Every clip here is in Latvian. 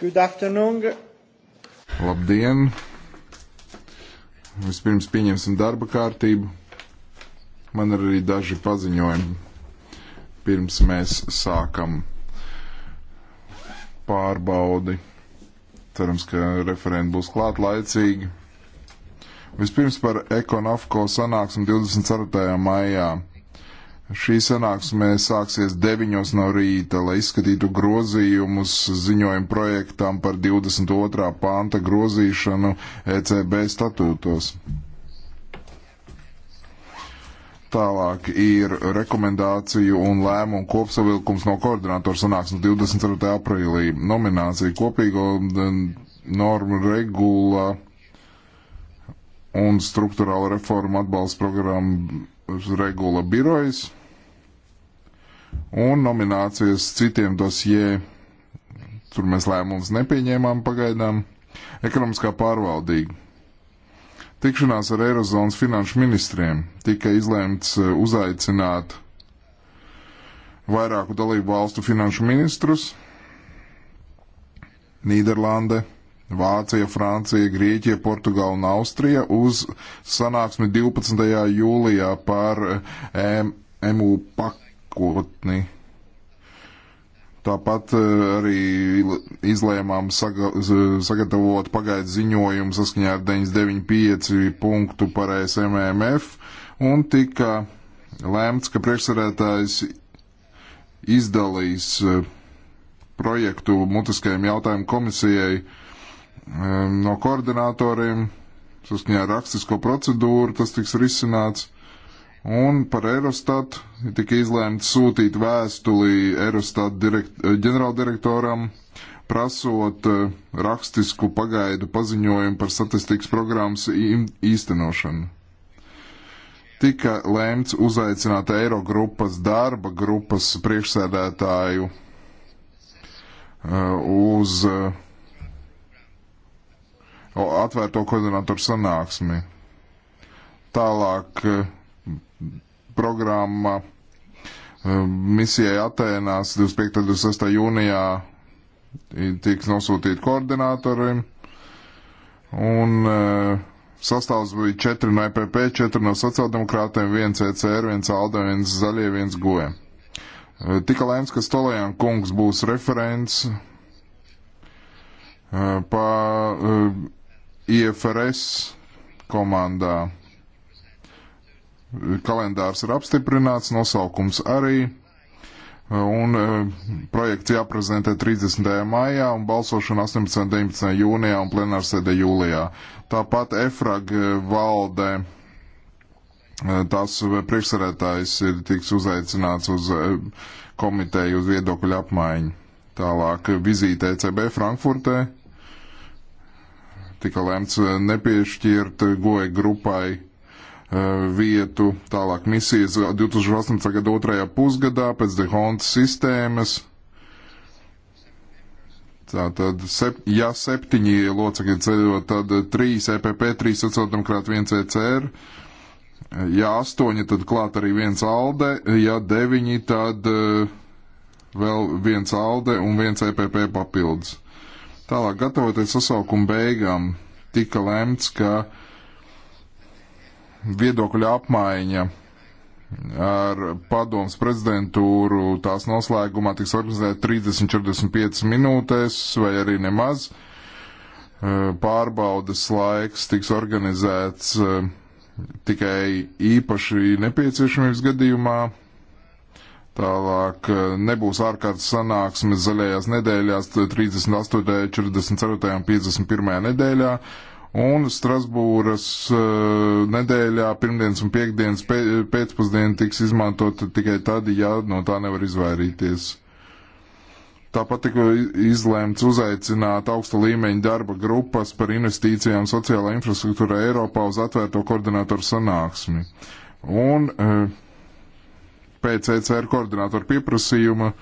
Good afternoon. Labdien! Vispirms pieņemsim darba kārtību. Man ir arī daži paziņojumi. Pirms mēs sākam pārbaudi. Cerams, ka referenti būs klāt laicīgi. Vispirms par Ekonafko sanāksmi 24. maijā Šī sanāksme sāksies 9 no rīta, lai izskatītu grozījumus ziņojumu projektām par 22. panta grozīšanu ECB statūtos. Tālāk ir rekomendāciju un lēmumu kopsavilkums no koordinātora sanāksmes 24. aprīlī. Nominācija kopīgo normu regula un struktūrāla reforma atbalsta programma regula birojas un nominācijas citiem dosjē. Tur mēs lēmumus nepieņēmām pagaidām. Ekonomiskā pārvaldība. Tikšanās ar Eirozonas finanšu ministriem tika izlēmts eh, uzaicināt vairāku dalību valstu finanšu ministrus - Nīderlande, Vācija, Francija, Grieķija, Portugāla un Austrija uz sanāksmi 12. jūlijā par eh, MU paktu nākotni. Tāpat eh, arī izlēmām saga sagatavot pagaidu ziņojumu saskaņā ar 995 punktu par SMMF un tika lēmts, ka priekšsarētājs izdalīs eh, projektu mutiskajiem jautājumu komisijai eh, no koordinatoriem saskaņā ar rakstisko procedūru. Tas tiks risināts. Un par Eurostat tika izlēmts sūtīt vēstuli Eurostat direkt, eh, ģenerāldirektoram, prasot eh, rakstisku pagaidu paziņojumu par statistikas programmas īstenošanu. Tika lēmts uzaicināt Eirogrupas darba grupas priekšsēdētāju eh, uz atvērto koordinatoru sanāksmi. Tālāk programma um, misijai Atēnās 25. un 26. jūnijā tiks nosūtīti koordinātorim. Un uh, sastāvs bija 4 no EPP, 4 no sociāldemokrātiem, 1 ECR, 1 ALDE, 1 Zaļie, 1 GOE. Uh, tika lēms, ka Stolajāna kungs būs referents uh, pa IFRS komandā kalendārs ir apstiprināts, nosaukums arī. Un e, projekts jāprezentē 30. maijā un balsošana 18. un 19. jūnijā un plenārsēdē jūlijā. Tāpat EFRAG valde, e, tās priekšsarētājs ir tiks uzaicināts uz e, komiteju uz viedokļu apmaiņu. Tālāk vizīte ECB Frankfurtē tika lēmts nepiešķirt goja grupai vietu, tālāk misijas 2018. gada otrajā pusgadā pēc Dehonta sistēmas. Tātad, sep, ja septiņi locekļi ceļo, tad trīs EPP, trīs sociāldemokrāti, viens ECR. Ja astoņi, tad klāt arī viens ALDE, ja deviņi, tad uh, vēl viens ALDE un viens EPP papildus. Tālāk, gatavoties sasaukuma beigām, tika lemts, ka uh, viedokļa apmaiņa ar padomus prezidentūru tās noslēgumā tiks organizēta 30-45 minūtēs vai arī nemaz. Eh, Pārbaudes laiks tiks organizēts eh, tikai īpaši nepieciešamības gadījumā. Tālāk eh, nebūs ārkārtas sanāksmes zaļajās nedēļās 38., 44. un 51. nedēļā. Un Strasbūras uh, nedēļā pirmdienas un piekdienas pē, pēcpusdiena tiks izmantota tikai tad, ja no tā nevar izvairīties. Tāpat tika izlēmts uzaicināt augsta līmeņa darba grupas par investīcijām sociālā infrastruktūra Eiropā uz atvērto koordinātoru sanāksmi. Un eh, pēc ECR koordinātoru pieprasījuma.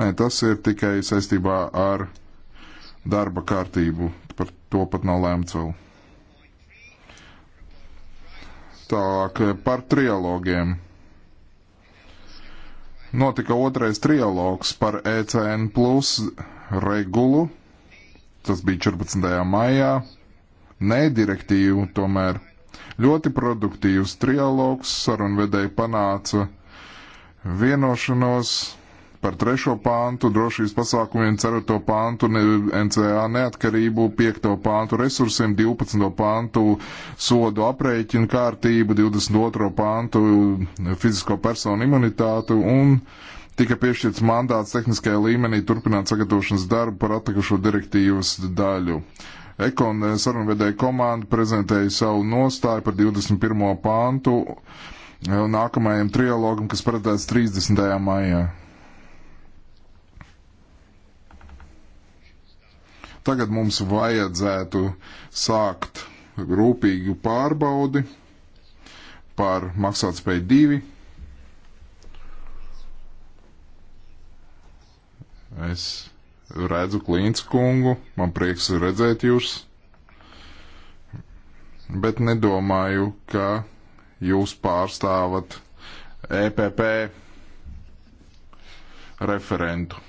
Nē, tas ir tikai saistībā ar darba kārtību. Par to pat nav lēmts vēl. Tālāk eh, par trialogiem. Notika otrais trialogs par ECN plus regulu. Tas bija 14. maijā. Nē, direktīvu tomēr. Ļoti produktīvs trialogs sarunvedēji panāca vienošanos par trešo pāntu, drošības pasākumiem, ceturto pāntu, ne, NCA neatkarību, piekto pāntu resursiem, 12. pāntu sodu aprēķinu kārtību, 22. pāntu fizisko personu imunitātu un tika piešķirts mandāts tehniskajā līmenī turpināt sagatavošanas darbu par atlikušo direktīvas daļu. Ekon eh, sarunvedēja komanda prezentēja savu nostāju par 21. pāntu eh, nākamajam trialogam, kas paredzēts 30. maijā. Tagad mums vajadzētu sākt rūpīgu pārbaudi par maksātspēju divi. Es redzu Klīns kungu, man prieks redzēt jūs, bet nedomāju, ka jūs pārstāvat EPP referentu.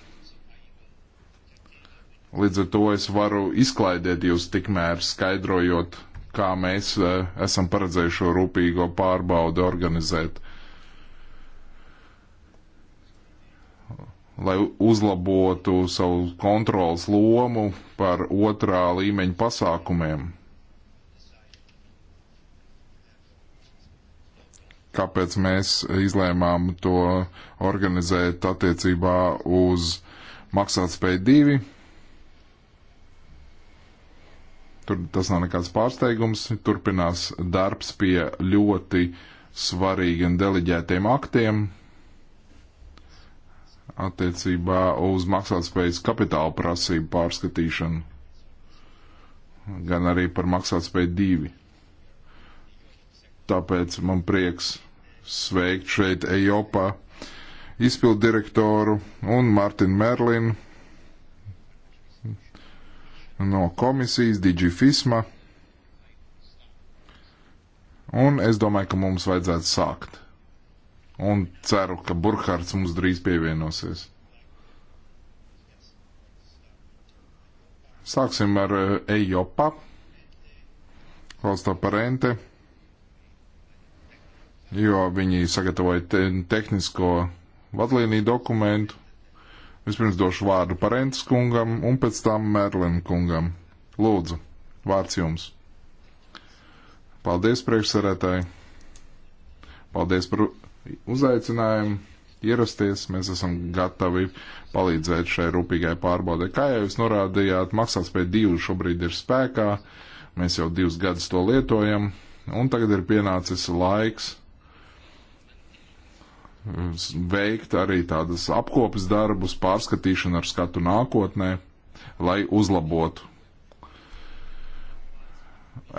Līdz ar to es varu izklaidēt jūs tikmēr skaidrojot, kā mēs eh, esam paredzējuši šo rūpīgo pārbaudu organizēt. lai uzlabotu savu kontrolas lomu par otrā līmeņa pasākumiem. Kāpēc mēs izlēmām to organizēt attiecībā uz maksātspēju divi? Tur tas nav nekāds pārsteigums. Turpinās darbs pie ļoti svarīgiem deleģētiem aktiem attiecībā uz maksātspējas kapitāla prasību pārskatīšanu, gan arī par maksātspēju divi. Tāpēc man prieks sveikt šeit Eiropā izpildu direktoru un Martinu Merlinu no komisijas, Digifisma. Un es domāju, ka mums vajadzētu sākt. Un ceru, ka Burkhards mums drīz pievienosies. Sāksim ar eh, Ejopa, Valstā Parente, jo viņi sagatavoja te tehnisko vadlīniju dokumentu Vispirms došu vārdu Parentes kungam un pēc tam Merlin kungam. Lūdzu, vārds jums. Paldies priekšsarētāji. Paldies par uzaicinājumu ierasties. Mēs esam gatavi palīdzēt šai rūpīgai pārbaudē. Kā jau jūs norādījāt, maksātspēja divi šobrīd ir spēkā. Mēs jau divus gadus to lietojam. Un tagad ir pienācis laiks veikt arī tādas apkopes darbus, pārskatīšanu ar skatu nākotnē, lai uzlabotu.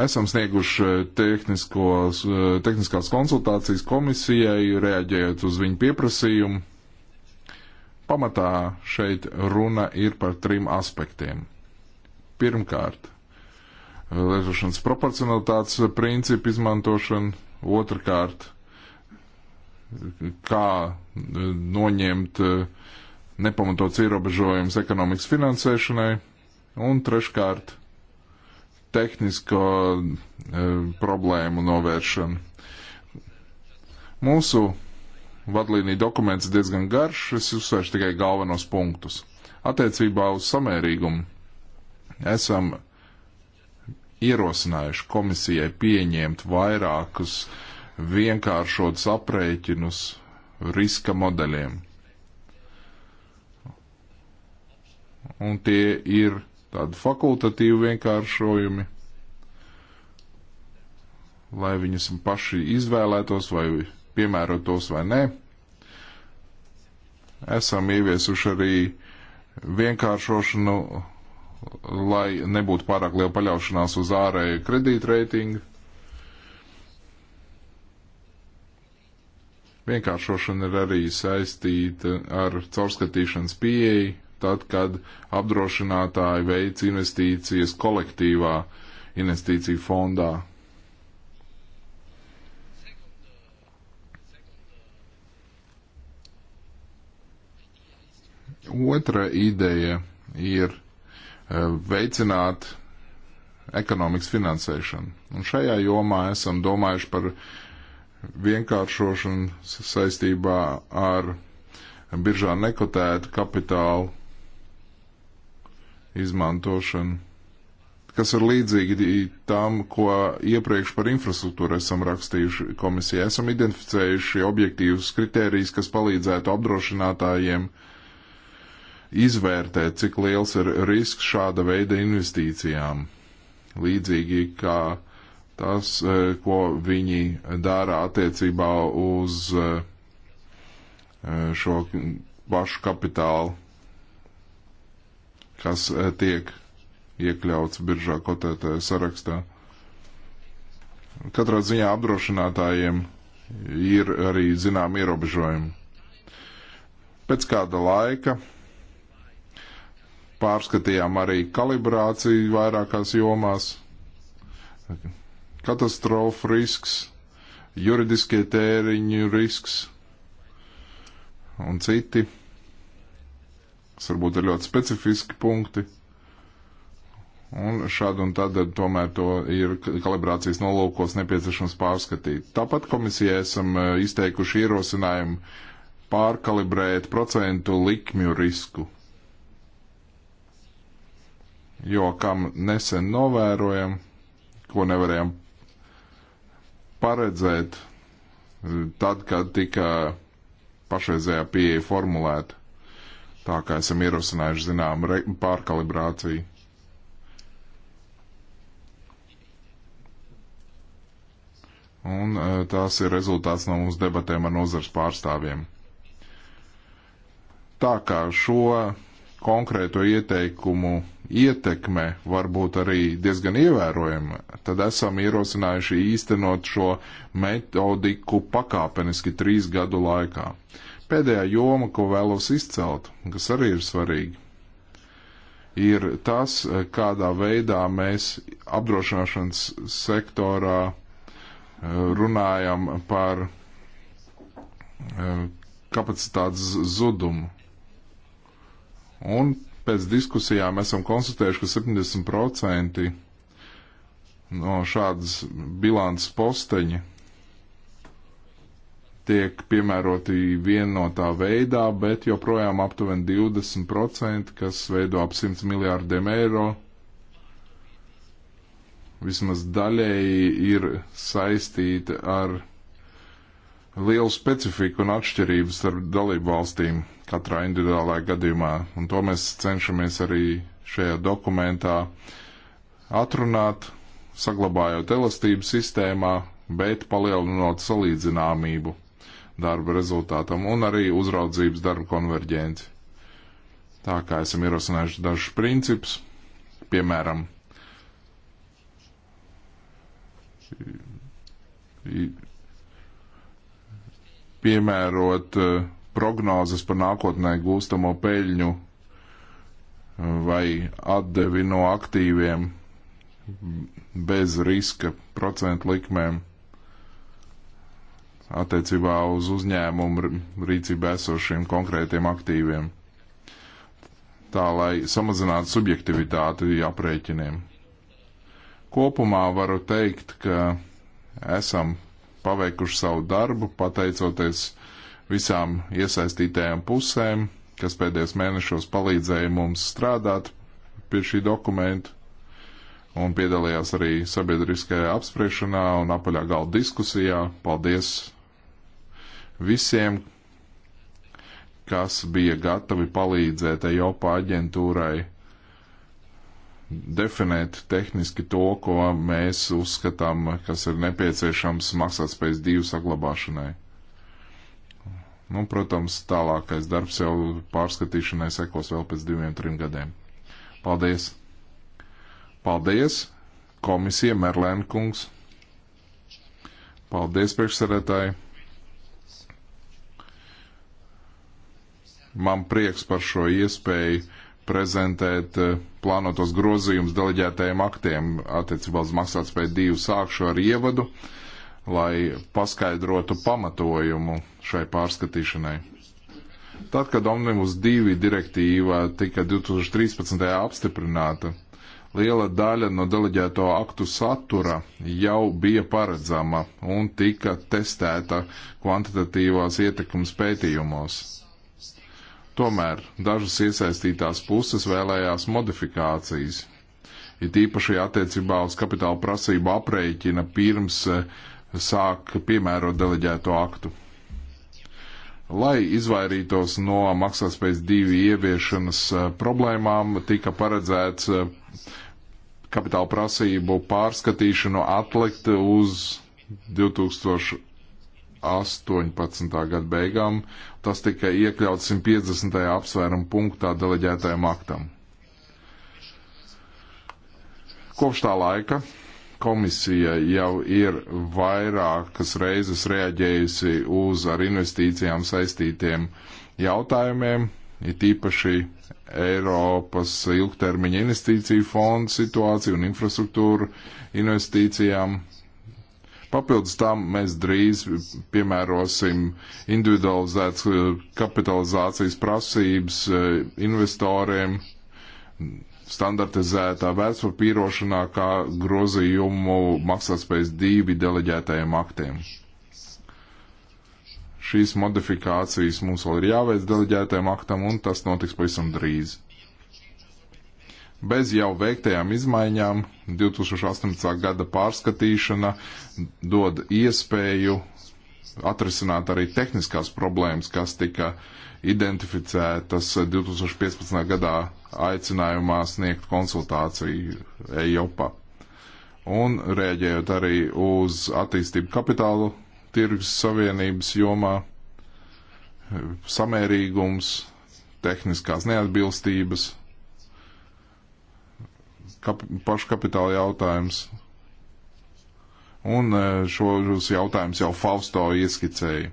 Esam snieguši eh, eh, tehniskās konsultācijas komisijai, reaģējot uz viņu pieprasījumu. Pamatā šeit runa ir par trim aspektiem. Pirmkārt, eh, lietošanas proporcionalitātes principu izmantošana, otrkārt, kā e, noņemt e, nepamatots ierobežojums ekonomikas finansēšanai, un treškārt tehnisko e, problēmu novēršanu. Mūsu vadlīnija dokuments ir diezgan garš, es uzsvēršu tikai galvenos punktus. Attiecībā uz samērīgumu esam ierosinājuši komisijai pieņemt vairākus uh, vienkāršots aprēķinus riska modeļiem. Un tie ir tādi fakultatīvi vienkāršojumi, lai viņas paši izvēlētos vai piemērotos vai nē. Esam ieviesuši arī vienkāršošanu, lai nebūtu pārāk liela paļaušanās uz ārēju kredītreitingu Vienkāršošana ir arī saistīta ar caurskatīšanas pieeju, tad, kad apdrošinātāji veic investīcijas kolektīvā investīciju fondā. Otra ideja ir eh, veicināt ekonomikas finansēšanu. Un šajā jomā esam domājuši par uh, vienkāršošana saistībā ar biržā nekotētu kapitālu izmantošanu, kas ir līdzīgi tam, ko iepriekš par infrastruktūru esam rakstījuši komisijā. Esam identificējuši objektīvus kritērijus, kas palīdzētu apdrošinātājiem izvērtēt, cik liels ir risks šāda veida investīcijām. Līdzīgi kā uh, tas, eh, ko viņi dara attiecībā uz eh, šo pašu kapitālu, kas eh, tiek iekļauts biržā kotētāja sarakstā. Katrā ziņā apdrošinātājiem ir arī zinām ierobežojumi. Pēc kāda laika pārskatījām arī kalibrāciju vairākās jomās katastrofu risks, juridiskie tēriņu risks un citi. Tas varbūt ir ļoti specifiski punkti. Un šādu un tad tomēr to ir kalibrācijas nolūkos nepieciešams pārskatīt. Tāpat komisijai esam e, izteikuši ierosinājumu pārkalibrēt procentu likmju risku. Jo, kam nesen novērojam, ko nevarējām paredzēt e, tad, kad tika pašreizējā pieeja formulēta. Tā kā esam ierosinājuši zinām pārkalibrāciju. Un e, tās ir rezultāts no mūsu debatēm ar nozars pārstāvjiem. Tā kā šo konkrēto ieteikumu ietekme var būt arī diezgan ievērojama, tad esam ierosinājuši īstenot šo metodiku pakāpeniski trīs gadu laikā. Pēdējā joma, ko vēlos izcelt, kas arī ir svarīga, ir tas, kādā veidā mēs apdrošināšanas sektorā eh, runājam par eh, kapacitātes zudumu. Un pēc diskusijām esam konstatējuši, ka 70% no šādas bilances posteņa tiek piemēroti vienotā veidā, bet joprojām aptuveni 20%, kas veido ap 100 miljārdiem eiro, vismaz daļēji ir saistīti ar liela specifika un atšķirības starp dalību valstīm katrā individuālajā gadījumā, un to mēs cenšamies arī šajā dokumentā atrunāt, saglabājot elastību sistēmā, bet palielinot salīdzināmību darba rezultātam un arī uzraudzības darba konverģenci. Tā kā esam ierosinājuši dažus principus, piemēram, piemērot eh, prognozes par nākotnē gūstamo peļņu eh, vai atdevi no aktīviem bez riska procentu likmēm attiecībā uz uzņēmumu rīcībā esošiem konkrētiem aktīviem. Tā lai samazinātu subjektivitāti aprēķiniem. Kopumā varu teikt, ka esam paveikuši savu darbu, pateicoties visām iesaistītajām pusēm, kas pēdējos mēnešos palīdzēja mums strādāt pie šī dokumenta un piedalījās arī sabiedriskajā apspriešanā un apaļā galda diskusijā. Paldies visiem, kas bija gatavi palīdzēt Eiropā aģentūrai definēt tehniski to, ko mēs uzskatām, kas ir nepieciešams maksātspējas divu saglabāšanai. Nu, protams, tālākais darbs jau pārskatīšanai sekos vēl pēc diviem, trim gadiem. Paldies! Paldies! Komisija Merlēna kungs! Paldies, priekšsarētāji! Man prieks par šo iespēju prezentēt uh, plānotos grozījumus deleģētajiem aktiem attiecībā uz maksātspēju divu sākšu ar ievadu, lai paskaidrotu pamatojumu šai pārskatīšanai. Tad, kad Omnibus 2 direktīva tika 2013. apstiprināta, liela daļa no deleģēto aktu satura jau bija paredzama un tika testēta kvantitatīvās ietekmes pētījumos Tomēr dažas iesaistītās puses vēlējās modifikācijas, it īpaši attiecībā uz kapitāla prasību aprēķina pirms eh, sāk piemērot deleģēto aktu. Lai izvairītos no maksāspējas divi ieviešanas eh, problēmām, tika paredzēts eh, kapitāla prasību pārskatīšanu atlikt uz 2000. 18. gada beigām. Tas tika iekļauts 150. apsvērumu punktā deleģētajam aktam. Kopš tā laika komisija jau ir vairākas reizes reaģējusi uz ar investīcijām saistītiem jautājumiem, it īpaši Eiropas ilgtermiņa investīciju fondu situāciju un infrastruktūru investīcijām, Papildus tam mēs drīz piemērosim individualizētas eh, kapitalizācijas prasības eh, investoriem standartizētā vērtspapīrošanā kā grozījumu maksātspējas divi deleģētajiem aktiem. Šīs modifikācijas mums vēl ir jāveic deleģētajam aktam, un tas notiks pavisam drīz. Bez jau veiktajām izmaiņām 2018. gada pārskatīšana dod iespēju atrisināt arī tehniskās problēmas, kas tika identificētas 2015. gadā aicinājumā sniegt konsultāciju EIOPA. Un rēģējot arī uz attīstību kapitālu tirgus savienības jomā, samērīgums, tehniskās neatbilstības kap, paškapitāla jautājums. Un e, šos jautājumus jau Fausto ieskicēja.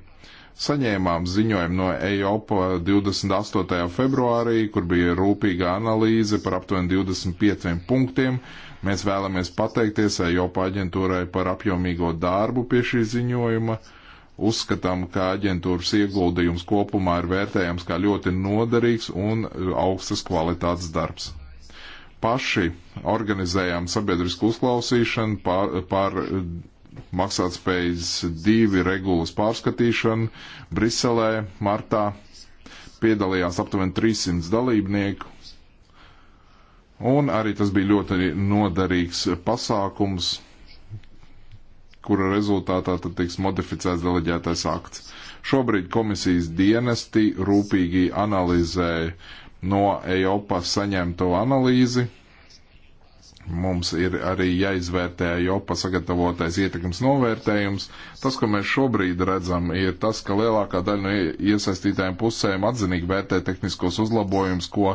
Saņēmām ziņojumu no EIOPA 28. februārī, kur bija rūpīga analīze par aptuveni 25 punktiem. Mēs vēlamies pateikties EIOPA aģentūrai par apjomīgo darbu pie šī ziņojuma. Uzskatām, ka aģentūras ieguldījums kopumā ir vērtējams kā ļoti noderīgs un augstas kvalitātes darbs paši organizējām sabiedrisku uzklausīšanu par, par maksātspējas divi regulas pārskatīšanu Briselē martā. Piedalījās aptuveni 300 dalībnieku. Un arī tas bija ļoti noderīgs pasākums, kura rezultātā tad tiks modificēts deleģētais akts. Šobrīd komisijas dienesti rūpīgi analizē no EIOPA saņemto analīzi. Mums ir arī jāizvērtē EIOPA sagatavotais ietekmes novērtējums. Tas, ko mēs šobrīd redzam, ir tas, ka lielākā daļa no iesaistītājiem pusēm atzinīgi vērtē tehniskos uzlabojumus, ko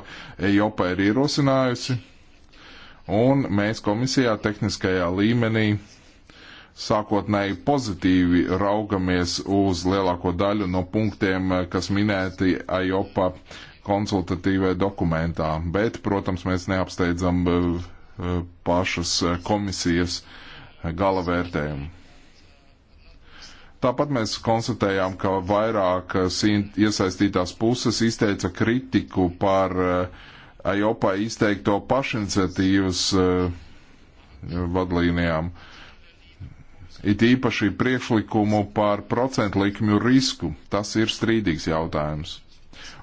EIOPA ir ierosinājusi. Un mēs komisijā tehniskajā līmenī sākotnēji pozitīvi raugamies uz lielāko daļu no punktiem, kas minēti AIOPA uh, konsultatīvajā dokumentā, bet, protams, mēs neapsteidzam eh, eh, pašas eh, komisijas gala vērtējumu. Tāpat mēs konstatējām, ka vairākas iesaistītās puses izteica kritiku par AIOPA izteikto pašiniciatīvas vadlīnijām. It īpaši priekšlikumu par procentu likmju risku. Tas ir strīdīgs jautājums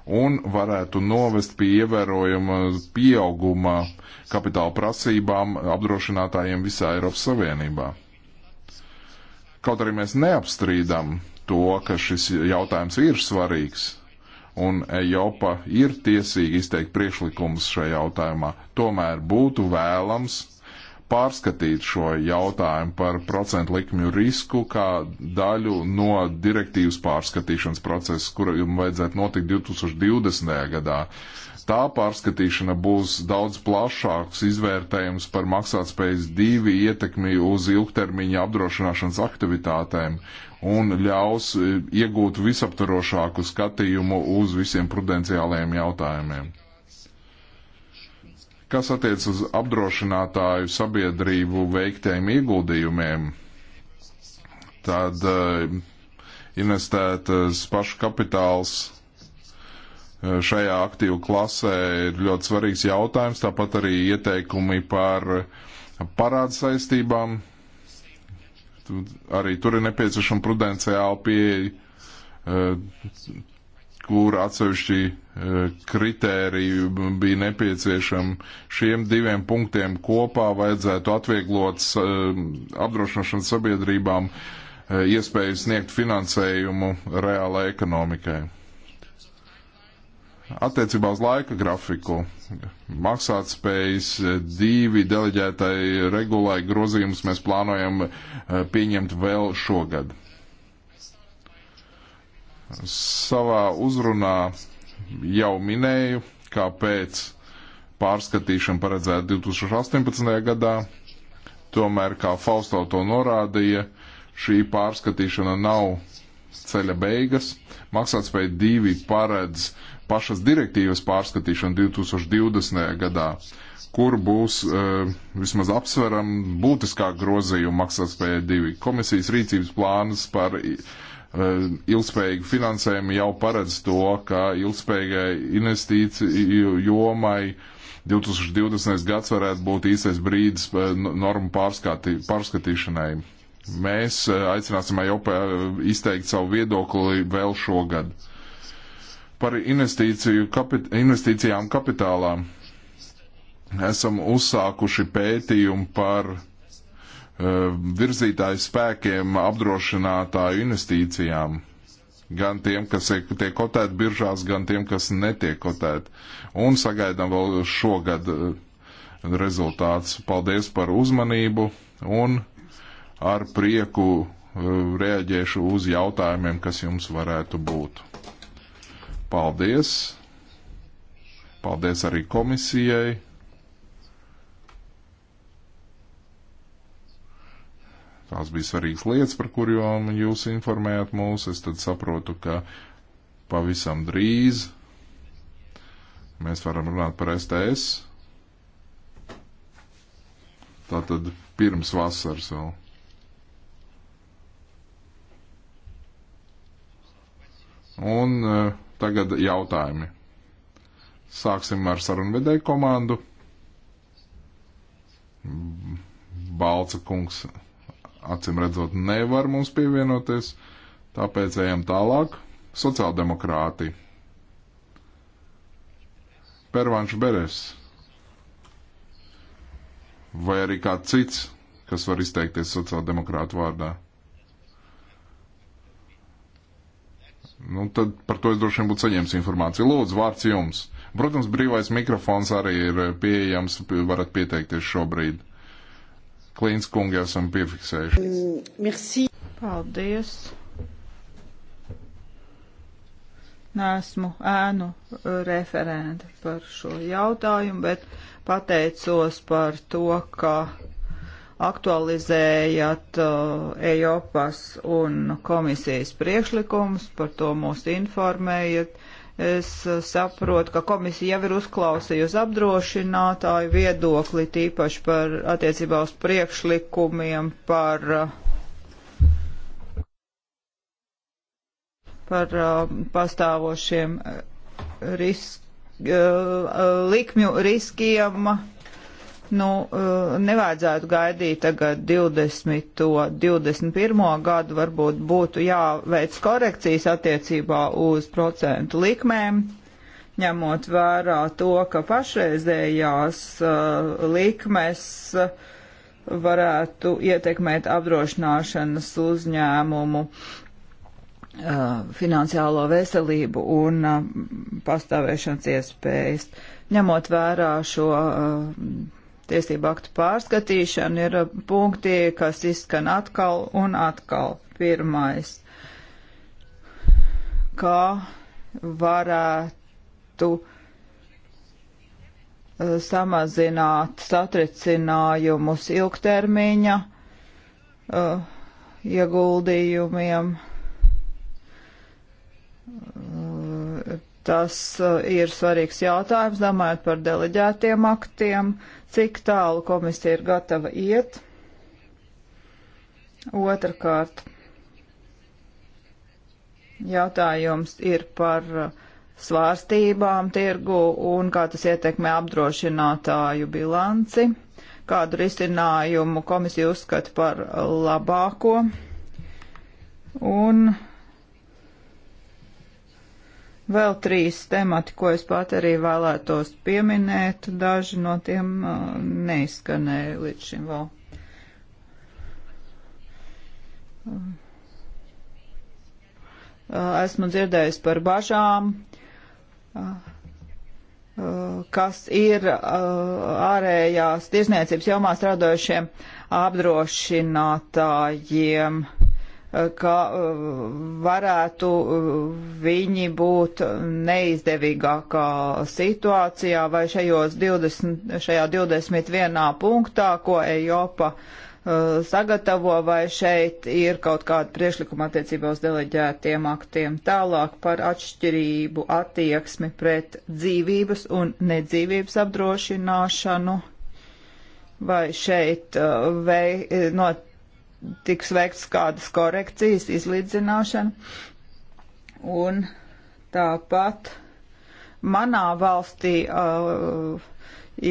un varētu novest pie ievērojama pieauguma kapitāla prasībām apdrošinātājiem visā Eiropas Savienībā. Kaut arī mēs neapstrīdam to, ka šis jautājums ir svarīgs, un Eiropa ir tiesīgi izteikt priekšlikumus šajā jautājumā, tomēr būtu vēlams pārskatīt šo jautājumu par procentu likmju risku kā daļu no direktīvas pārskatīšanas procesa, kuram vajadzētu notikt 2020. gadā. Tā pārskatīšana būs daudz plašāks izvērtējums par maksātspējas divi ietekmi uz ilgtermiņa apdrošināšanas aktivitātēm un ļaus eh, iegūt visaptarošāku skatījumu uz visiem prudenciālajiem jautājumiem. Kas attiec uz apdrošinātāju sabiedrību veiktiem ieguldījumiem, tad eh, investētas pašu kapitāls eh, šajā aktīvu klasē ir ļoti svarīgs jautājums, tāpat arī ieteikumi par parādu saistībām. Arī tur ir nepieciešama prudenciāla pieeja eh, kur atsevišķi eh, kritēriju bija nepieciešami. Šiem diviem punktiem kopā vajadzētu atvieglot eh, apdrošināšanas sabiedrībām eh, iespēju sniegt finansējumu reālai ekonomikai. Attiecībā uz laika grafiku maksātspējas divi deleģētai regulai grozījumus mēs plānojam pieņemt vēl šogad. Savā uzrunā jau minēju, kāpēc pārskatīšana paredzēta 2018. gadā. Tomēr, kā Fausto to norādīja, šī pārskatīšana nav ceļa beigas. Maksātspēja divi paredz pašas direktīvas pārskatīšanu 2020. gadā, kur būs uh, vismaz apsveram būtiskāk grozījumu maksātspēja divi. Komisijas rīcības plāns par uh, Uh, ilgspējīgu finansējumu jau paredz to, ka ilgspējīgai investīciju jomai 2020. gads varētu būt īstais brīdis uh, normu pārskati, pārskatīšanai. Mēs uh, aicināsim AJOP izteikt savu viedokli vēl šogad. Par investīciju, kapit, investīcijām kapitālā esam uzsākuši pētījumu par virzītāju spēkiem apdrošinātāju investīcijām. Gan tiem, kas tiek kotēti biržās, gan tiem, kas netiek kotēti. Un sagaidām vēl šogad eh, rezultāts. Paldies par uzmanību un ar prieku eh, reaģēšu uz jautājumiem, kas jums varētu būt. Paldies! Paldies arī komisijai! Tās bija svarīgas lietas, par kurām jūs informējat mūs. Es tad saprotu, ka pavisam drīz mēs varam runāt par STS. Tātad pirms vasaras vēl. Un uh, tagad jautājumi. Sāksim ar sarunvedēju komandu. Balca kungs acim redzot, nevar mums pievienoties, tāpēc ejam tālāk. Sociāldemokrāti. Pervanš Beres. Vai arī kāds cits, kas var izteikties sociāldemokrātu vārdā. Nu, tad par to es droši vien būtu saņēmis informāciju. Lūdzu, vārds jums. Protams, brīvais mikrofons arī ir pieejams, varat pieteikties šobrīd. Klīns kungi esam piefiksējuši. Mm, merci. Paldies. Nesmu ēnu referenta par šo jautājumu, bet pateicos par to, ka aktualizējat uh, Ejopas un komisijas priekšlikumus, par to mūs informējat. Uh, Es saprotu, ka komisija jau ir uzklausījusi apdrošinātāju viedokli, tīpaši par attiecībā uz priekšlikumiem par, par pastāvošiem risk, likmju riskiem Nu, eh, nevajadzētu gaidīt tagad 20. 21. gadu, varbūt būtu jāveic korekcijas attiecībā uz procentu likmēm, ņemot vērā to, ka pašreizējās uh, likmes uh, varētu ietekmēt apdrošināšanas uzņēmumu uh, finansiālo veselību un pastāvēšanas iespējas. Ņemot vērā šo tiesību aktu pārskatīšanu ir uh, punkti, kas izskan atkal un atkal. Pirmais, kā varētu uh, samazināt satricinājumus ilgtermiņa uh, ieguldījumiem, uh, Tas eh, ir svarīgs jautājums, domājot par deleģētiem aktiem, cik tālu komisija ir gatava iet. Otrakārt, jautājums ir par eh, svārstībām tirgu un kā tas ietekmē apdrošinātāju bilanci, kādu risinājumu komisija uzskata par eh, labāko. Un Vēl trīs temati, ko es pat arī vēlētos pieminēt, daži no tiem uh, neizskanēja līdz šim vēl. Uh, esmu dzirdējis par bažām, uh, kas ir ārējās tirzniecības jomā strādojušiem apdrošinātājiem. Uh, ka eh, varētu eh, viņi būt neizdevīgākā situācijā vai šajos 20, šajā 21. punktā, ko Eiropa eh, sagatavo, vai šeit ir kaut kāda priešlikuma attiecībā uz deleģētiem aktiem. Tālāk par atšķirību attieksmi pret dzīvības un nedzīvības apdrošināšanu vai šeit vai, no, tiks veikts kādas korekcijas, izlīdzināšana. Un tāpat manā valstī uh,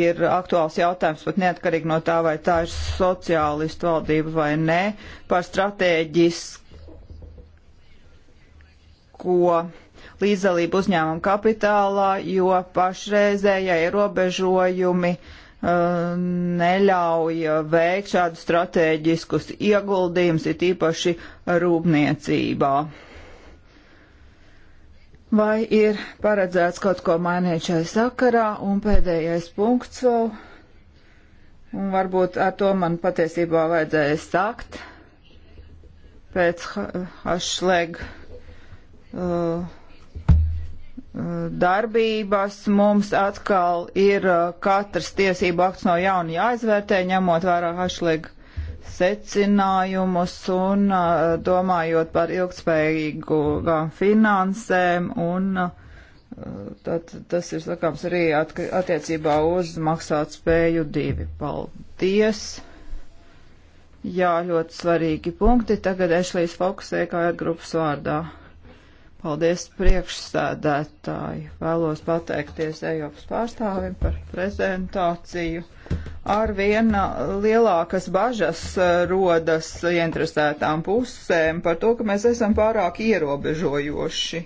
ir aktuāls jautājums, pat neatkarīgi no tā, vai tā ir sociālistu valdība vai nē, par stratēģisko līdzdalību uzņēmumu kapitālā, jo pašreizējie ierobežojumi uh, Uh, neļauj veikt šādus strateģiskus ieguldījumus, it īpaši rūpniecībā. Vai ir paredzēts kaut ko mainīt šai sakarā? Un pēdējais punkts vēl, un varbūt ar to man patiesībā vajadzēja sākt pēc hašleg. Uh, darbības mums atkal ir uh, katrs tiesību akts no jauna jāizvērtē, ņemot vērā hašliga secinājumus un uh, domājot par ilgspējīgām finansēm un uh, tad, tas ir sakāms arī attiecībā uz maksāt spēju divi. Paldies! Jā, ļoti svarīgi punkti. Tagad Ešlijs fokusē e kā ir grupas vārdā. Paldies priekšsēdētāji. Vēlos pateikties Eiropas pārstāvim par prezentāciju. Ar viena lielākas bažas eh, rodas ieinteresētām pusēm par to, ka mēs esam pārāk ierobežojoši.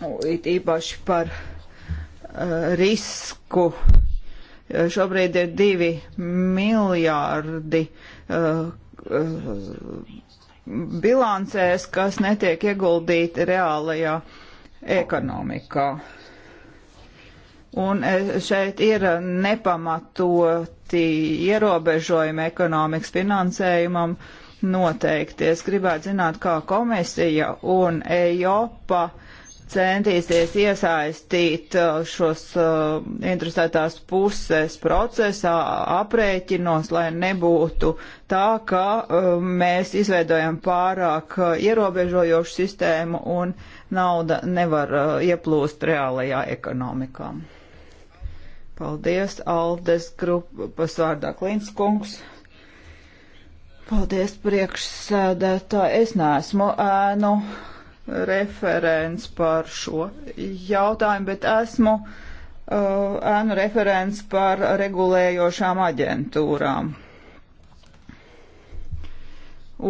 Nu, it īpaši par uh, risku. Eh, šobrīd ir divi miljārdi. Uh, uh, bilancēs, kas netiek ieguldīti reālajā ekonomikā. Un e, šeit ir nepamatoti ierobežojumi ekonomikas finansējumam noteikti. Es gribētu zināt, kā komisija un EIOPA centīsies iesaistīt uh, šos uh, interesētās puses procesā, aprēķinos, lai nebūtu tā, ka uh, mēs izveidojam pārāk uh, ierobežojošu sistēmu un nauda nevar uh, ieplūst reālajā ekonomikā. Paldies, Aldes grupas vārdā Klinskungs. Paldies, priekšsēdētāji. Es neesmu ēnu. Uh, referents par šo jautājumu, bet esmu uh, ēnu uh, referents par regulējošām aģentūrām.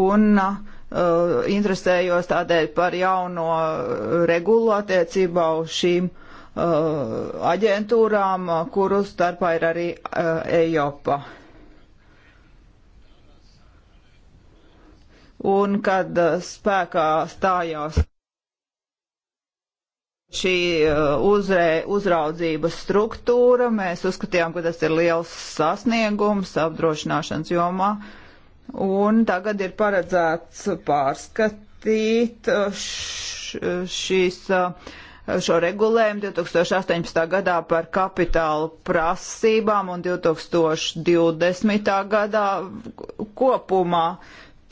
Un uh, interesējos tādēļ par jauno regulu attiecībā uz šīm uh, aģentūrām, kuru starpā ir arī uh, Eiropa. Uh, un kad eh, spēkā stājās šī eh, uzrē, uzraudzības struktūra, mēs uzskatījām, ka tas ir liels sasniegums apdrošināšanas jomā, un tagad ir paredzēts pārskatīt eh, š, šīs šo regulējumu 2018. gadā par kapitālu prasībām un 2020. gadā kopumā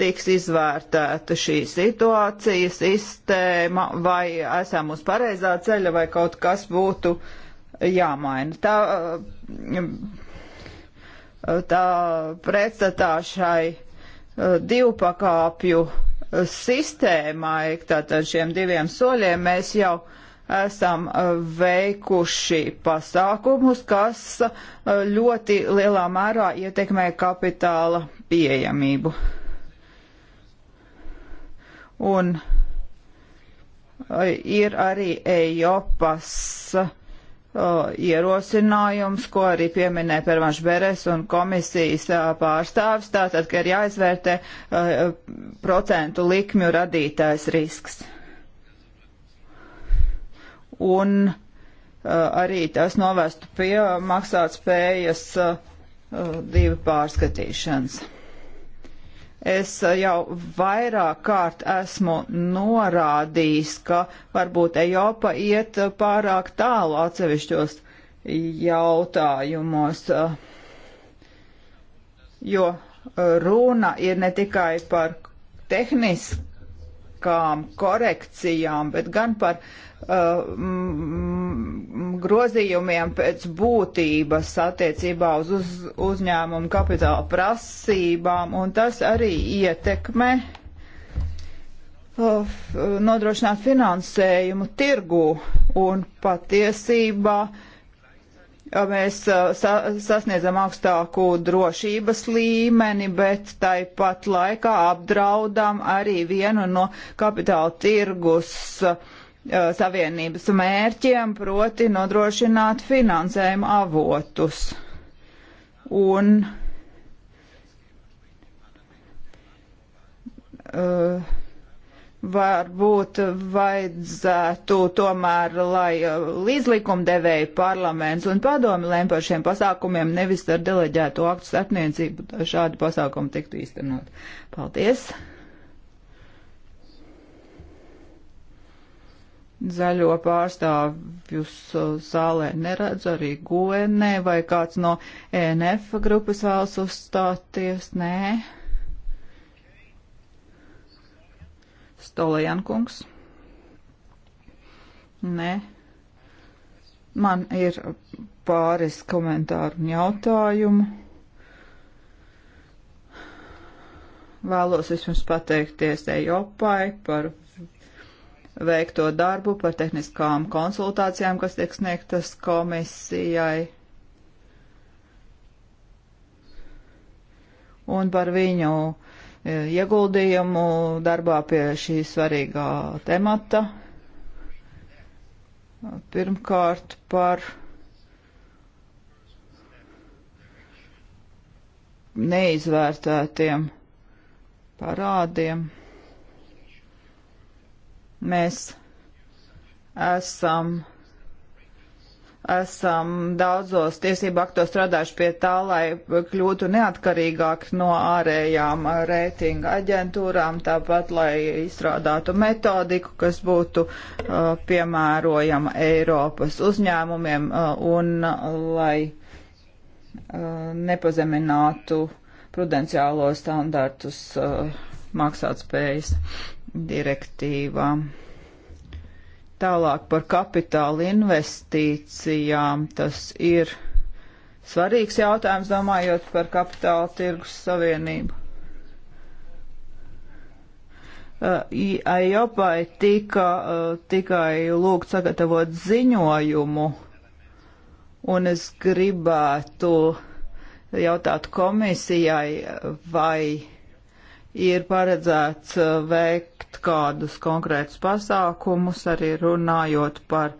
tiks izvērtēta šī situācija, sistēma, vai esam uz pareizā ceļa, vai kaut kas būtu jāmaina. Tā, tā pretstatā šai e, divpakāpju sistēmai, tātad šiem diviem soļiem, mēs jau esam e, veikuši pasākumus, kas e, ļoti lielā mērā ietekmē kapitāla pieejamību un eh, ir arī Eiropas eh, ierosinājums, ko arī pieminē Pervanš Beres un komisijas eh, pārstāvis, tātad, ka ir jāizvērtē procentu likmju radītājs risks. Un arī tas novestu pie maksātspējas divu pārskatīšanas. Es eh, jau vairāk kārt esmu norādījis, ka varbūt Eiropa iet eh, pārāk tālu atsevišķos jautājumos, eh, jo runa ir ne tikai par tehniskām korekcijām, bet gan par uh, Uh, grozījumiem pēc būtības attiecībā uz, uz uzņēmumu kapitāla prasībām, un tas arī ietekmē uh, nodrošināt finansējumu tirgu un patiesībā uh, mēs uh, sa sasniedzam augstāku drošības līmeni, bet taipat laikā apdraudam arī vienu no kapitāla tirgus uh, Uh, savienības mērķiem, proti nodrošināt finansējumu avotus. Un uh, varbūt vajadzētu tomēr, lai uh, līdzlikumdevēja parlaments un padomi lēm par šiem pasākumiem, nevis ar deleģēto aktu starpniecību šādi pasākumi tiktu īstenot. Paldies! zaļo pārstāvjus uh, zālē neredz, arī guenē, vai kāds no ENF grupas vēlas uzstāties, nē. Stolijankungs. Nē. Man ir pāris komentāru un jautājumu. Vēlos vispirms pateikties Ejopai par veikto darbu, par tehniskām konsultācijām, kas tiek sniegtas komisijai. Un par viņu e, ieguldījumu darbā pie šī svarīgā temata. Pirmkārt par neizvērtētiem parādiem. Mēs esam esam daudzos tiesību aktos strādājuši pie tā, lai kļūtu neatkarīgāk no ārējām reitinga aģentūrām, tāpat, lai izstrādātu metodiku, kas būtu uh, piemērojama Eiropas uzņēmumiem uh, un uh, lai uh, nepazeminātu prudenciālo standartus uh, maksātspējas direktīvām. Tālāk par kapitāla investīcijām. Tas ir svarīgs jautājums, domājot par kapitāla tirgus savienību. Ajopai uh, tika uh, tikai lūgt sagatavot ziņojumu, un es gribētu jautāt komisijai, vai ir paredzēts uh, veikt kādus konkrētus pasākumus, arī runājot par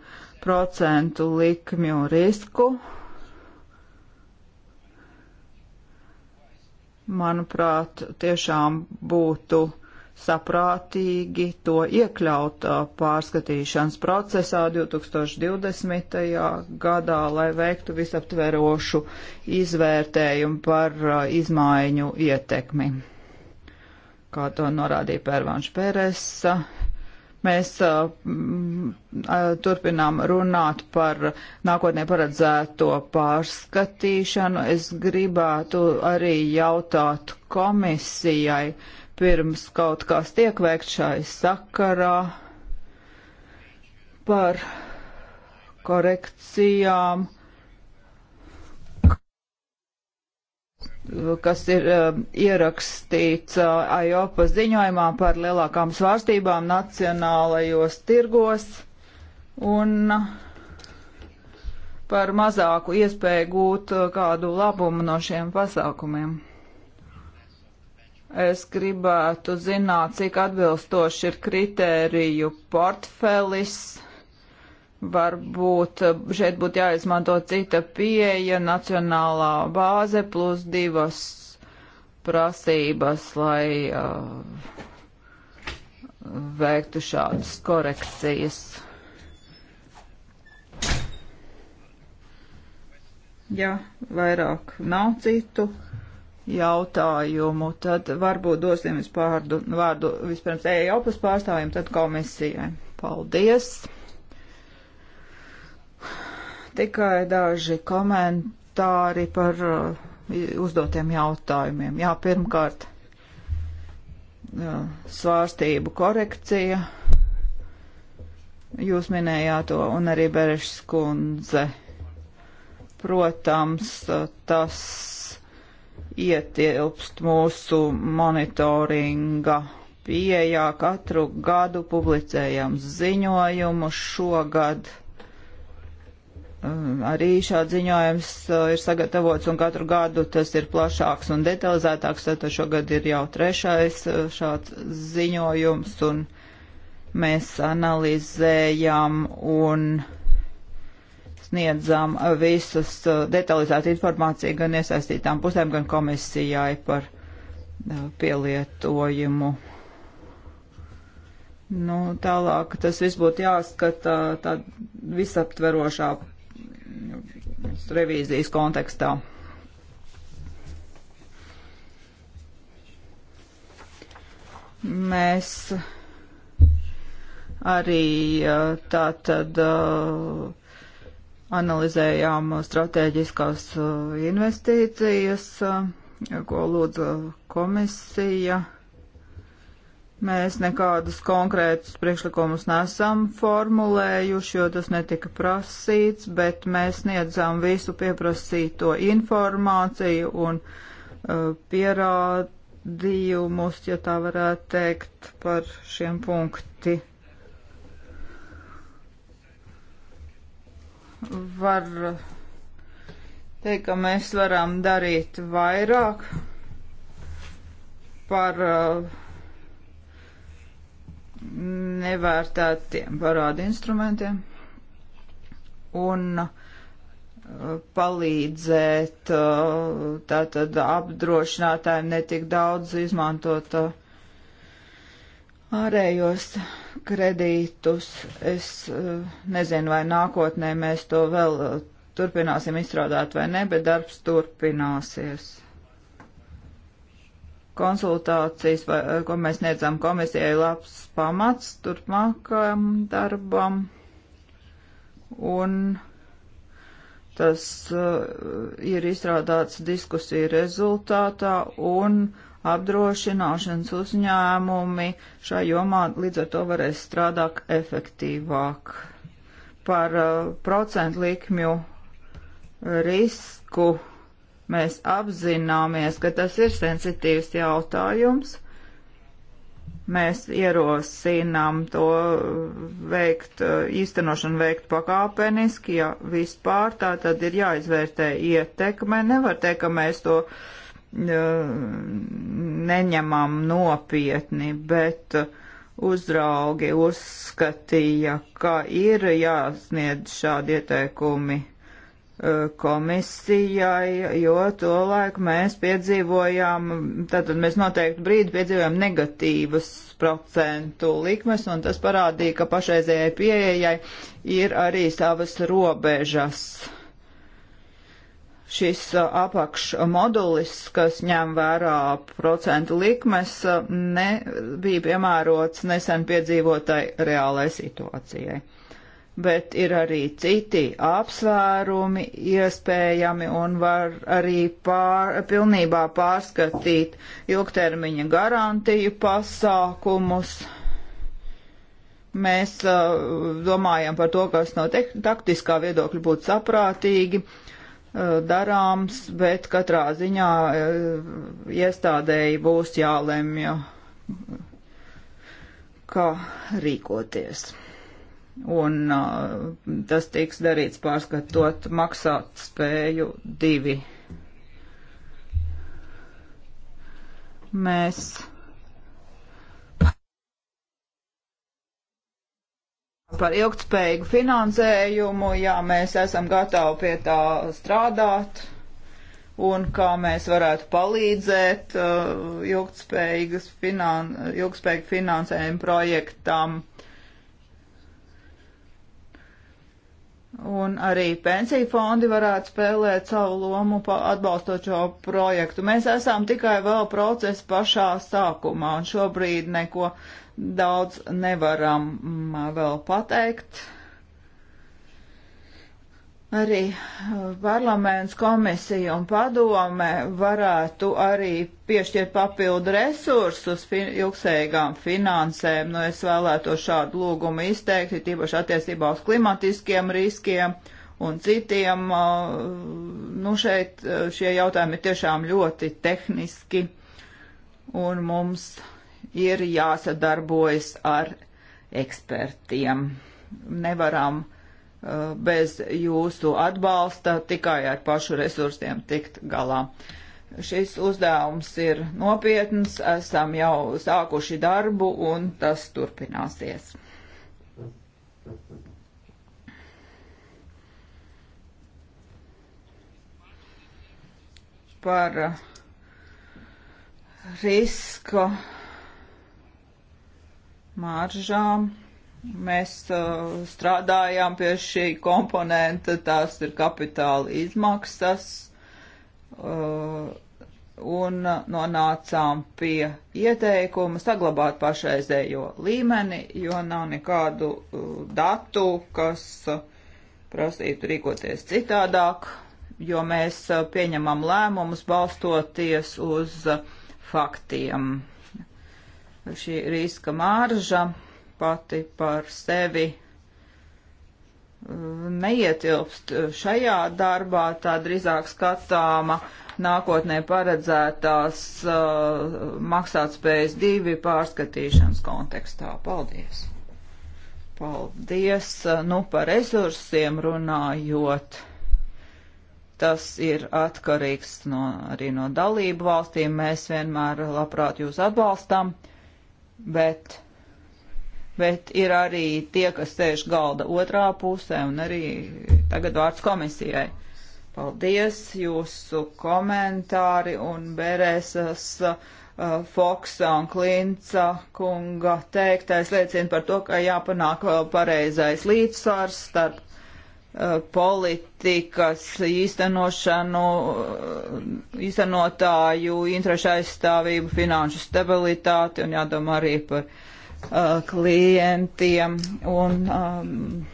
procentu likmju risku. Manuprāt, tiešām būtu saprātīgi to iekļaut uh, pārskatīšanas procesā 2020. gadā, lai veiktu visaptverošu izvērtējumu par uh, izmaiņu ietekmi kā to norādīja Pērvanš Peresa. Mēs uh, turpinām runāt par nākotnē paredzēto pārskatīšanu. Es gribētu arī jautāt komisijai, pirms kaut kas tiek veikts šai sakarā par korekcijām. Uh, kas ir um, ierakstīts uh, AIOPAS ziņojumā par lielākām svārstībām nacionālajos tirgos un par mazāku iespēju gūt uh, kādu labumu no šiem pasākumiem. Es gribētu zināt, cik atbilstoši ir kritēriju portfelis Varbūt eh, šeit būtu jāizmanto cita pieeja, nacionālā bāze plus divas prasības, lai uh, veiktu šādas korekcijas. Ja vairāk nav citu jautājumu, tad varbūt dosim vispārdu, vārdu vispirms Eiropas pārstāvjiem, tad komisijai. Paldies! Tikai daži komentāri par uh, uzdotiem jautājumiem. Jā, pirmkārt, uh, svārstību korekcija. Jūs minējāt to, un arī Berešs kundze. Protams, uh, tas ietilpst mūsu monitoringa pieejā. Katru gadu publicējam ziņojumu šogad Mm, arī šāds ziņojums uh, ir sagatavots un katru gadu tas ir plašāks un detalizētāks, tad šogad ir jau trešais uh, šāds ziņojums un mēs analizējam un sniedzam uh, visus detalizētu informāciju gan iesaistītām pusēm, gan komisijai par pielietojumu. Nu, tālāk tas viss būtu jāskata tā visaptverošā revīzijas kontekstā. Mēs arī tātad analizējām strateģiskās investīcijas, ko lūdza komisija Mēs nekādus konkrētus priekšlikumus nesam formulējuši, jo tas netika prasīts, bet mēs sniedzām visu pieprasīto informāciju un uh, pierādījumus, ja tā varētu teikt, par šiem punkti. Var teikt, ka mēs varam darīt vairāk par uh, nevērtētiem parādu instrumentiem un uh, palīdzēt uh, tātad apdrošinātājiem netik daudz izmantot uh, ārējos kredītus. Es nezinu, vai nākotnē mēs to vēl turpināsim izstrādāt vai ne, bet darbs turpināsies konsultācijas, vai, eh, ko mēs niedzam komisijai, labs pamats turpmākajam darbam. Un tas uh, ir izstrādāts diskusiju rezultātā un apdrošināšanas uzņēmumi šajā jomā līdz ar to varēs strādāt efektīvāk par uh, procentu likmju risku Mēs apzināmies, ka tas ir sensitīvs jautājums. Mēs ierosinām to veikt, īstenošanu veikt pakāpeniski, ja vispār tā tad ir jāizvērtē ietekme. Nevar teikt, ka mēs to neņemam nopietni, bet uzraugi uzskatīja, ka ir jāsniedz šādi ieteikumi komisijai, jo to laiku mēs piedzīvojām, tātad mēs noteikti brīdi piedzīvojām negatīvas procentu likmes, un tas parādīja, ka pašreizējai pieejai ir arī savas robežas. Šis apakšmodulis, kas ņem vērā procentu likmes, nebija piemērots nesen piedzīvotai reālai situācijai bet ir arī citi apsvērumi iespējami un var arī pār, pilnībā pārskatīt ilgtermiņa garantiju pasākumus. Mēs uh, domājam par to, kas no taktiskā viedokļa būtu saprātīgi uh, darāms, bet katrā ziņā uh, iestādēji būs jālemj, kā rīkoties un uh, tas tiks darīts pārskatot maksāt spēju divi. Mēs par ilgtspējīgu finansējumu, jā, mēs esam gatavi pie tā strādāt un kā mēs varētu palīdzēt uh, ilgtspējīgas finan ilgtspējīgu finansējumu projektam Un arī pensiju fondi varētu spēlēt savu lomu atbalstot šo projektu. Mēs esam tikai vēl procesa pašā sākumā un šobrīd neko daudz nevaram mm, vēl pateikt arī uh, parlaments, komisija un padome varētu arī piešķirt papildu resursus fin ilgsējām finansēm. Nu, es vēlētu šādu lūgumu izteikt, tīpaši attiecībā uz klimatiskiem riskiem un citiem. Uh, nu, šeit uh, šie jautājumi ir tiešām ļoti tehniski un mums ir jāsadarbojas ar ekspertiem. Nevaram bez jūsu atbalsta tikai ar pašu resursiem tikt galā. Šis uzdevums ir nopietns, esam jau sākuši darbu un tas turpināsies. Par riska maržām Mēs uh, strādājām pie šī komponenta, tās ir kapitāla izmaksas, uh, un nonācām pie ieteikuma saglabāt pašreizējo līmeni, jo nav nekādu uh, datu, kas uh, prasītu rīkoties citādāk, jo mēs uh, pieņemam lēmumus balstoties uz uh, faktiem. Šī riska mārža pati par sevi uh, neietilpst šajā darbā, tā drīzāk skatāma nākotnē paredzētās uh, maksātspējas divi pārskatīšanas kontekstā. Paldies! Paldies! Uh, nu, par resursiem runājot, tas ir atkarīgs no, arī no dalību valstīm. Mēs vienmēr labprāt jūs atbalstam, bet bet ir arī tie, kas sēž galda otrā pusē, un arī tagad vārds komisijai. Paldies jūsu komentāri un Bereses uh, Foksa un Klinca kunga teiktais liecina par to, ka jāpanāk uh, pareizais līdzsvars starp uh, politikas īstenošanu, uh, īstenotāju interešu aizstāvību, finanšu stabilitāti un jādomā arī par Uh, klientiem. Un, um,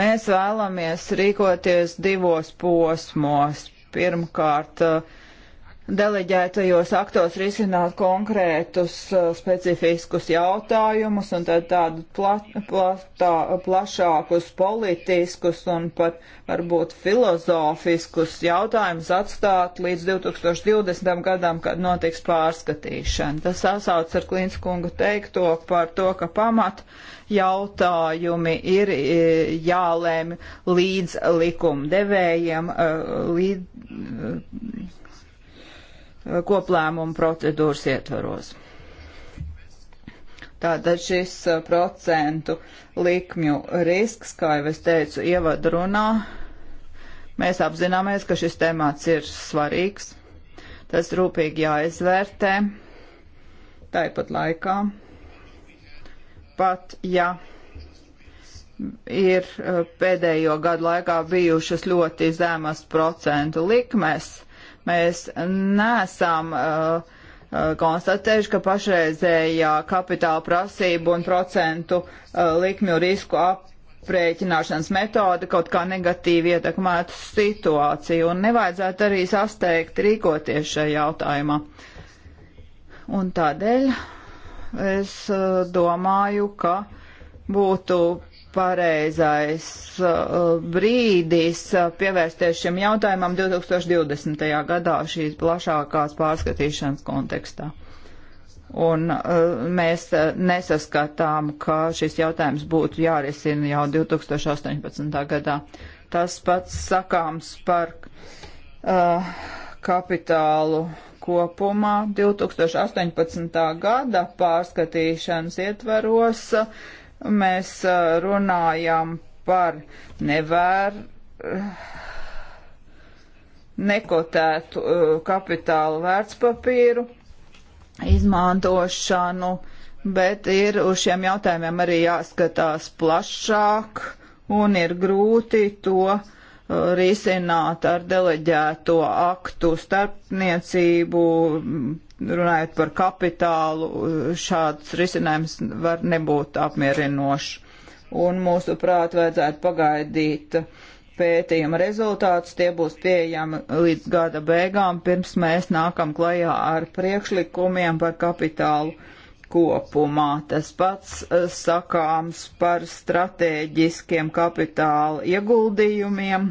mēs vēlamies rīkoties divos posmos. Pirmkārt, uh, deleģētajos aktos risināt konkrētus uh, specifiskus jautājumus un tad tādu pla, pla, tā, plašākus politiskus un pat varbūt filozofiskus jautājumus atstāt līdz 2020. gadam, kad notiks pārskatīšana. Tas sasauc ar Klinskunga teikto par to, ka pamat jautājumi ir jālēm līdz likumdevējiem, uh, līdz koplēmumu procedūras ietvaros. Tātad šis uh, procentu likmju risks, kā jau es teicu ievadu runā, mēs apzināmies, ka šis temats ir svarīgs. Tas rūpīgi jāizvērtē. Tāpat laikā, pat ja ir uh, pēdējo gadu laikā bijušas ļoti zemas procentu likmes, Mēs nesam uh, uh, konstatējuši, ka pašreizējā kapitāla prasību un procentu uh, likmju risku aprēķināšanas metode kaut kā negatīvi ietekmētu situāciju un nevajadzētu arī sasteigt rīkoties šajā jautājumā. Un tādēļ es uh, domāju, ka būtu pareizais uh, brīdis uh, pievērsties šim jautājumam 2020. gadā šīs plašākās pārskatīšanas kontekstā. Un uh, mēs nesaskatām, ka šis jautājums būtu jārisina jau 2018. gadā. Tas pats sakāms par uh, kapitālu kopumā 2018. gada pārskatīšanas ietveros. Uh, Mēs uh, runājam par nevēr uh, nekotētu uh, kapitālu vērtspapīru izmantošanu, bet ir uz šiem jautājumiem arī jāskatās plašāk un ir grūti to risināt ar deleģēto aktu starpniecību runājot par kapitālu, šāds risinājums var nebūt apmierinošs. Un mūsu prāt vajadzētu pagaidīt pētījuma rezultātus, tie būs pieejami līdz gada beigām, pirms mēs nākam klajā ar priekšlikumiem par kapitālu kopumā. Tas pats eh, sakāms par stratēģiskiem kapitāla ieguldījumiem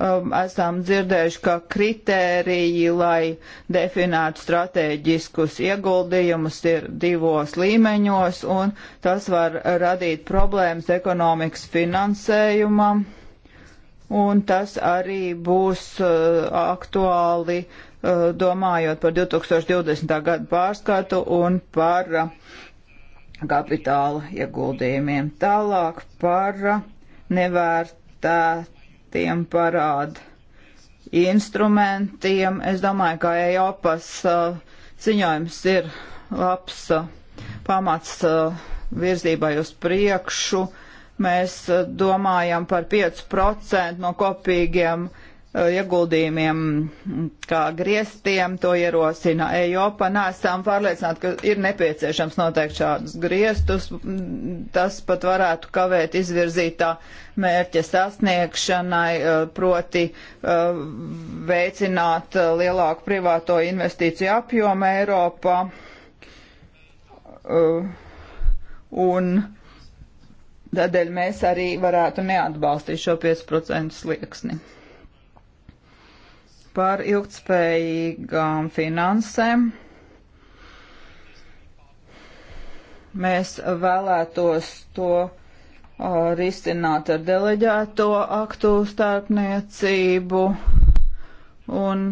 um, esam dzirdējuši, ka kritēriji, lai definētu strateģiskus ieguldījumus, ir divos līmeņos, un tas var radīt problēmas ekonomikas finansējumam, un tas arī būs uh, aktuāli uh, domājot par 2020. gadu pārskatu un par uh, kapitāla ieguldījumiem. Tālāk par uh, nevērtēt aktiem parāda instrumentiem. Es domāju, ka Eiropas uh, ziņojums ir labs uh, pamats uh, virzībai uz priekšu. Mēs uh, domājam par 5% no kopīgiem uh, Uh, ieguldījumiem, mm, kā griestiem, to ierosina Eiropa. Nesam pārliecināti, ka ir nepieciešams noteikti šādus griestus. Mm, tas pat varētu kavēt izvirzītā mērķa sasniegšanai, uh, proti uh, veicināt lielāku privāto investīciju apjomu Eiropā. Un tādēļ mēs arī varētu neatbalstīt šo 5% slieksni par ilgtspējīgām finansēm. Mēs vēlētos to risināt ar deleģēto aktu starpniecību un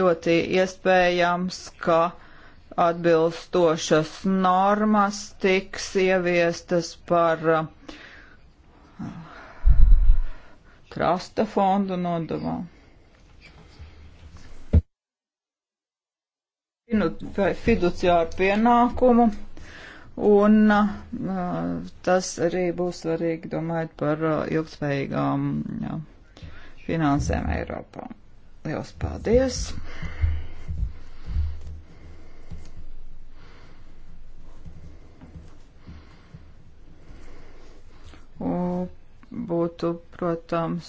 ļoti iespējams, ka atbilstošas normas tiks ieviestas par uh, trasta fondu nodavām. fiduciāru pienākumu, un uh, tas arī būs svarīgi domājot par uh, ilgspējīgām jā, finansēm Eiropā. Liels paldies! būtu, protams,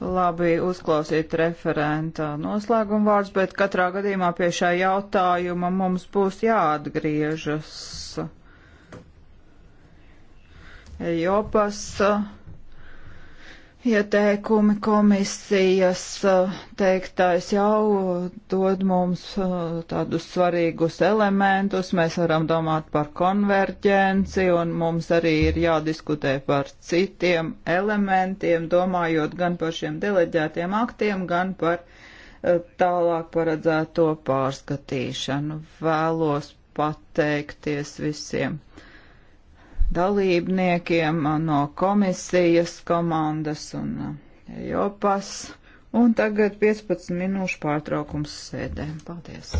labi uzklausīt referenta noslēguma vārds, bet katrā gadījumā pie šā jautājuma mums būs jāatgriežas. Jopas. Uh, Ieteikumi komisijas eh, teiktais jau dod mums eh, tādus svarīgus elementus. Mēs varam domāt par konverģenci un mums arī ir jādiskutē par citiem elementiem, domājot gan par šiem deleģētiem aktiem, gan par eh, tālāk paredzēto pārskatīšanu. Vēlos pateikties visiem dalībniekiem no komisijas komandas un eh, Jopas. Un tagad 15 minūšu pārtraukums sēdēm. Paldies!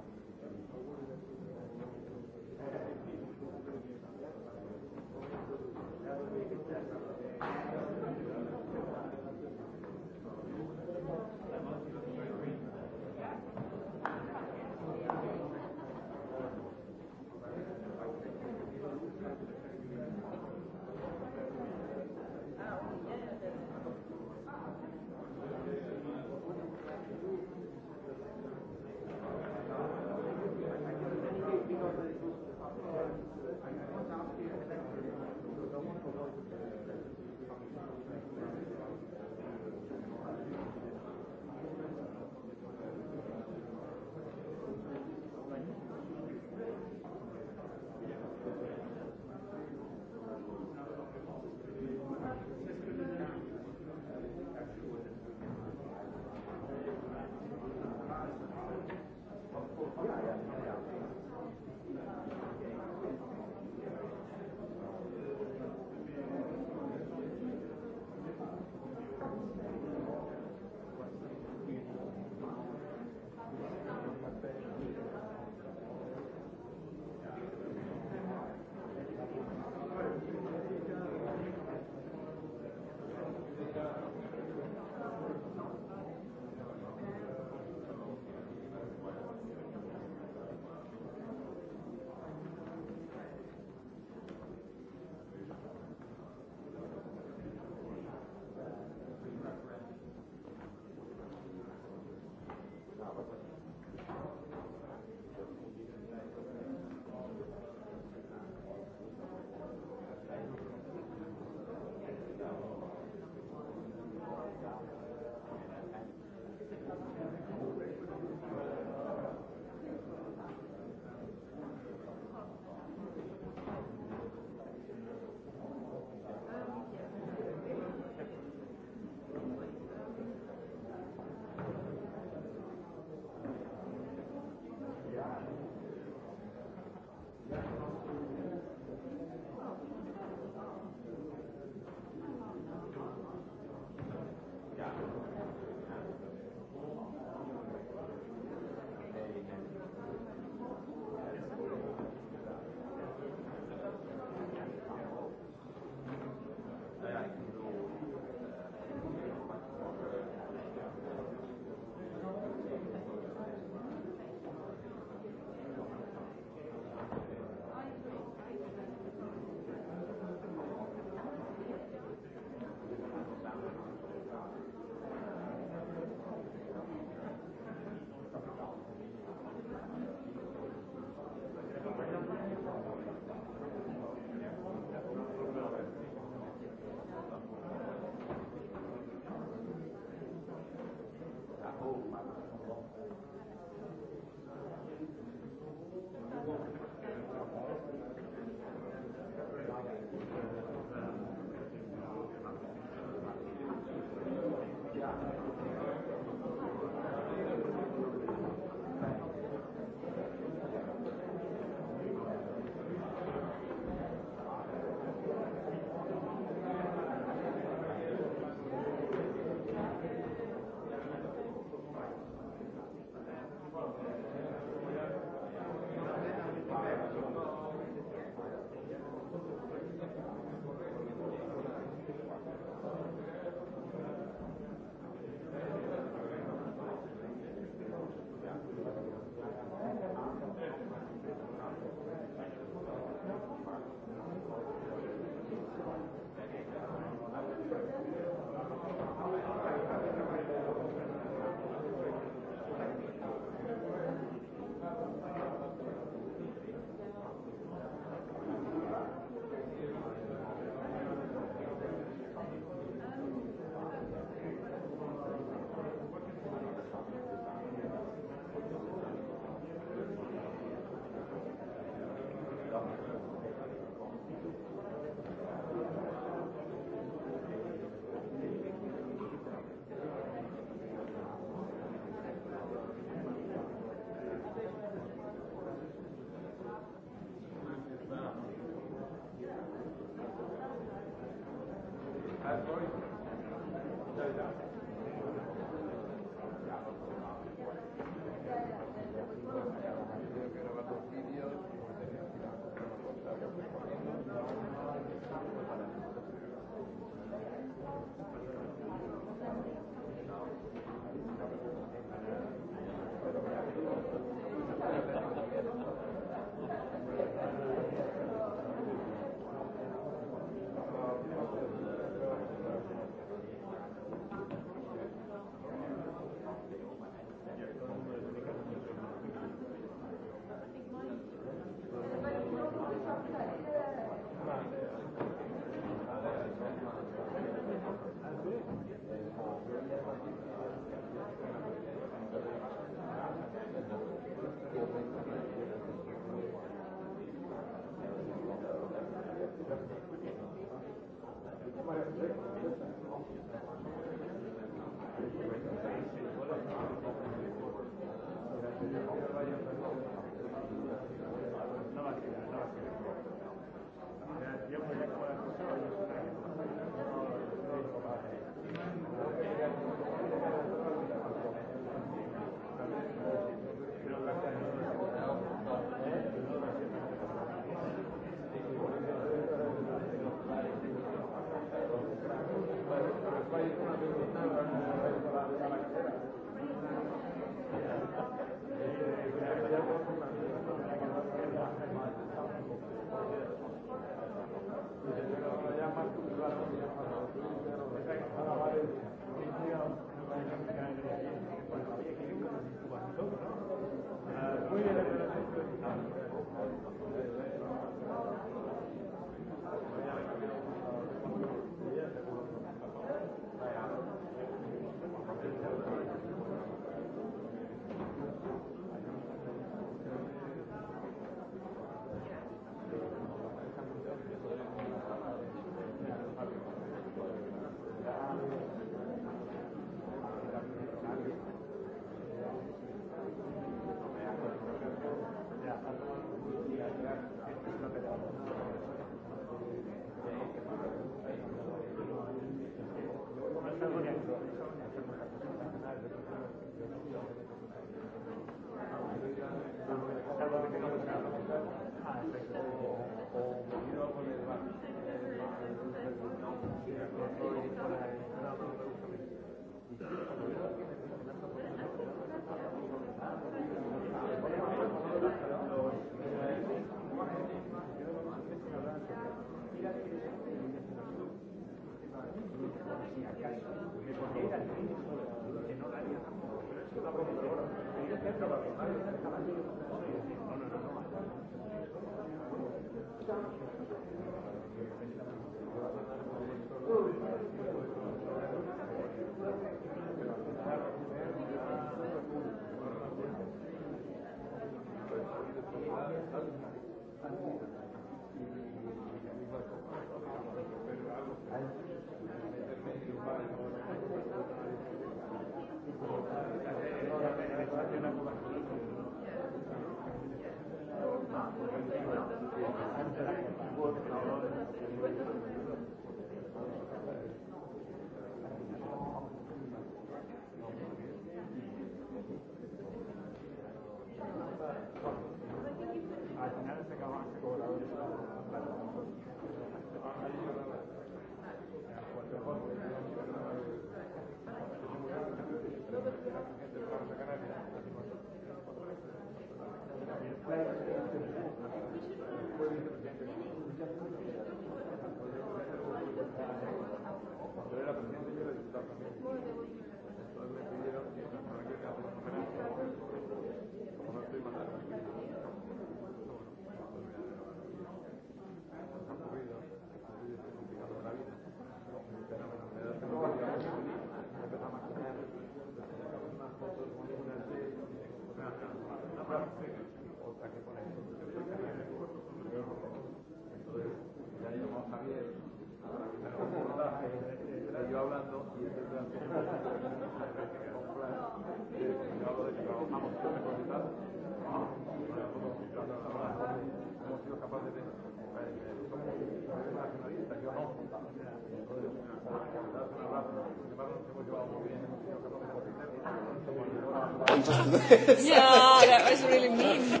yeah, that was really mean.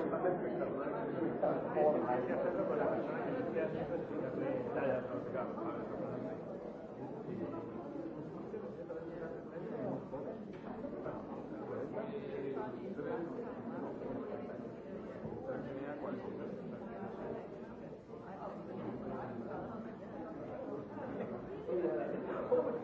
Thank you.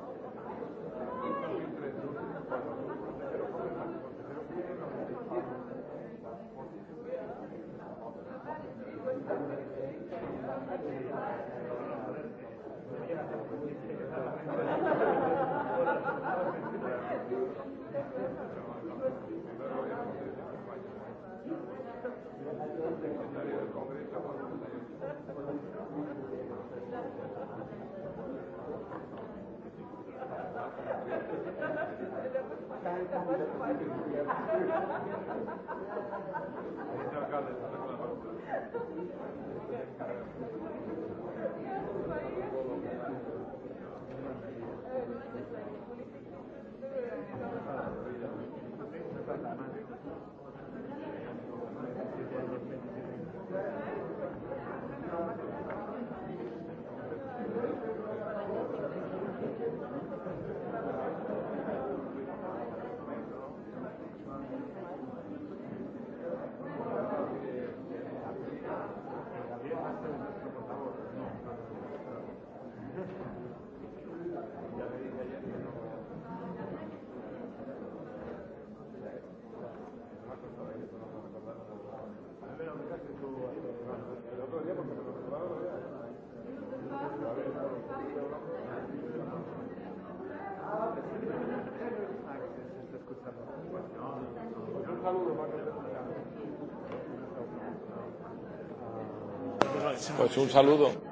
Pues un saludo.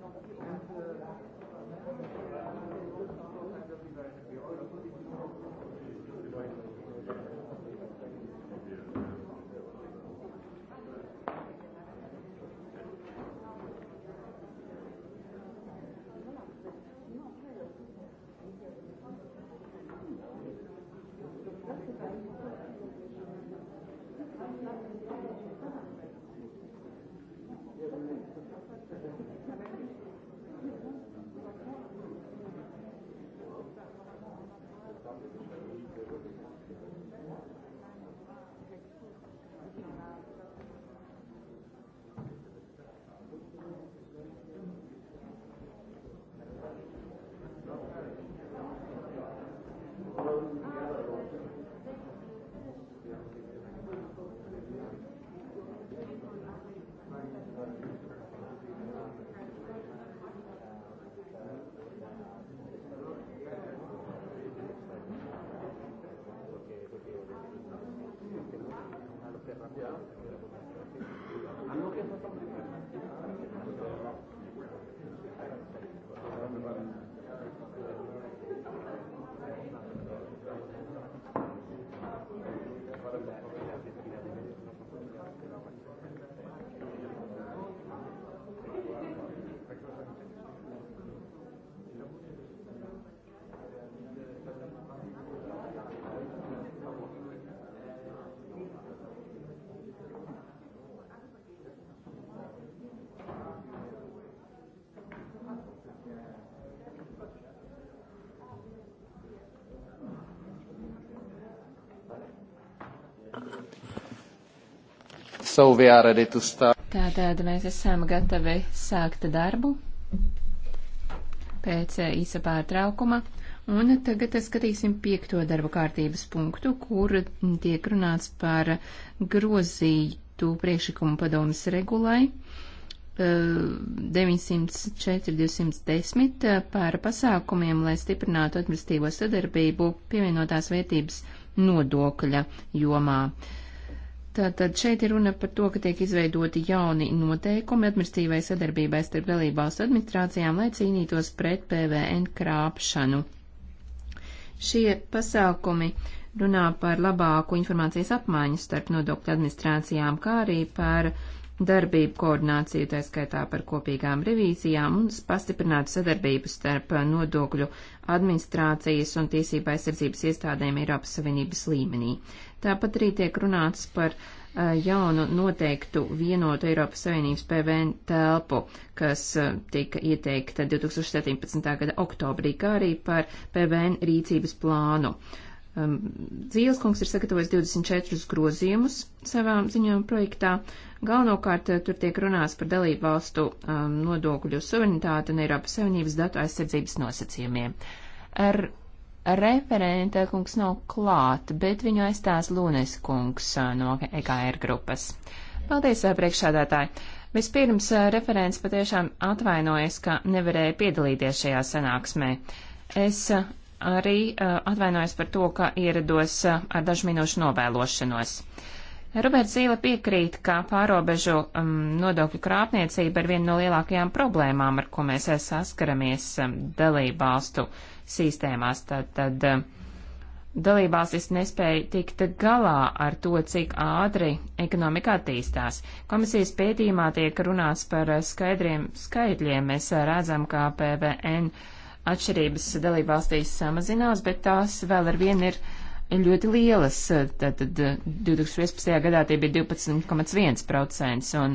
want die ook. Uh, So we are ready to start. Tātad mēs esam gatavi sākt darbu pēc eh, īsa pārtraukuma. Un tagad skatīsim piekto darbu kārtības punktu, kur tiek runāts par grozītu priekšlikumu padomas regulai 904-210 eh, eh, par pasākumiem, lai stiprinātu administīvo sadarbību pievienotās vērtības nodokļa jomā. Uh, Tātad šeit ir runa par to, ka tiek izveidoti jauni noteikumi administratīvai sadarbībai starp dalībvalstu administrācijām, lai cīnītos pret PVN krāpšanu. Šie pasākumi runā par labāku informācijas apmaiņu starp nodokļu administrācijām, kā arī par uh, darbību koordināciju, tā skaitā par kopīgām revīzijām un pastiprinātu sadarbību starp nodokļu administrācijas un tiesība aizsardzības iestādēm Eiropas Savienības līmenī. Tāpat arī tiek runāts par uh, jaunu noteiktu vienotu Eiropas Savienības PVN telpu, kas uh, tika ieteikta 2017. gada oktobrī, kā arī par PVN rīcības plānu. Uh, Um, Zīles kungs ir sagatavojis 24 grozījumus savā ziņojuma projektā. Galvenokārt uh, tur tiek runās par dalību valstu um, nodokļu suverenitāti un Eiropas Savienības datu aizsardzības nosacījumiem. Ar referenta kungs nav klāt, bet viņu aizstās Lūnes kungs uh, no EKR grupas. Paldies, uh, priekšādātāji! Vispirms referents patiešām atvainojas, ka nevarēja piedalīties šajā sanāksmē. Es arī uh, atvainojas par to, ka ierados uh, ar dažu minūšu novēlošanos. Roberts Zīle piekrīt, ka pārobežu um, nodokļu krāpniecība ir viena no lielākajām problēmām, ar ko mēs saskaramies um, dalībvalstu sistēmās. Tad, tad um, dalībvalstis nespēja tikt galā ar to, cik ātri ekonomika attīstās. Komisijas pētījumā tiek runāts par skaidriem skaitļiem. Mēs redzam, kā PVN uh, atšķirības dalībvalstīs samazinās, bet tās vēl ar vienu ir ļoti lielas. Tātad 2015. Eh, gadā tie bija 12,1%, un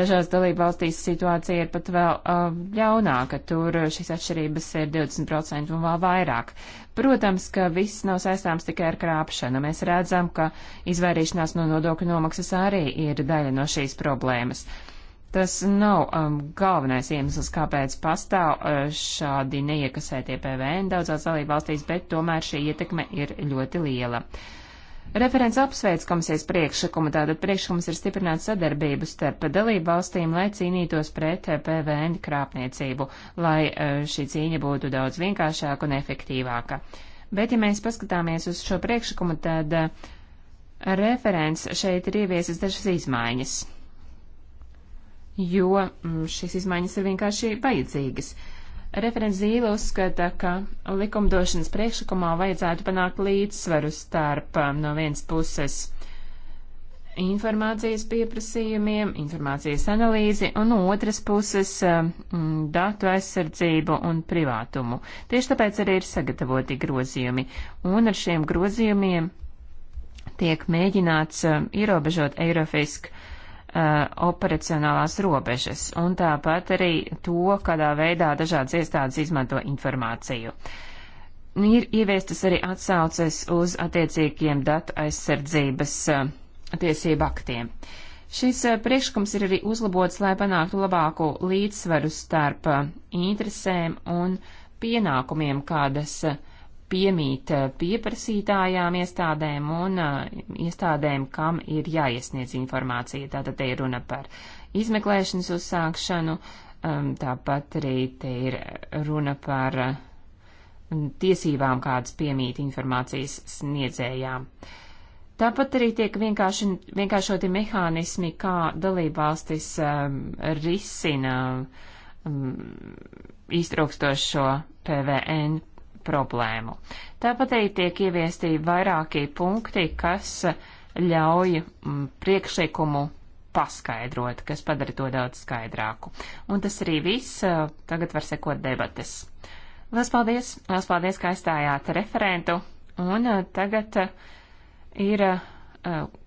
dažās dalībvalstīs situācija ir pat vēl uh, ļaunāka. Tur eh, šīs atšķirības ir 20% un vēl vairāk. Protams, ka viss nav saistāms tikai ar krāpšanu. Mēs redzam, ka izvairīšanās no nodokļu nomaksas arī ir daļa no šīs problēmas. Uh, Tas nav um, galvenais iemesls, kāpēc pastāv uh, šādi neiekasētie PVN daudzās dalībvalstīs, bet tomēr šī ietekme ir ļoti liela. Referents apsveic komisijas priekšlikumu, tātad priekšlikums ir stiprināt sadarbību starp dalībvalstīm, lai cīnītos pret uh, PVN krāpniecību, lai uh, šī cīņa būtu daudz vienkāršāka un efektīvāka. Bet, ja mēs paskatāmies uz šo priekšlikumu, tad uh, referents šeit ir ieviesis dažas izmaiņas jo mm, šīs izmaiņas ir vienkārši vajadzīgas. Referents Zīle uzskata, ka likumdošanas priekšlikumā vajadzētu panākt līdzsvaru starp um, no vienas puses informācijas pieprasījumiem, informācijas analīzi un no otras puses um, datu aizsardzību un privātumu. Tieši tāpēc arī ir sagatavoti grozījumi. Un ar šiem grozījumiem tiek mēģināts um, ierobežot Eirofisku Uh, operacionālās robežas, un tāpat arī to, kādā veidā dažādas iestādes izmanto informāciju. Nu, ir ieviestas arī atsauces uz attiecīgiem datu aizsardzības uh, tiesību aktiem. Šis uh, priekšlikums ir arī uzlabots, lai panāktu labāku līdzsvaru starp interesēm un pienākumiem, kādas uh, piemīt eh, pieprasītājām iestādēm un eh, iestādēm, kam ir jāiesniedz informācija. Tātad te ir runa par izmeklēšanas uzsākšanu, ehm, tāpat arī te ir runa par eh, tiesībām, kādas piemīt informācijas sniedzējām. Tāpat arī tiek vienkārši, vienkāršoti mehānismi, kā dalībvalstis um, risina um, ehm, iztraukstošo PVN problēmu. Tāpat arī tiek ieviesti vairākie punkti, kas ļauj mm, priekšlikumu paskaidrot, kas padara to daudz skaidrāku. Un tas arī viss. Tagad var sekot debates. Lielas paldies! Lielas paldies, ka aizstājāt referentu. Un tagad ir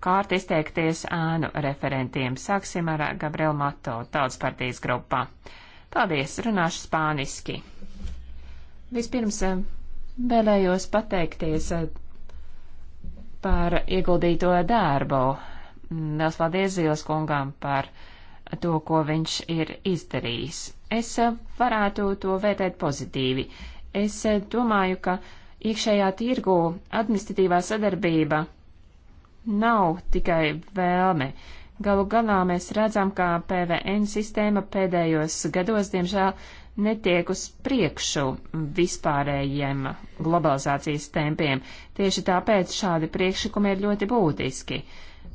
kārt izteikties ānu referentiem. Sāksim ar Gabrielu Mato, tautas partijas grupā. Paldies, runāšu spāniski. Vispirms eh, vēlējos pateikties eh, par ieguldīto darbu. Liels paldies Zīles kungām par to, ko viņš ir izdarījis. Es eh, varētu to vērtēt pozitīvi. Es domāju, ka iekšējā tirgu administratīvā sadarbība nav tikai vēlme. Galu galā mēs redzam, ka PVN sistēma pēdējos gados, diemžēl, netiek uz priekšu vispārējiem globalizācijas tempiem. Tieši tāpēc šādi priekšlikumi ir ļoti būtiski.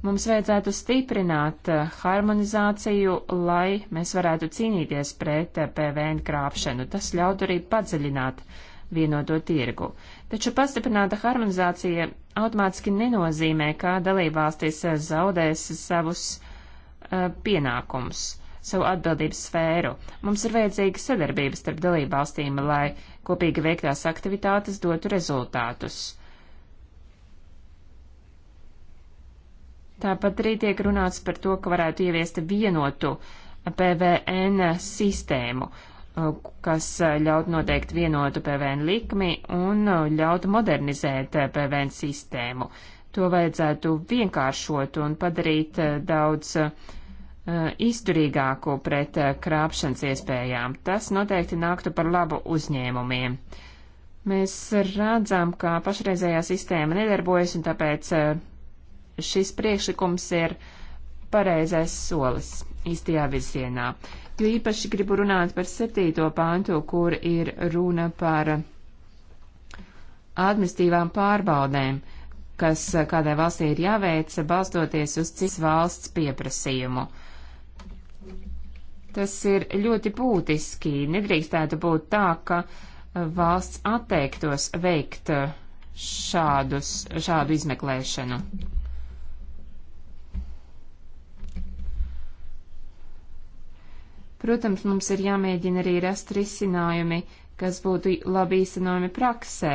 Mums vajadzētu stiprināt eh, harmonizāciju, lai mēs varētu cīnīties pret eh, PVN krāpšanu. Tas ļautu arī padziļināt vienoto tirgu. Taču pastiprināta harmonizācija automātiski nenozīmē, ka dalībvalstis eh, zaudēs savus uh, pienākumus. Uh, savu atbildības sfēru. Mums ir vajadzīga sadarbība starp dalībvalstīm, lai kopīgi veiktās aktivitātes dotu rezultātus. Tāpat arī tiek runāts par to, ka varētu ieviest vienotu PVN sistēmu, kas ļaut noteikt vienotu PVN likmi un ļaut modernizēt PVN sistēmu. To vajadzētu vienkāršot un padarīt daudz uh, Eh, izturīgāku pret eh, krāpšanas iespējām. Tas noteikti nāktu par labu uzņēmumiem. Mēs redzam, ka pašreizējā sistēma nedarbojas, un tāpēc eh, šis priekšlikums ir pareizais solis īstajā virzienā. Jo īpaši gribu runāt par septīto pāntu, kur ir runa par administīvām pārbaudēm kas kādai valstī ir jāveic, balstoties uz cits valsts pieprasījumu. Uh, Tas ir ļoti būtiski. Nedrīkstētu būt tā, ka eh, valsts atteiktos veikt eh, šādus, šādu izmeklēšanu. Protams, mums ir jāmēģina arī rast risinājumi, kas būtu labi īstenojami praksē.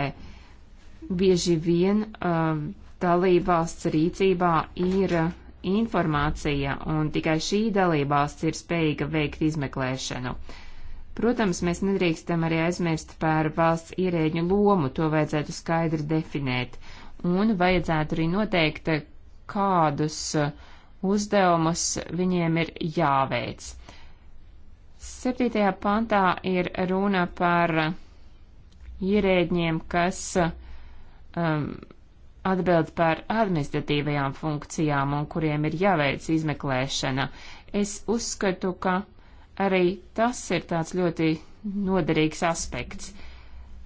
Bieži vien uh, dalībvalsts rīcībā ir uh, informācija, un tikai šī dalībvalsts ir spējīga veikt izmeklēšanu. Protams, mēs nedrīkstam arī aizmirst par valsts ierēģu lomu, to vajadzētu skaidri definēt, un vajadzētu arī noteikt, kādus uh, uzdevumus viņiem ir jāveic. 7. pantā ir runa par ierēģiem, kas um, atbild par administratīvajām funkcijām un kuriem ir jāveic izmeklēšana, es uzskatu, ka arī tas ir tāds ļoti noderīgs aspekts.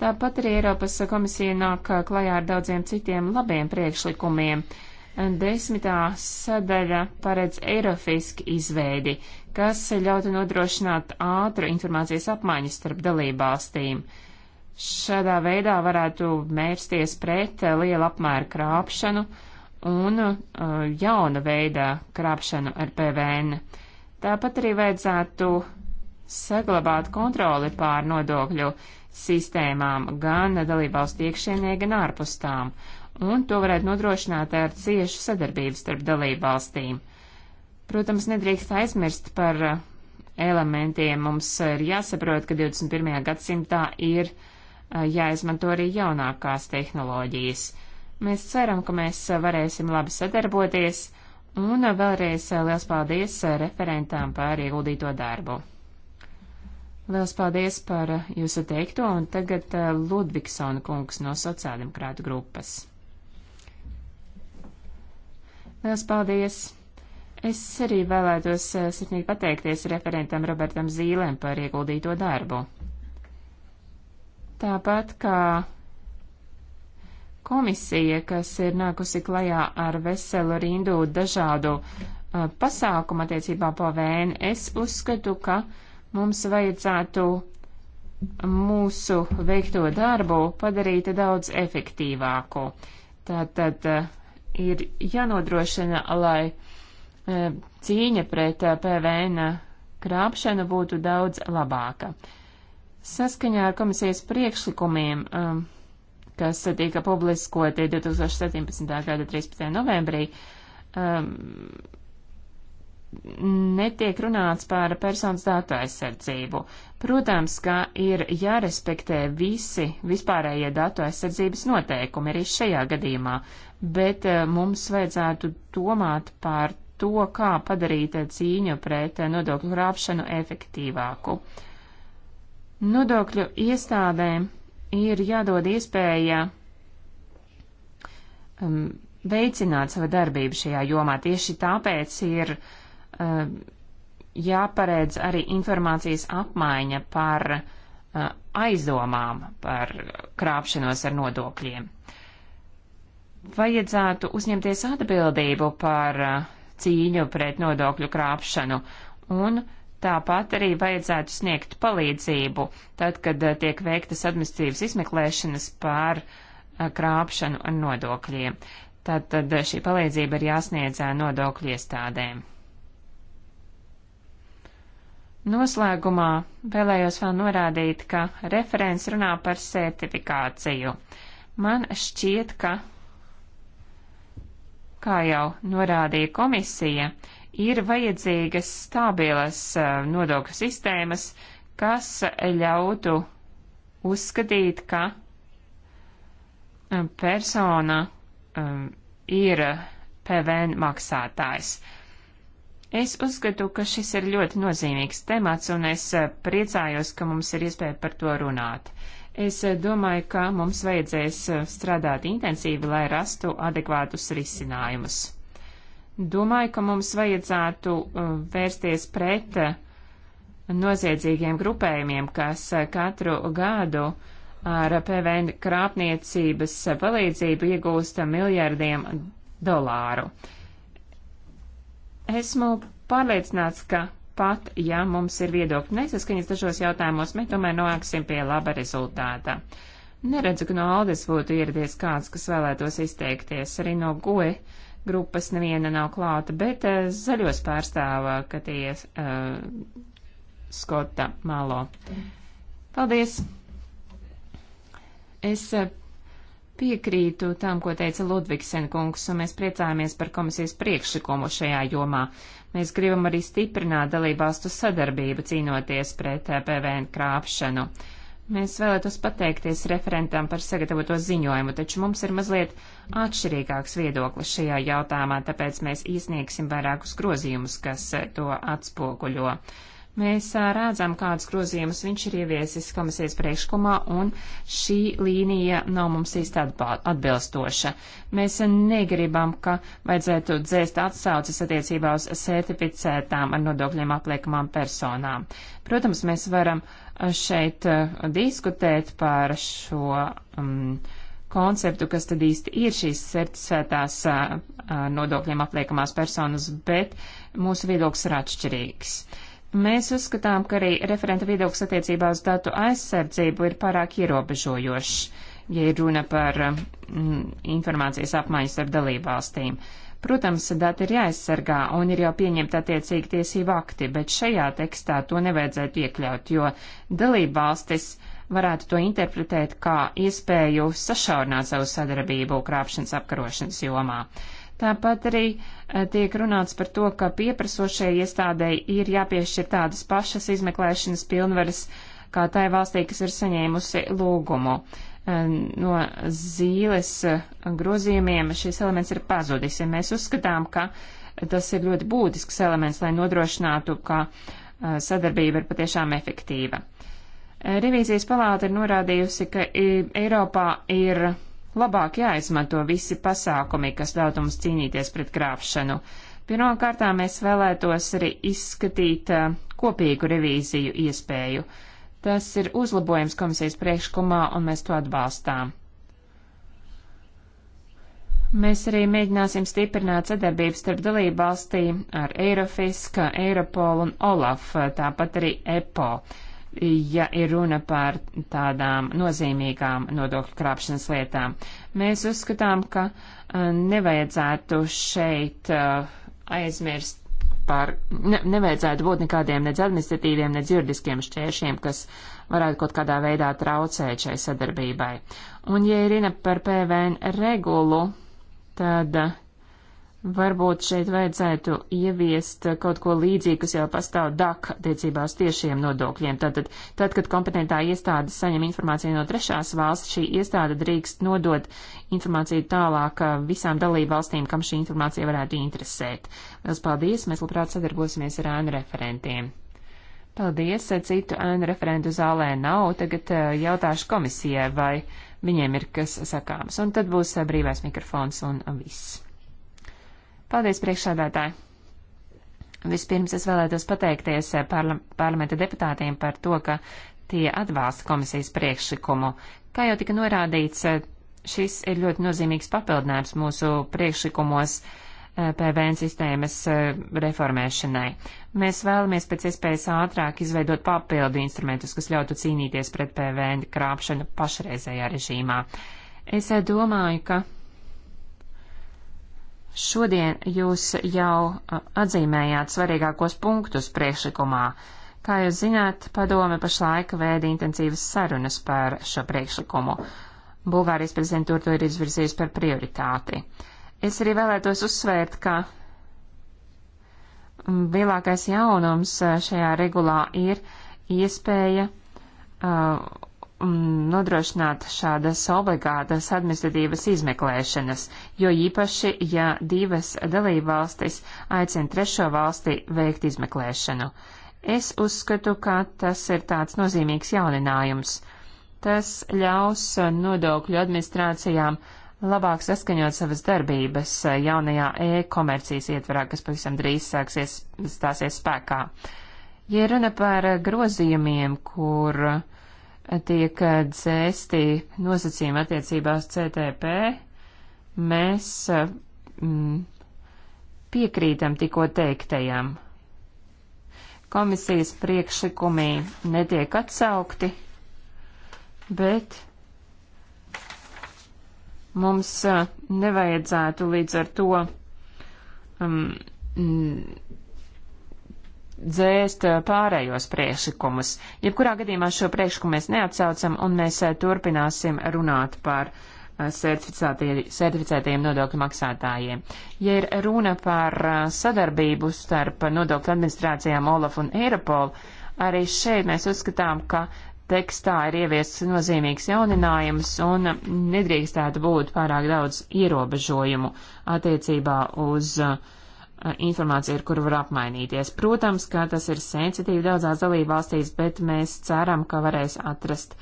Tāpat arī Eiropas komisija nāk klajā ar daudziem citiem labiem priekšlikumiem. Desmitā sadaļa paredz Eirofiski izveidi, kas ļautu nodrošināt ātru informācijas apmaiņu starp dalībvalstīm. valstīm. Šādā veidā varētu mērsties pret eh, liela apmēra krāpšanu un eh, jauna veidā krāpšanu ar PVN. Tāpat arī vajadzētu saglabāt kontroli pār nodokļu sistēmām gan dalībvalstu iekšienē, gan ārpus tām, un to varētu nodrošināt ar ciešu sadarbību starp dalībvalstīm. Protams, nedrīkst aizmirst par eh, elementiem. Mums ir jāsaprot, ka 21. gadsimtā ir Eh, jāizmanto arī jaunākās tehnoloģijas. Mēs ceram, ka mēs eh, varēsim labi sadarboties, un eh, vēlreiz liels paldies referentām par ieguldīto darbu. Liels paldies par jūsu teikto, un tagad Ludvigsona kungs no sociāldemokrāta grupas. Liels paldies! Es arī vēlētos sirsnīgi pateikties referentam Robertam Zīlēm par ieguldīto darbu. Tāpat kā komisija, kas ir nākusi klajā ar veselu rindu dažādu uh, pasākumu attiecībā po vēnu, es uzskatu, ka mums vajadzētu mūsu veikto darbu padarīt daudz efektīvāku. Tātad uh, ir jānodrošina, lai uh, cīņa pret uh, PVN krāpšanu būtu daudz labāka. Saskaņā ar komisijas priekšlikumiem, um, kas tika publiskoti 2017. gada 13. novembrī, um, netiek runāts par personas datu aizsardzību. Protams, ka ir jārespektē visi vispārējie datu aizsardzības noteikumi arī šajā gadījumā, bet uh, mums vajadzētu domāt par to, kā padarīt cīņu pret nodokļu krāpšanu efektīvāku. Uh, Nodokļu iestādēm ir jādod iespēja um, veicināt savu darbību šajā jomā. Tieši tāpēc ir um, jāparedz arī informācijas apmaiņa par uh, aizdomām par krāpšanos ar nodokļiem. Vajadzētu uzņemties atbildību par uh, cīņu pret nodokļu krāpšanu, un Tāpat arī vajadzētu sniegt palīdzību, tad, kad eh, tiek veiktas administratīvas izmeklēšanas pār eh, krāpšanu ar nodokļiem. Tātad eh, šī palīdzība ir jāsniedz nodokļu iestādēm. Noslēgumā vēlējos vēl norādīt, ka referents runā par sertifikāciju. Man šķiet, ka, kā jau norādīja komisija, uh, ir vajadzīgas stabilas nodokļu sistēmas, kas ļautu uzskatīt, ka persona um, ir PVN maksātājs. Es uzskatu, ka šis ir ļoti nozīmīgs temats, un es priecājos, ka mums ir iespēja par to runāt. Es domāju, ka mums vajadzēs strādāt intensīvi, lai rastu adekvātus risinājumus. Domāju, ka mums vajadzētu uh, vērsties pret uh, noziedzīgiem grupējumiem, kas uh, katru gadu ar PVN krāpniecības palīdzību iegūsta miljardiem dolāru. Esmu pārliecināts, ka pat, ja mums ir viedokļi nesaskaņas dažos jautājumos, mēs tomēr nonāksim pie laba rezultāta. Neredzu, ka no Aldes būtu ieradies kāds, kas vēlētos izteikties arī no GUE. Uh, grupas neviena nav klāta, bet eh, zaļos pārstāv Katija uh, eh, Skota Malo. Paldies! Es eh, piekrītu tam, ko teica Ludvigsen kungs, un mēs priecājamies par komisijas priekšlikumu šajā jomā. Mēs gribam arī stiprināt dalībvalstu sadarbību cīnoties pret PVN krāpšanu. Mēs vēlētos pateikties referentam par sagatavoto ziņojumu, taču mums ir mazliet uh, atšķirīgāks viedoklis šajā jautājumā, tāpēc mēs iesniegsim vairākus grozījumus, kas eh, to atspoguļo. Mēs eh, redzam, kādus grozījumus viņš ir ieviesis komisijas priekšlikumā, un šī līnija nav mums īsti atbilstoša. Mēs eh, negribam, ka vajadzētu dzēst atsaucis attiecībā uz certificētām ar nodokļiem apliekamām personām. Protams, mēs varam šeit diskutēt par šo. Um, konceptu, kas tad īsti ir šīs certificētās nodokļiem apliekamās personas, bet mūsu viedoklis ir atšķirīgs. Mēs uzskatām, ka arī referenta viedoklis attiecībā uz datu aizsardzību ir pārāk ierobežojošs, ja ir runa par mm, informācijas apmaiņas ar dalībvalstīm. Protams, dati ir jāaizsargā un ir jau pieņemta attiecīgi tiesība akti, bet šajā tekstā to nevajadzētu iekļaut, jo dalībvalstis valstis varētu to interpretēt kā iespēju sašaurināt savu sadarbību krāpšanas apkarošanas jomā. Tāpat arī eh, tiek runāts par to, ka pieprasošai iestādēji ir jāpiešķir tādas pašas izmeklēšanas pilnvaras kā tai valstī, kas ir saņēmusi lūgumu. Eh, no zīles eh, grozījumiem šis elements ir pazudis, ja mēs uzskatām, ka tas ir ļoti būtisks elements, lai nodrošinātu, ka sadarbība ir patiešām efektīva. Uh, Revīzijas palāta ir norādījusi, ka e, Eiropā ir labāk jāizmanto visi pasākumi, kas ļautu mums cīnīties pret krāpšanu. Pirmkārtā mēs vēlētos arī izskatīt e, kopīgu revīziju iespēju. Tas ir uzlabojums komisijas priekšlikumā, un mēs to atbalstām. Mēs arī mēģināsim stiprināt sadarbību starp dalību valstīm ar Eirofiska, Eiropolu un Olaf, tāpat arī EPO ja ir runa par tādām nozīmīgām nodokļu krāpšanas lietām. Mēs uzskatām, ka uh, nevajadzētu šeit uh, aizmirst par, ne, nevajadzētu būt nekādiem nedz administratīviem, nedz juridiskiem šķēršiem, kas varētu kaut kādā veidā traucēt šai sadarbībai. Un, ja ir runa par PVN regulu, tad uh, Varbūt šeit vajadzētu ieviest kaut ko līdzīgu, kas jau pastāv DAK attiecībā uz tiešiem nodokļiem. Tātad, tad, kad kompetentā iestāde saņem informāciju no trešās valsts, šī iestāde drīkst nodot informāciju tālāk uh, visām dalību valstīm, kam šī informācija varētu interesēt. Lielas paldies, mēs labprāt sadarbosimies ar ēnu referentiem. Paldies, citu ēnu referentu zālē nav, tagad uh, jautāšu komisijai, vai viņiem ir kas sakāms. Un tad būs uh, brīvais mikrofons un viss. Paldies, priekšsādātāji! Vispirms es vēlētos pateikties eh, parla parlamenta deputātiem par to, ka tie atbalsta komisijas priekšlikumu. Kā jau tika norādīts, eh, šis ir ļoti nozīmīgs papildinājums mūsu priekšlikumos eh, PVN sistēmas reformēšanai. Mēs vēlamies pēc iespējas ātrāk izveidot papildu instrumentus, kas ļautu cīnīties pret PVN krāpšanu pašreizējā režīmā. Es domāju, ka Šodien jūs jau atzīmējāt svarīgākos punktus priekšlikumā. Kā jūs zināt, padome pašlaik vēda intensīvas sarunas par šo priekšlikumu. Bulgārijas prezidentūra to ir izvirzījusi par prioritāti. Es arī vēlētos uzsvērt, ka lielākais jaunums šajā regulā ir iespēja uh, nodrošināt šādas obligātas administratīvas izmeklēšanas, jo īpaši, ja divas dalībvalstis aicina trešo valsti veikt izmeklēšanu. Es uzskatu, ka tas ir tāds nozīmīgs jauninājums. Tas ļaus nodokļu administrācijām labāk saskaņot savas darbības jaunajā e-komercijas ietvarā, kas pavisam drīz sāksies stāsies spēkā. Ja runa par grozījumiem, kur uh, tiek eh, dzēsti nosacījumi attiecībā uz CTP, mēs eh, mm, piekrītam tikko teiktajam. Komisijas priekšlikumi netiek atsaukti, bet mums eh, nevajadzētu līdz ar to um, mm, dzēst eh, pārējos priekšlikumus. Jebkurā gadījumā šo priekšlikumu mēs neatsaucam un mēs eh, turpināsim runāt par eh, certificētajiem nodokļu maksātājiem. Ja ir runa par sadarbību starp nodokļu administrācijām Olaf un Eiropol, arī šeit mēs uzskatām, ka tekstā ir ieviests nozīmīgs jauninājums un nedrīkstētu būt pārāk daudz ierobežojumu attiecībā uz uh, informācija, ar kuru var apmainīties. Protams, ka tas ir sensitīvi daudzās dalībvalstīs, bet mēs ceram, ka varēs atrast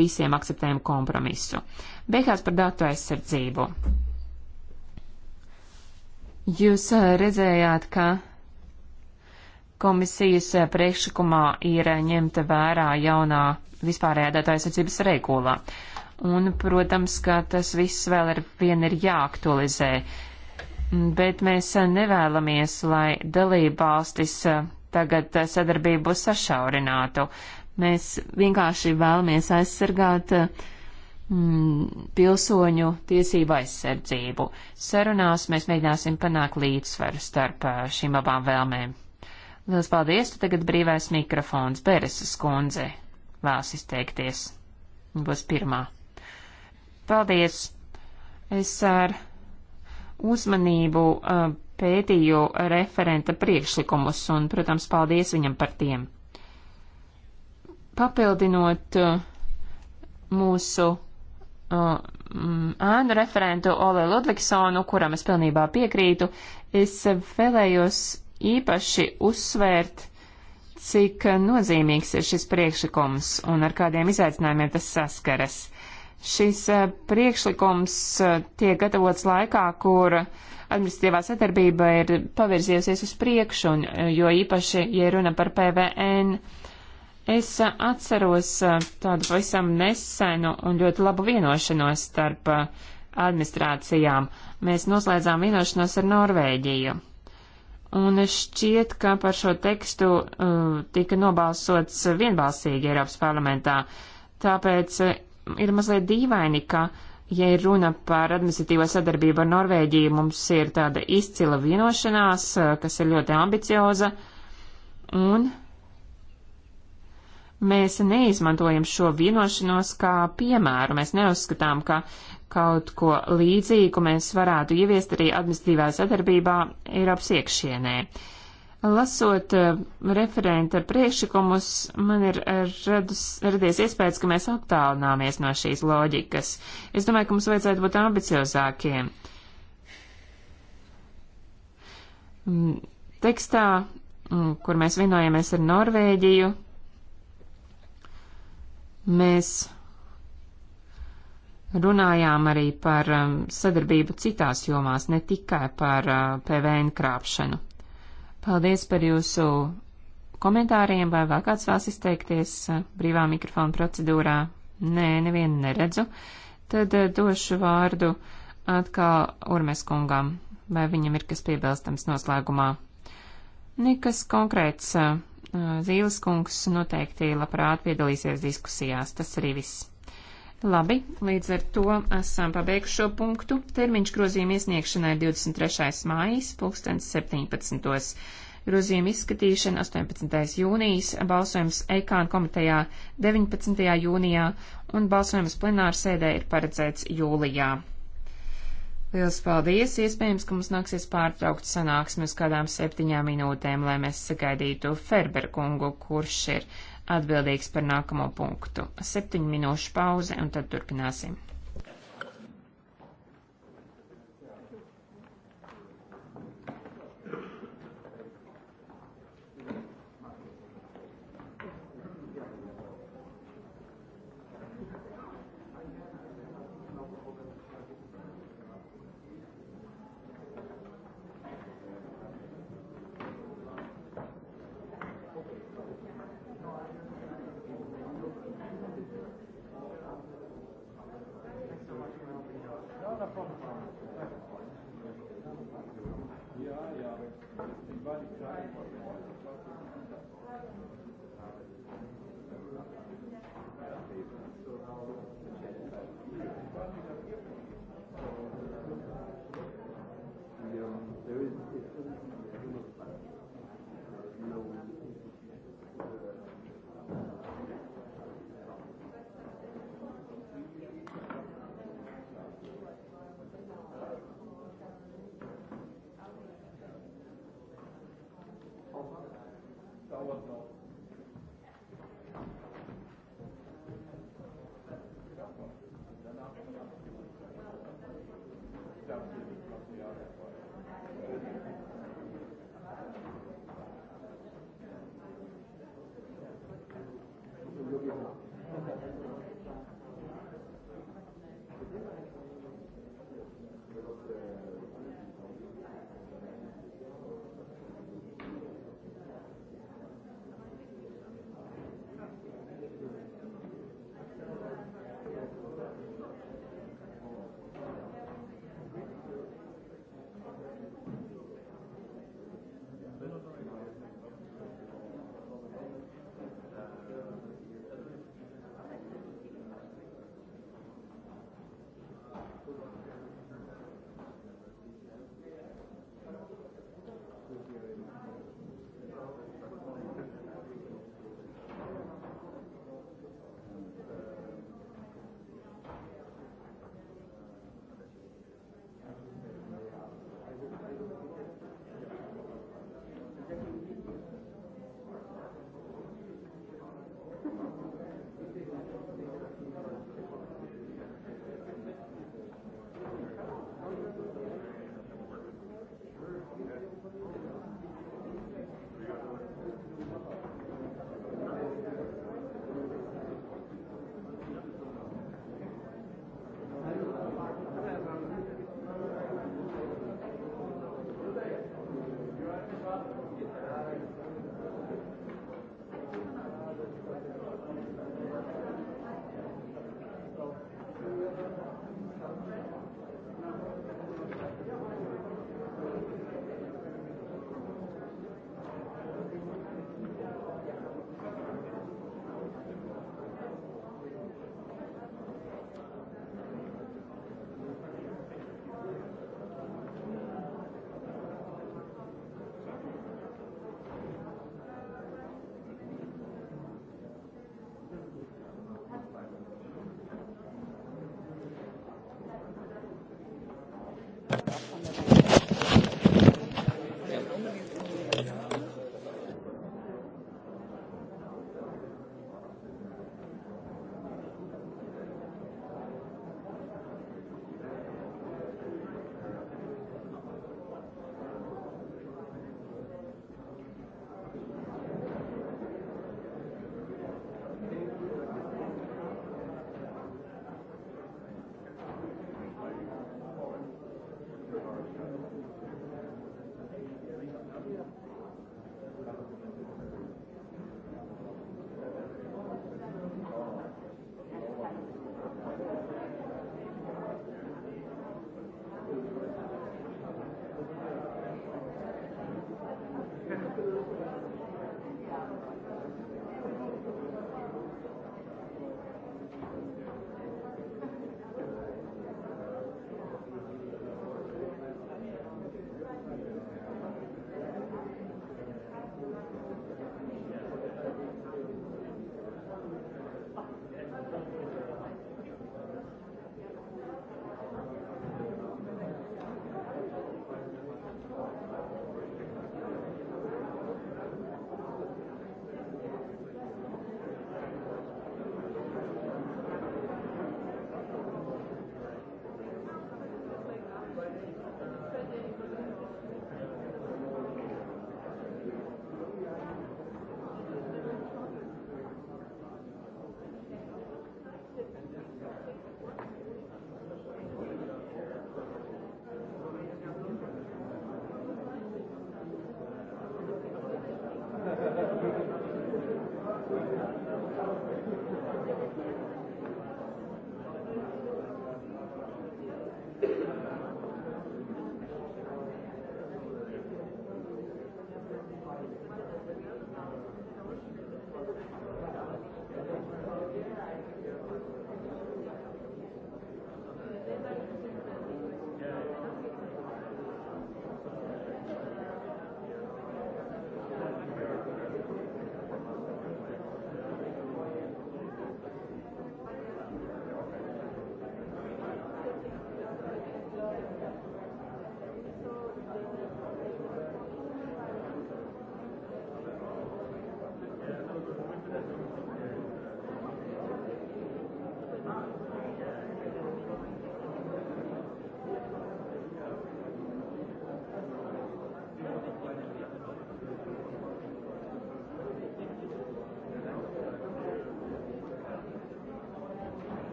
visiem akceptējumu kompromisu. Beigās par datu aizsardzību. Jūs redzējāt, ka komisijas priekšlikumā ir ņemta vērā jaunā vispārējā datu aizsardzības regulā. Un, protams, ka tas viss vēl ir vien ir jāaktualizē bet mēs nevēlamies, lai dalībvalstis eh, tagad eh, sadarbību sašaurinātu. Mēs vienkārši vēlamies aizsargāt eh, mm, pilsoņu tiesību aizsardzību. Sarunās mēs mēģināsim panākt līdzsvaru starp šīm abām vēlmēm. Lielas paldies, tu tagad brīvais mikrofons Bereses kundze. Vēlas izteikties. Būs pirmā. Paldies! Es ar uzmanību uh, pētīju referenta priekšlikumus un, protams, paldies viņam par tiem. Papildinot uh, mūsu uh, mm, ēnu referentu Ole Ludvigsonu, kuram es pilnībā piekrītu, es vēlējos īpaši uzsvērt, cik nozīmīgs ir šis priekšlikums un ar kādiem izaicinājumiem tas saskaras. Šis eh, priekšlikums eh, tiek gatavots laikā, kur administratīvā sadarbība ir pavirzījusies uz priekšu, un, eh, jo īpaši, ja runa par PVN, es atceros tādu pavisam nesenu un ļoti labu vienošanos starp administrācijām. Mēs noslēdzām vienošanos ar Norvēģiju. Un šķiet, ka par šo tekstu uh, tika nobalsots vienbalsīgi Eiropas parlamentā. Tāpēc ir mazliet dīvaini, ka, ja ir runa par administratīvo sadarbību ar Norvēģiju, mums ir tāda izcila vienošanās, eh, kas ir ļoti ambicioza, un mēs neizmantojam šo vienošanos kā piemēru. Mēs neuzskatām, ka kaut ko līdzīgu mēs varētu ieviest arī administratīvā sadarbībā Eiropas iekšienē. Uh, Lasot eh, referenta priekšlikumus, man ir eh, radus, radies iespējas, ka mēs attālināmies no šīs loģikas. Es domāju, ka mums vajadzētu būt ambiciozākiem. Mm, tekstā, mm, kur mēs vienojamies ar Norvēģiju, mēs runājām arī par mm, sadarbību citās jomās, ne tikai par eh, PVN krāpšanu. Paldies par jūsu komentāriem, vai vēl kāds vēlas izteikties uh, brīvā mikrofona procedūrā? Nē, nevienu neredzu. Tad uh, došu vārdu atkal Urmes kungam, vai viņam ir kas piebilstams noslēgumā. Nekas konkrēts. Uh, Zīles kungs noteikti labprāt piedalīsies diskusijās. Tas arī viss. Labi, līdz ar to esam pabeiguši šo punktu. Termiņš grozījuma iesniegšanai ir 23. mājas, pulkstens 17. Grozījuma izskatīšana 18. jūnijas, balsojums EKAN komitejā 19. jūnijā un balsojums plenāra sēdē ir paredzēts jūlijā. Lielas paldies! Iespējams, ka mums nāksies pārtraukt sanāksmi uz kādām septiņām minūtēm, lai mēs sagaidītu Ferberkungu, kurš ir atbildīgs par nākamo punktu. Septiņu minūšu pauze un tad turpināsim.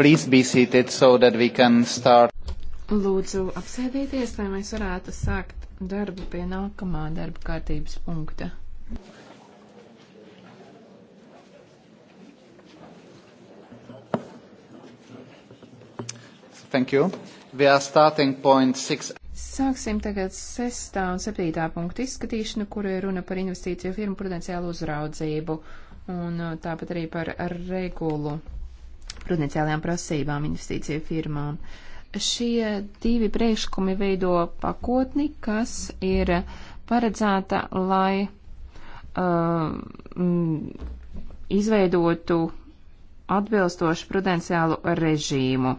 Please be seated so that we can start. Lūdzu, apsēdieties, lai mēs varētu sākt darbu pie nākamā darba kārtības punkta. Thank you. We are starting point six. Sāksim tagad sestā un septītā punktu izskatīšanu, kur ir runa par investīciju firmu prudenciālu uzraudzību un uh, tāpat arī par regulu prudenciālajām prasībām investīciju firmām. Šie divi priekšlikumi veido pakotni, kas ir paredzēta, lai uh, izveidotu atbilstošu prudenciālu režīmu.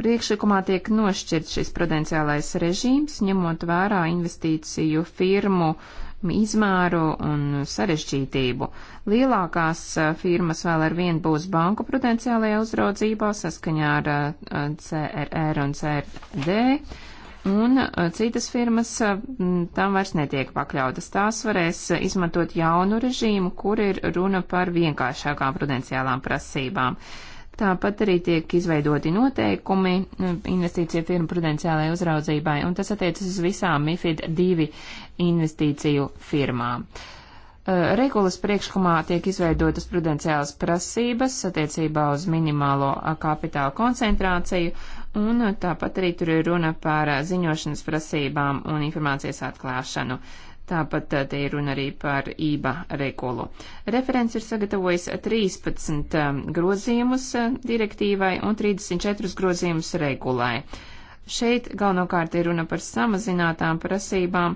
Priekšlikumā tiek nošķirt šis prudenciālais režīms, ņemot vērā investīciju firmu uh, izmēru un sarežģītību. Lielākās eh, firmas vēl ar vienu būs banku prudenciālajā uzraudzībā saskaņā ar eh, CRR un CRD, un eh, citas firmas tam vairs netiek pakļautas. Tās varēs izmantot jaunu režīmu, kur ir runa par vienkāršākām prudenciālām prasībām. Uh, Tāpat arī tiek izveidoti noteikumi mm, investīciju firmu prudenciālajai uzraudzībai, un tas attiecas uz visām MIFID 2 investīciju firmām. Regulas priekšlikumā tiek izveidotas prudenciālas prasības attiecībā uz minimālo kapitāla koncentrāciju, un tāpat arī tur ir runa par ziņošanas prasībām un informācijas atklāšanu. Uh, Tāpat eh, te ir runa arī par ība regulu. Referents ir sagatavojis 13 eh, grozījumus eh, direktīvai un 34 grozījumus regulai. Šeit galvenokārt ir runa par samazinātām prasībām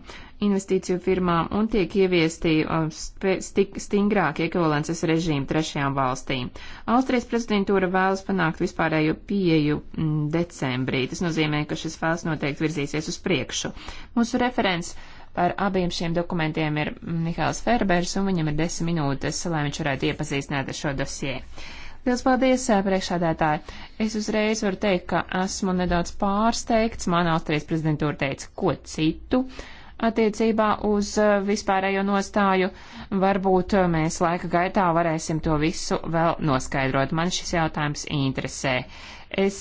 investīciju firmām un tiek ieviesti stingrāki ekvivalences režīmi trešajām valstīm. Austrijas prezidentūra vēlas panākt vispārējo pieju mm, decembrī. Tas nozīmē, ka šis fāls noteikti virzīsies uz priekšu. Mūsu referents Par abiem šiem dokumentiem ir Mihāls Ferbers, un viņam ir desmit minūtes, lai viņš varētu iepazīstināt ar šo dosie. Liels paldies, priekšādētāji! Es uzreiz varu teikt, ka esmu nedaudz pārsteigts. Mana Austrijas prezidentūra teica, ko citu attiecībā uz vispārējo nostāju. Varbūt mēs laika gaitā varēsim to visu vēl noskaidrot. Man šis jautājums interesē. Es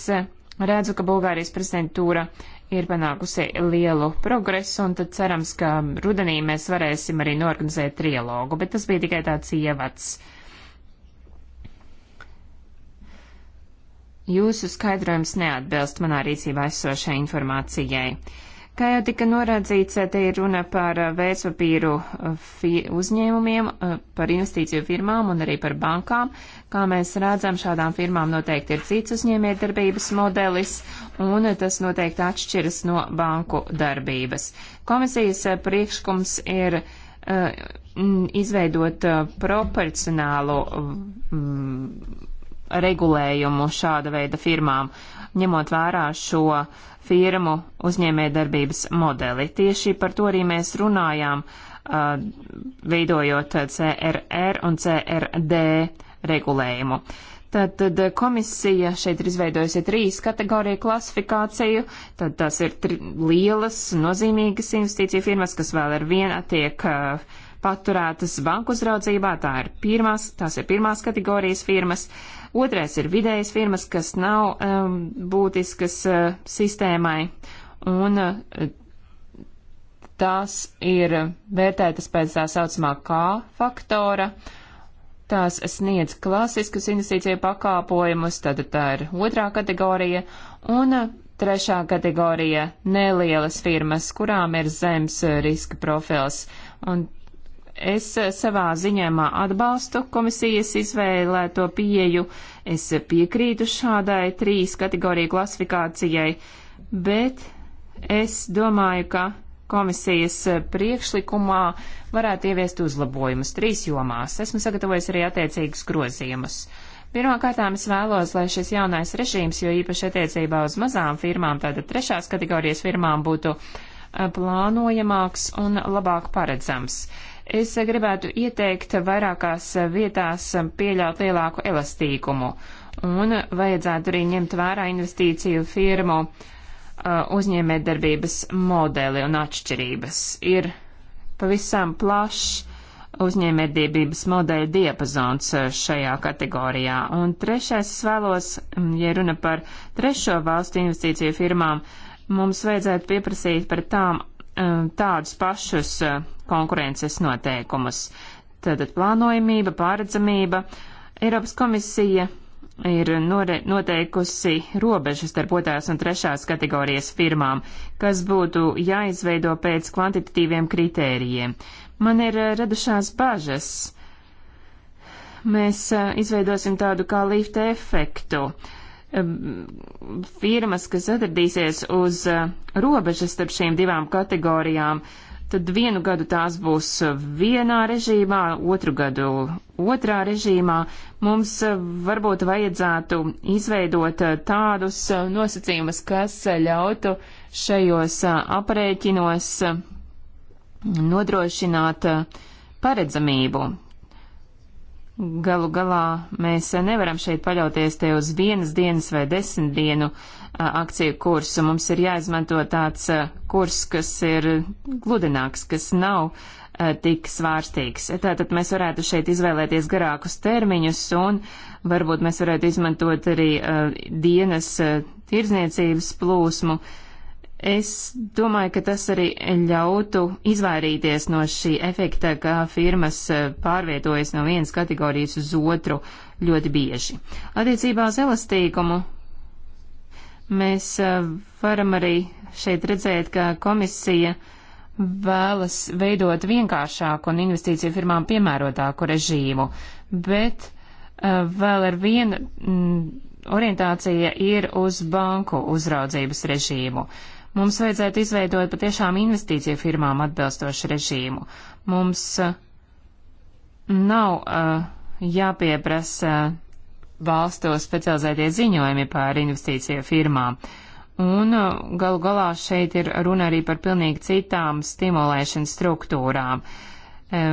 redzu, ka Bulgārijas prezidentūra uh, ir panākusi lielu progresu, un tad cerams, ka rudenī mēs varēsim arī norganizēt trialogu, bet tas bija tikai tāds ievads. Jūsu skaidrojums neatbilst manā rīcībā esošai informācijai. Kā jau tika norādīts, te ir runa par eh, vērtspapīru eh, uzņēmumiem, eh, par investīciju firmām un arī par bankām. Kā mēs redzam, šādām firmām noteikti ir cits uzņēmējdarbības modelis, un tas noteikti atšķiras no banku darbības. Komisijas priekšlikums ir izveidot proporcionālu mm, regulējumu šāda veida firmām, ņemot vērā šo uh, firmu uzņēmējdarbības modeli. Tieši par to arī mēs runājām, uh, veidojot CRR un CRD regulējumu. Tātad komisija šeit ir izveidojusi trīs kategoriju klasifikāciju, tad tās ir lielas, nozīmīgas investīcija firmas, kas vēl ar vienu tiek uh, paturētas banku uzraudzībā, tā ir pirmās, tās ir pirmās kategorijas firmas. Uh, Otrais ir vidējas firmas, kas nav um, būtiskas uh, sistēmai, un uh, tās ir vērtētas pēc tā saucamā K faktora. Tās sniedz klasiskus investīciju pakāpojumus, tad tā ir otrā kategorija, un uh, trešā kategorija - nelielas firmas, kurām ir zems uh, riska profils, un Es eh, savā ziņēmā atbalstu komisijas izvēlēto pieju, es piekrītu šādai trīs kategoriju klasifikācijai, bet es domāju, ka komisijas eh, priekšlikumā varētu ieviest uzlabojumus trīs jomās. Esmu sagatavojis arī attiecīgus grozījumus. Pirmkārtām es vēlos, lai šis jaunais režīms, jo īpaši attiecībā uz mazām firmām, tātad trešās kategorijas firmām, būtu eh, plānojamāks un labāk paredzams. Es gribētu ieteikt vairākās vietās pieļaut lielāku elastīgumu un vajadzētu arī ņemt vērā investīciju firmu uh, uzņēmējdarbības modeli un atšķirības. Ir pavisam plašs uzņēmējdarbības modeļa diapazons uh, šajā kategorijā. Un trešais es vēlos, mm, ja runa par trešo valstu investīciju firmām, mums vajadzētu pieprasīt par tām Um, tādus pašus uh, konkurences noteikumus. Tātad plānojamība, pārredzamība. Eiropas komisija ir noteikusi robežas starp otrās un trešās kategorijas firmām, kas būtu jāizveido pēc kvantitatīviem kritērijiem. Man ir uh, radušās bažas. Mēs uh, izveidosim tādu kā lifta efektu. Uh, firmas, kas atradīsies uz eh, robežas starp šīm divām kategorijām, tad vienu gadu tās būs eh, vienā režīmā, otru gadu otrā režīmā. Mums eh, varbūt vajadzētu izveidot tādus nosacījumus, kas ļautu šajos aprēķinos nodrošināt paredzamību. Galu galā mēs nevaram šeit paļauties te uz vienas dienas vai desmit dienu akciju kursu. Mums ir jāizmanto tāds kurs, kas ir gludināks, kas nav tik svārstīgs. Tātad mēs varētu šeit izvēlēties garākus termiņus un varbūt mēs varētu izmantot arī dienas tirdzniecības plūsmu. Uh, Es domāju, ka tas arī ļautu izvairīties no šī efekta, ka firmas e, pārvietojas no vienas kategorijas uz otru ļoti bieži. Attiecībā uz elastīgumu mēs e, varam arī šeit redzēt, ka komisija vēlas veidot vienkāršāku un investīciju firmām piemērotāku režīmu, bet e, vēl ar vienu mm, orientācija ir uz banku uzraudzības režīmu. Uh, Mums vajadzētu izveidot patiešām investīciju firmām atbilstošu režīmu. Mums uh, nav uh, jāpieprasa uh, valstu specializētie ziņojumi par investīciju firmām. Un uh, galu galā šeit ir runa arī par pilnīgi citām stimulēšanas struktūrām. Uh,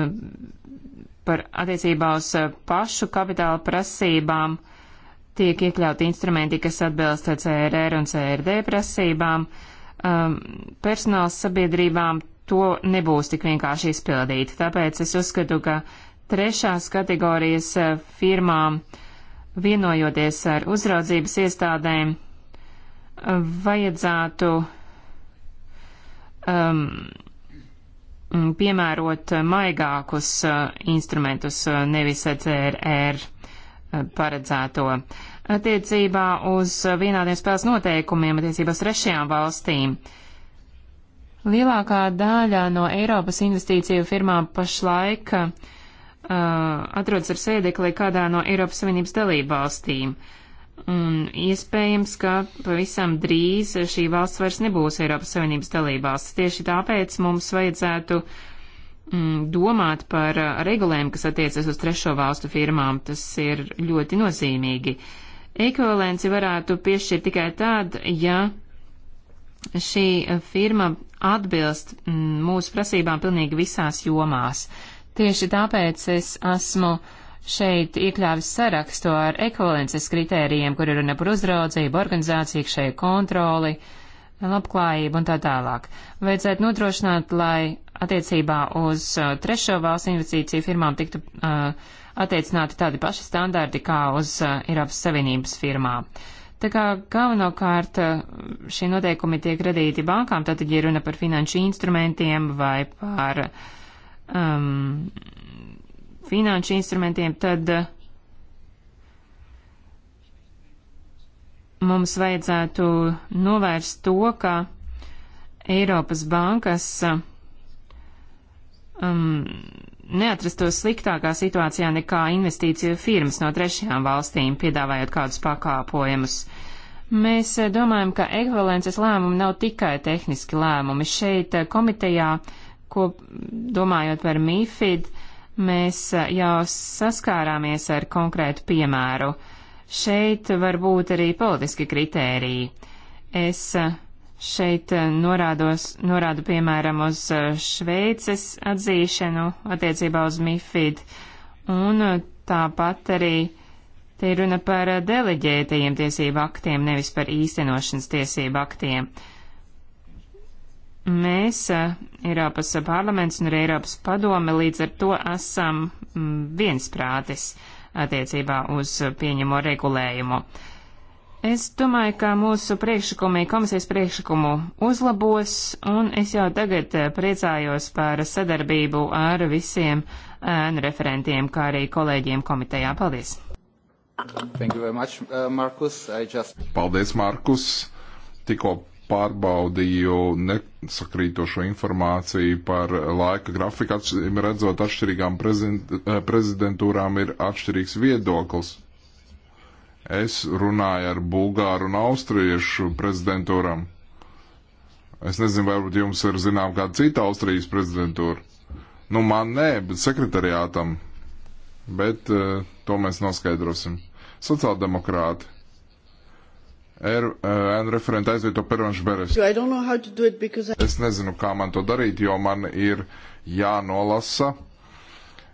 par attiecībā uz pašu kapitāla prasībām tiek iekļauti instrumenti, kas atbilst CRR un CRD prasībām. Uh, um, personāls sabiedrībām to nebūs tik vienkārši izpildīt. Tāpēc es uzskatu, ka trešās kategorijas uh, firmām vienojoties ar uzraudzības iestādēm uh, vajadzētu um, piemērot maigākus uh, instrumentus, uh, nevis CRR uh, paredzēto attiecībā uz vienādiem spēles noteikumiem attiecībā uz trešajām valstīm. Lielākā daļa no Eiropas investīciju firmām pašlaik uh, atrodas ar sēdeklī kādā no Eiropas Savienības dalību valstīm. Un iespējams, ka pavisam drīz šī valsts vairs nebūs Eiropas Savienības dalībvalsts. Tieši tāpēc mums vajadzētu mm, domāt par uh, regulēm, kas attiecas uz trešo valstu firmām. Tas ir ļoti nozīmīgi. Uh, Ekvivalenci varētu piešķirt tikai tad, ja šī firma atbilst mm, mūsu prasībām pilnīgi visās jomās. Tieši tāpēc es esmu šeit iekļāvis sarakstu ar ekvivalences kritērijiem, kur ir runa par uzraudzību, organizāciju, iekšēju kontroli, labklājību un tā tālāk. Vajadzētu nodrošināt, lai attiecībā uz uh, trešo valsts investīciju firmām tiktu uh, attiecināti tādi paši standarti kā uz uh, Eiropas Savienības firmām. Tā kā galvenokārt uh, šie noteikumi tiek radīti bankām, tātad, ja runa par finanšu instrumentiem vai par um, finanšu instrumentiem, tad uh, mums vajadzētu novērst to, ka Eiropas bankas um, neatrastos sliktākā situācijā nekā investīciju firmas no trešajām valstīm, piedāvājot kādus pakāpojumus. Mēs eh, domājam, ka ekvivalences lēmumi nav tikai tehniski lēmumi. Šeit eh, komitejā, ko domājot par MIFID, mēs eh, jau saskārāmies ar konkrētu piemēru. Šeit var būt arī politiski kritēriji. Es uh, Šeit eh, norādos, norādu piemēram uz eh, Šveices atzīšanu attiecībā uz MIFID, un eh, tāpat arī te ir runa par deleģētajiem tiesību aktiem, nevis par īstenošanas tiesību aktiem. Mēs, Eiropas parlaments un arī Eiropas padome, līdz ar to esam mm, viensprātis attiecībā uz pieņemo regulējumu. Uh, Es domāju, ka mūsu priekšlikumi, komisijas priekšlikumu uzlabos, un es jau tagad eh, priecājos par sadarbību ar visiem ēnu referentiem, kā arī kolēģiem komitejā. Paldies! Thank you very much, uh, Markus. I just... Paldies, Markus. Tikko pārbaudīju nesakrītošo informāciju par laika grafiku, redzot atšķirīgām eh, prezidentūrām ir atšķirīgs viedoklis Es runāju ar Bulgāru un Austriešu prezidentūram. Es nezinu, varbūt jums ir zinām kāda cita Austrijas prezidentūra. Nu, man nē, bet sekretariātam. Bet uh, to mēs noskaidrosim. Sociāldemokrāti. Er, uh, referenta aizvieto Pervanš Beres. Because... Es nezinu, kā man to darīt, jo man ir jānolasa. Ja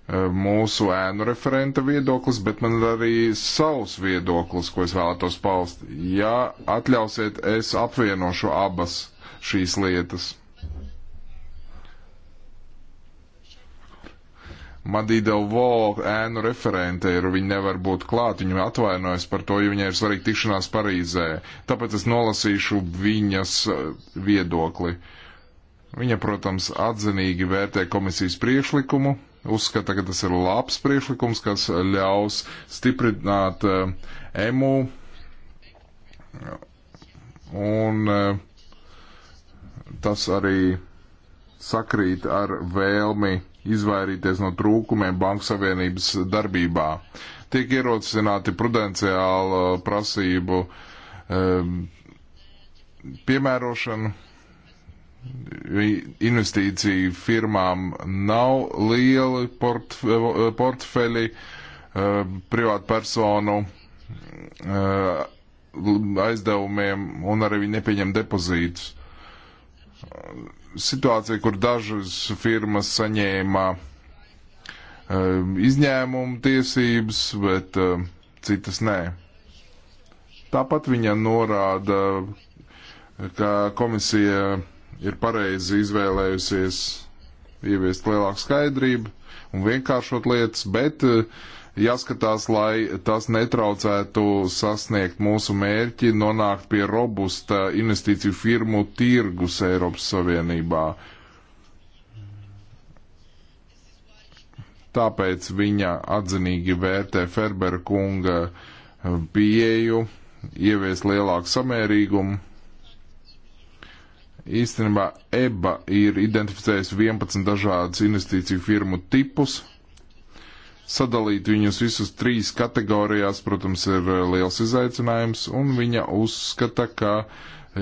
mūsu ēnu referenta viedoklis, bet man ir arī savs viedoklis, ko es vēlētos paust. Ja atļausiet, es apvienošu abas šīs lietas. Madīdelvo ēnu referente ir, viņa nevar būt klāt, viņa atvainojas par to, jo viņai ir svarīgi tikšanās Parīzē. Tāpēc es nolasīšu viņas eh, viedokli. Viņa, protams, atzinīgi vērtē komisijas priekšlikumu, uzskata, ka tas ir labs priekšlikums, kas ļaus stiprināt eh, emu un eh, tas arī sakrīt ar vēlmi izvairīties no trūkumiem Banku Savienības darbībā. Tiek ierocināti prudenciāla prasību eh, piemērošana investīciju firmām nav lieli portfe, portfeļi, eh, privātpersonu eh, aizdevumiem un arī viņi nepieņem depozītus. Situācija, kur dažas firmas saņēma eh, izņēmumu tiesības, bet citas nē. Tāpat viņa norāda, ka komisija ir pareizi izvēlējusies ieviest lielāku skaidrību un vienkāršot lietas, bet eh, jāskatās, lai tas netraucētu sasniegt mūsu mērķi, nonākt pie robusta investīciju firmu tirgus Eiropas Savienībā. Tāpēc viņa atzinīgi vērtē Ferbera kunga eh, pieeju, ievies lielāku samērīgumu Īstenībā EBA ir identificējusi 11 dažādas investīciju firmu tipus. Sadalīt viņus visus trīs kategorijās, protams, ir eh, liels izaicinājums, un viņa uzskata, ka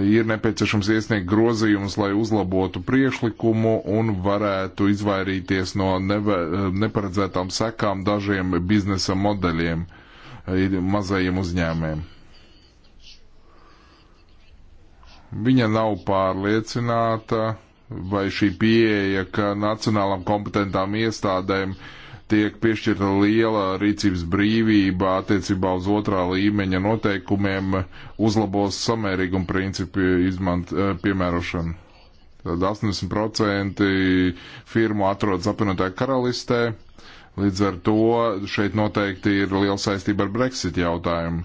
ir nepieciešams iesniegt grozījumus, lai uzlabotu priekšlikumu un varētu izvairīties no neve, eh, neparedzētām sekām dažiem biznesa modeļiem eh, mazajiem uzņēmējiem. Viņa nav pārliecināta, vai šī pieeja, ka nacionālām kompetentām iestādēm tiek piešķirta liela rīcības brīvība attiecībā uz otrā līmeņa noteikumiem, uzlabos samērīgumu principu izmant, eh, piemērošanu. Tad 80% firmu atrodas apvienotāju karalistē, līdz ar to šeit noteikti ir liela saistība ar Brexit jautājumu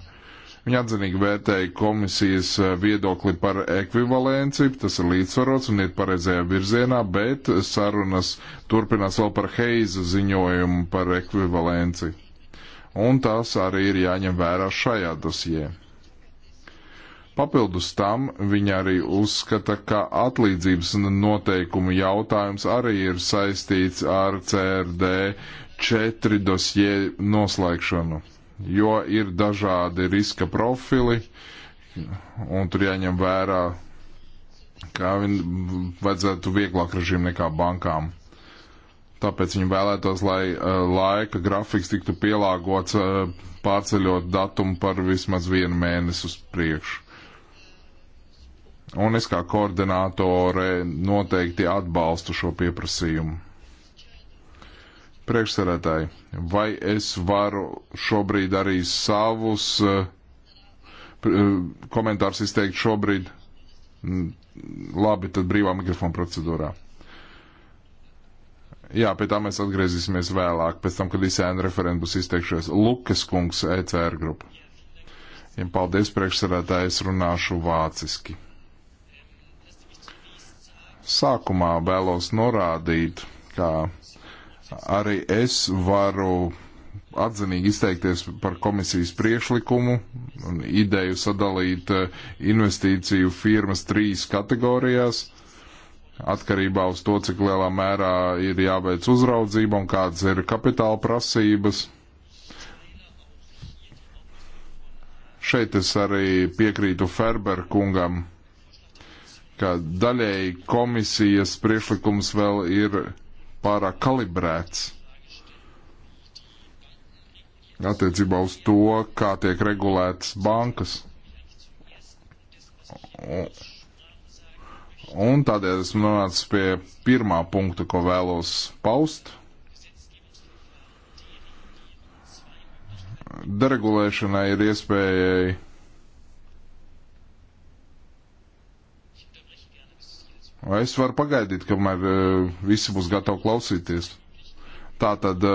Viņa atzinīgi vērtēja komisijas eh, viedokli par ekvivalenci, tas ir līdzsvarots un iet pareizajā virzienā, bet sarunas turpinās vēl par Heiza ziņojumu par ekvivalenci. Un tas arī ir jāņem vērā šajā dosijā. Papildus tam viņa arī uzskata, ka atlīdzības noteikumu jautājums arī ir saistīts ar CRD 4 dosie noslēgšanu jo ir dažādi riska profili, un tur jāņem vērā, kā viņi vajadzētu vieglāk režīmu nekā bankām. Tāpēc viņi vēlētos, lai uh, laika grafiks tiktu pielāgots, uh, pārceļot datumu par vismaz vienu mēnesi uz priekšu. Un es kā koordinātore noteikti atbalstu šo pieprasījumu. Priekšsarētāji, vai es varu šobrīd arī savus uh, komentārus izteikt šobrīd? Labi, tad brīvā mikrofona procedūrā. Jā, pie tā mēs atgriezīsimies vēlāk, pēc tam, kad ICN referenti būs izteikšies. Lukas kungs, ECR grupa. Ja paldies priekšsarētāji, es runāšu vāciski sākumā vēlos norādīt, ka Arī es varu atzinīgi izteikties par komisijas priekšlikumu un ideju sadalīt eh, investīciju firmas trīs kategorijās atkarībā uz to, cik lielā mērā ir jāveic uzraudzība un kādas ir kapitāla prasības. Šeit es arī piekrītu Ferber kungam, ka daļēji komisijas priešlikums vēl ir pārāk kalibrēts attiecībā uz to, kā tiek regulētas bankas. Un tādēļ esmu nonācis pie pirmā punkta, ko vēlos paust. Deregulēšanai ir iespējai Es varu pagaidīt, kamēr e, visi būs gatavi klausīties. Tā tad e,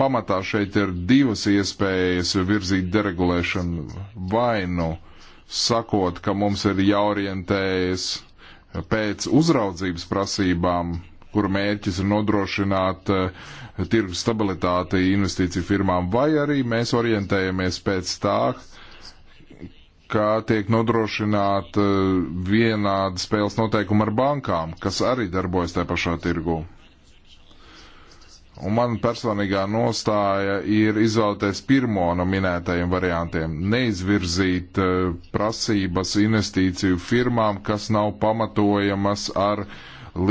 pamatā šeit ir divas iespējas virzīt deregulēšanu. Vai nu sakot, ka mums ir jāorientējas pēc uzraudzības prasībām, kuru mērķis ir nodrošināt e, tirgu stabilitāti investīciju firmām, vai arī mēs orientējamies pēc tā, kā tiek nodrošināta e, vienāda spēles noteikuma ar bankām, kas arī darbojas tajā pašā tirgū. Un man personīgā nostāja ir izvēlēties pirmo no minētajiem variantiem - neizvirzīt e, prasības investīciju firmām, kas nav pamatojamas ar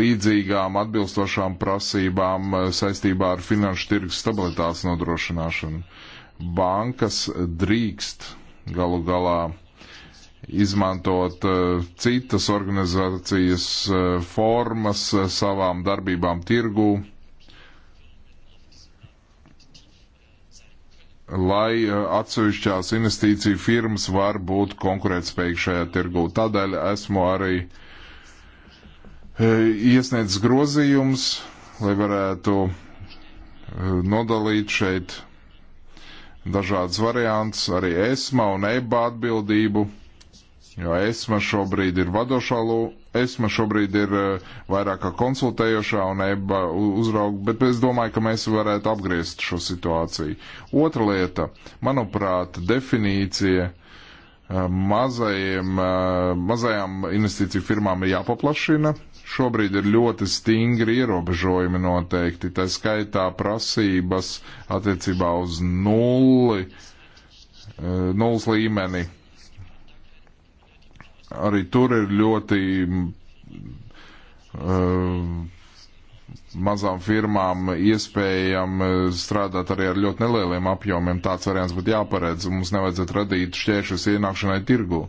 līdzīgām atbilstošām prasībām e, saistībā ar finanšu tirgus stabilitātes nodrošināšanu. Bankas drīkst galu galā izmantot eh, citas organizācijas eh, formas eh, savām darbībām tirgū, lai atsevišķās investīciju firmas var būt konkurētspējīgas šajā tirgū. Tādēļ esmu arī iesniedzis grozījums, lai varētu nodalīt šeit dažādas variants, arī ESMA un EBA atbildību Jo ESMA šobrīd ir vadošā loma, ESMA šobrīd ir eh, vairāk kā konsultējošā un EBA uzrauga, bet es domāju, ka mēs varētu apgriezt šo situāciju. Otra lieta, manuprāt, definīcija eh, mazajiem, eh, mazajām investīciju firmām ir jāpaplašina. Šobrīd ir ļoti stingri ierobežojumi noteikti, tā skaitā prasības attiecībā uz nulli, nulles līmeni arī tur ir ļoti uh, mazām firmām iespējami e, strādāt arī ar ļoti nelieliem apjomiem. Tāds variants būtu jāparedz, un mums nevajadzētu radīt šķēršļus ienākšanai tirgu.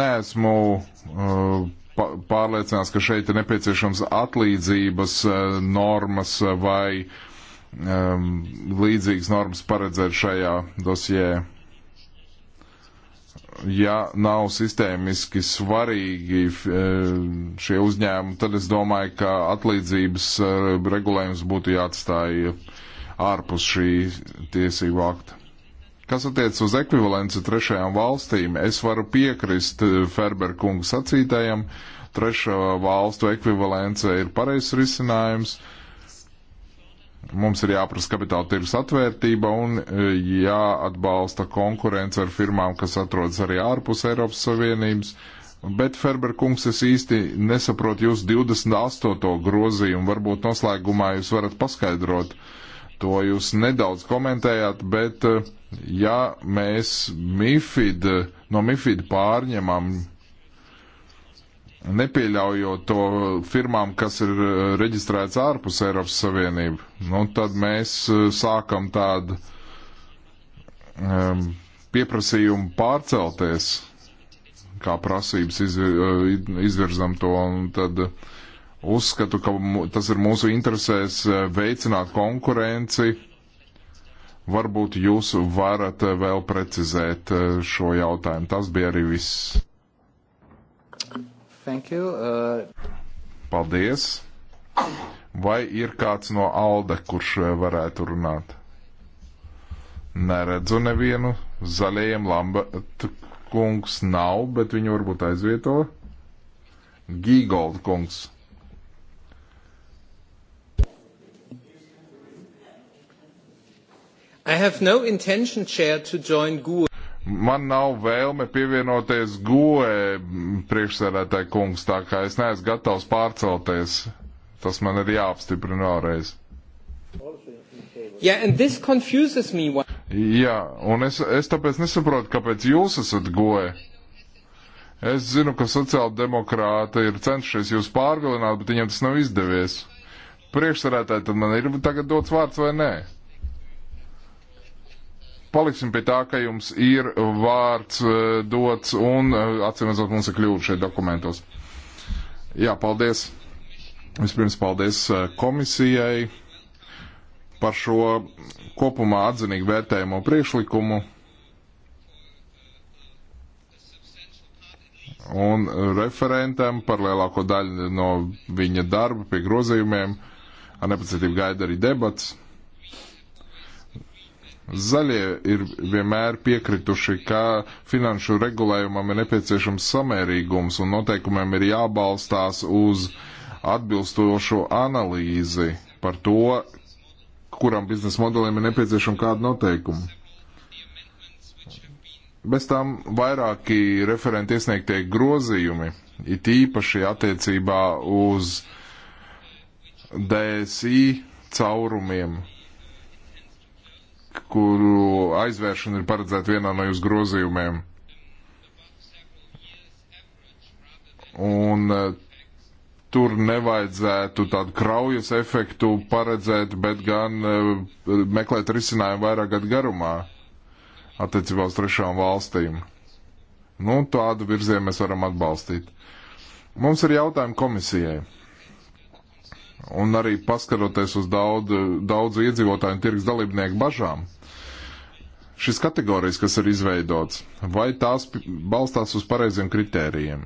Nesmu uh, e, pārliecināts, ka šeit ir nepieciešams atlīdzības uh, normas vai um, līdzīgas normas paredzēt šajā dosjē ja nav sistēmiski svarīgi eh, šie uzņēmumi, tad es domāju, ka atlīdzības eh, regulējums būtu jāatstāj ārpus šī tiesību akta. Kas attiec uz ekvivalenci trešajām valstīm, es varu piekrist eh, Ferberkungu sacītajam, trešo valstu ekvivalence ir pareizs risinājums. Uh, Mums ir jāprasa kapitāla tirgus atvērtība un e, jāatbalsta konkurence ar firmām, kas atrodas arī ārpus Eiropas Savienības. Bet, Ferber kungs, es īsti nesaprotu jūs 28. grozījumu. Varbūt noslēgumā jūs varat paskaidrot. To jūs nedaudz komentējāt, bet e, ja mēs MIFID, no MIFID pārņemam nepieļaujot to firmām, kas ir eh, reģistrēts ārpus Eiropas Savienību, nu, tad mēs eh, sākam tādu um, pieprasījumu pārcelties, kā prasības izvir, eh, izvirzam to, un tad uzskatu, ka tas ir mūsu interesēs veicināt konkurenci. Varbūt jūs varat vēl precizēt šo jautājumu. Tas bija arī viss. Thank you. Uh... Paldies. Vai ir kāds no Alde, kurš uh, varētu runāt? Neredzu nevienu. Zaļajiem Lambert kungs nav, bet viņu varbūt aizvieto. Gīgold kungs. I have no intention, Chair, to join GUE man nav vēlme pievienoties goē priekšsēdētāji kungs, tā kā es neesmu gatavs pārcelties. Tas man ir jāapstiprina vēlreiz. Yeah, Jā, un es, es tāpēc nesaprotu, kāpēc jūs esat goē. Es zinu, ka sociāldemokrāti ir cenšies jūs pārgalināt, bet viņiem tas nav izdevies. Priekšsarētāji, tad man ir tagad dots vārds vai nē? paliksim pie tā, ka jums ir vārds eh, dots un eh, acīm redzot mums ir kļūda šeit dokumentos. Jā, paldies. Vispirms paldies eh, komisijai par šo kopumā atzinīgi vērtējumu priekšlikumu. un referentam par lielāko daļu no viņa darba pie grozījumiem. Ar nepacietību gaida arī debats. Zaļie ir vienmēr piekrituši, ka finanšu regulējumam ir nepieciešams samērīgums un noteikumiem ir jābalstās uz atbilstošu analīzi par to, kuram biznesa modelim ir nepieciešama kāda noteikuma. Bez tam vairāki referenti iesniegtie grozījumi, it īpaši attiecībā uz DSI caurumiem kuru aizvēršana ir paredzēta vienā no jūsu grozījumiem. Un eh, tur nevajadzētu tādu kraujas efektu paredzēt, bet gan eh, meklēt risinājumu vairāk gadu garumā attiecībā uz trešām valstīm. Nu, tādu virzienu mēs varam atbalstīt. Mums ir jautājumi komisijai un arī paskaroties uz daudzu daudz iedzīvotāju un tirgus dalībnieku bažām, šis kategorijas, kas ir izveidots, vai tās balstās uz pareiziem kritērijiem?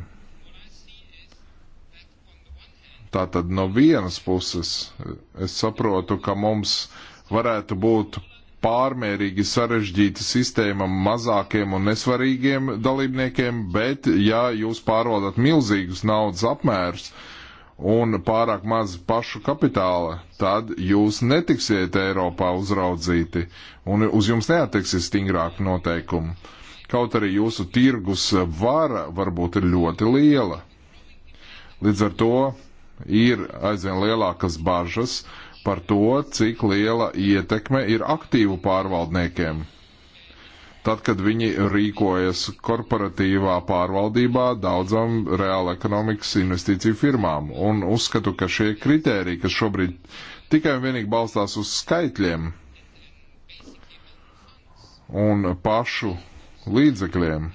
Tātad no vienas puses es saprotu, ka mums varētu būt pārmērīgi sarežģīta sistēma mazākiem un nesvarīgiem dalībniekiem, bet ja jūs pārvaldat milzīgus naudas apmērus, uh, un pārāk maz pašu kapitāla, tad jūs netiksiet Eiropā uzraudzīti un uz jums neatieksies stingrāku noteikumu. Kaut arī jūsu tirgus vara varbūt ir ļoti liela. Līdz ar to ir aizvien lielākas bažas par to, cik liela ietekme ir aktīvu pārvaldniekiem tad, kad viņi rīkojas korporatīvā pārvaldībā daudzam reāla ekonomikas investīciju firmām. Un uzskatu, ka šie kriteriji, kas šobrīd tikai un vienīgi balstās uz skaitļiem un pašu līdzekļiem,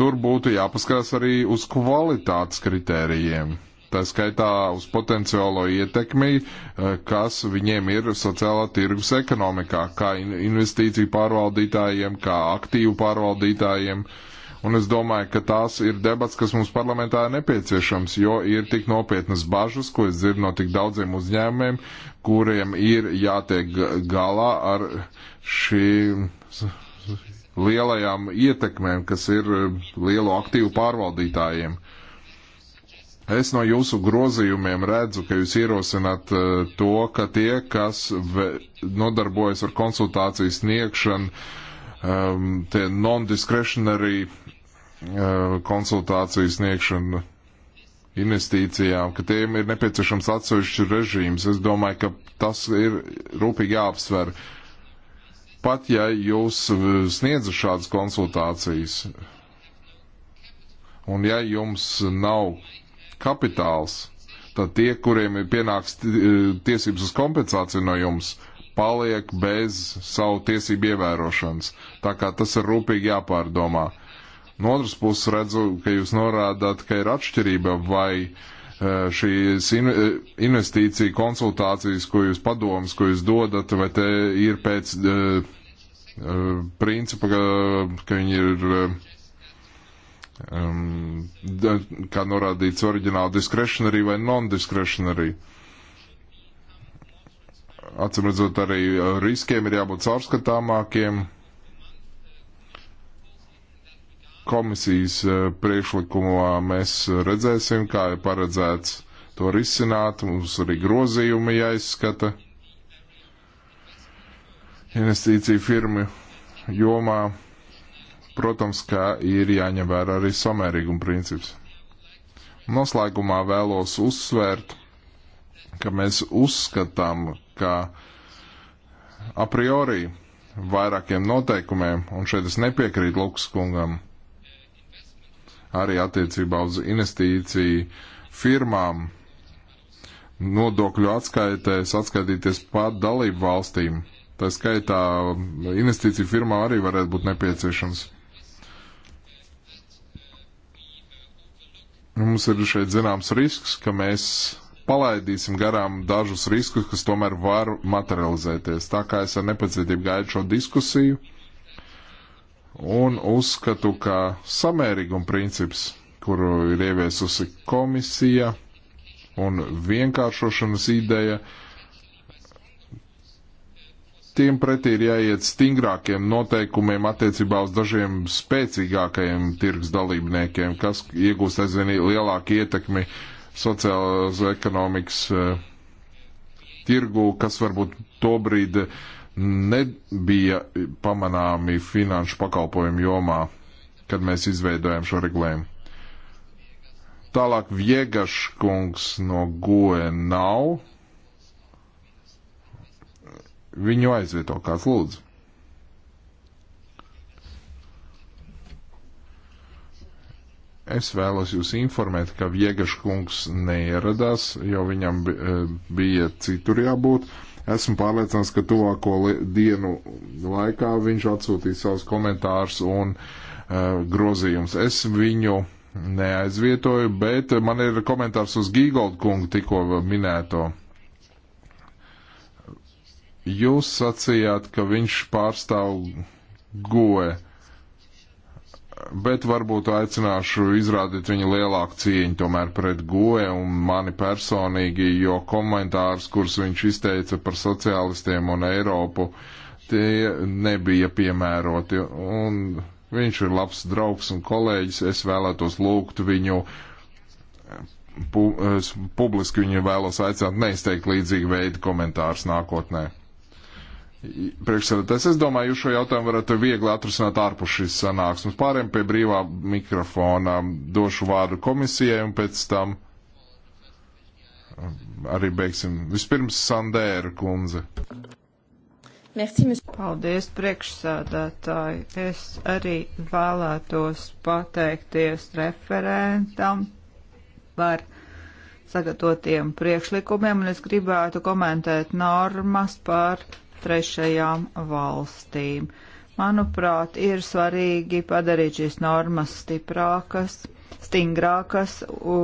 tur būtu jāpaskatās arī uz kvalitātes kritērijiem tā skaitā uz potenciālo ietekmi, eh, kas viņiem ir sociālā tirgus ekonomikā, kā investīciju pārvaldītājiem, kā aktīvu pārvaldītājiem. Un es domāju, ka tās ir debats, kas mums parlamentā ir nepieciešams, jo ir tik nopietnas bažas, ko es dzirdu no tik daudziem uzņēmumiem, kuriem ir jātiek galā ar šīm lielajām ietekmēm, kas ir eh, lielu aktīvu pārvaldītājiem. Uh, Es no jūsu grozījumiem redzu, ka jūs ierosināt uh, to, ka tie, kas nodarbojas ar konsultāciju sniegšanu, um, tie non-discretionary uh, konsultāciju sniegšanu investīcijām, ka tiem ir nepieciešams atsevišķi režīms. Es domāju, ka tas ir rūpīgi jāapsver. Pat ja jūs eh, sniedzat šādas konsultācijas, un ja jums nav kapitāls, tad tie, kuriem pienāks eh, tiesības uz kompensāciju no jums, paliek bez savu tiesību ievērošanas. Tā kā tas ir rūpīgi jāpārdomā. No otras puses redzu, ka jūs norādāt, ka ir atšķirība vai eh, šīs eh, investīcija konsultācijas, ko jūs padomas, ko jūs dodat, vai te ir pēc principa, ka, ka viņi ir um, kā norādīts oriģināli, discretionary vai non-discretionary. Atcīm redzot, arī eh, riskiem ir jābūt caurskatāmākiem. Komisijas eh, priekšlikumā mēs redzēsim, kā ir paredzēts to risināt. Mums arī grozījumi jāizskata investīciju firmu jomā Protams, ka ir jāņem vērā arī samērīguma princips. Noslēgumā vēlos uzsvērt, ka mēs uzskatām, ka a priori vairākiem noteikumiem, un šeit es nepiekrītu Lukas kungam, arī attiecībā uz investīciju firmām, nodokļu atskaitēs, atskaitīties pat dalību valstīm. Tā skaitā investīciju firmā arī varētu būt nepieciešams. Nu, mums ir šeit zināms risks, ka mēs palaidīsim garām dažus riskus, kas tomēr var materializēties. Tā kā es ar nepacietību gaidu šo diskusiju un uzskatu, ka samērīguma princips, kuru ir ieviesusi komisija un vienkāršošanas ideja, uh, tiem pretī ir jāiet stingrākiem noteikumiem attiecībā uz dažiem spēcīgākajiem tirgus dalībniekiem, kas iegūst aizvien lielāku ietekmi sociālās ekonomikas eh, tirgu, kas varbūt tobrīd nebija pamanāmi finanšu pakalpojumu jomā, kad mēs izveidojam šo regulējumu. Tālāk Viegaškungs no Goe nav Viņu aizvieto kāds lūdzu. Es vēlos jūs informēt, ka Viegašs kungs neieradās, jo viņam eh, bija citur jābūt. Esmu pārliecināts, ka tuvāko dienu laikā viņš atsūtīs savus komentārus un uh, grozījumus. Es viņu neaizvietoju, bet man ir komentārs uz Gīgoldu kungu tikko minēto. Jūs sacījāt, ka viņš pārstāv goe, bet varbūt aicināšu izrādīt viņa lielāku cieņu tomēr pret goe un mani personīgi, jo komentārs, kurus viņš izteica par sociālistiem un Eiropu, tie nebija piemēroti. Un viņš ir labs draugs un kolēģis, es vēlētos lūgt viņu pu, publiski viņu vēlos aicināt neizteikt līdzīgu veidu komentārus nākotnē. Priekšsēdētājs, es domāju, jūs šo jautājumu varat viegli atrisināt ārpus šīs sanāksmes. Pārējiem pie brīvā mikrofona došu vārdu komisijai un pēc tam arī beigsim. Vispirms Sandēra kundze. Paldies, priekšsēdētāji. Es arī vēlētos pateikties referentam par sagatavotiem priekšlikumiem, un es gribētu komentēt normas par trešajām valstīm. Manuprāt, ir svarīgi padarīt šīs normas stiprākas, stingrākas, u,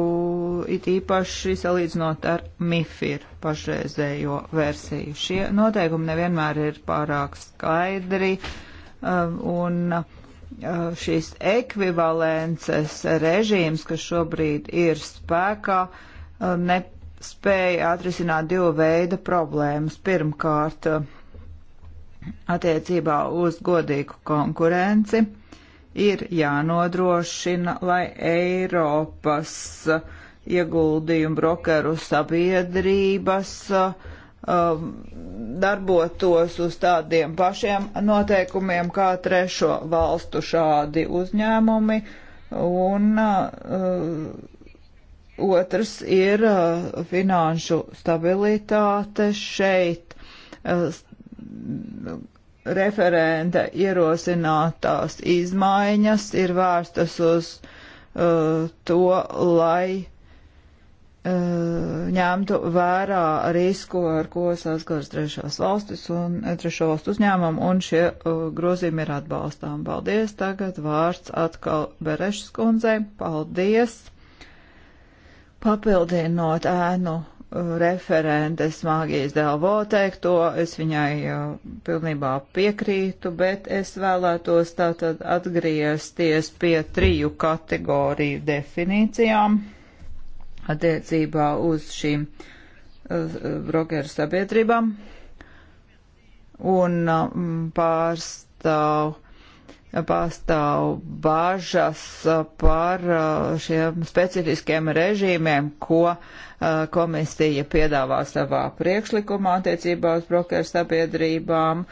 it īpaši salīdzinot ar MIFIR pašreizējo versiju. Šie noteikumi nevienmēr ir pārāk skaidri um, un uh, šīs ekvivalences režīms, kas šobrīd ir spēkā, um, nespēja atrisināt divu veidu problēmas. Pirmkārt, attiecībā uz godīgu konkurenci ir jānodrošina, lai Eiropas ieguldījumu brokeru sabiedrības um, darbotos uz tādiem pašiem noteikumiem kā trešo valstu šādi uzņēmumi. Un uh, otrs ir uh, finanšu stabilitāte šeit. Uh, referenta ierosinātās izmaiņas ir vērstas uz uh, to, lai uh, ņemtu vērā risku, ar ko saskars trešās valstis un eh, trešo valstu uzņēmumu, un šie uh, grozījumi ir atbalstām. Paldies! Tagad vārds atkal Berešas kundzei. Paldies! Papildinot ēnu referentes Māgijas Delvo teikto, es viņai uh, pilnībā piekrītu, bet es vēlētos tātad atgriezties pie triju kategoriju definīcijām attiecībā uz šīm brokeru uh, sabiedrībām un uh, pārstāv pastāv bažas uh, par uh, šiem specifiskiem režīmiem, ko uh, komisija piedāvā savā priekšlikumā attiecībā uz brokeru sabiedrībām,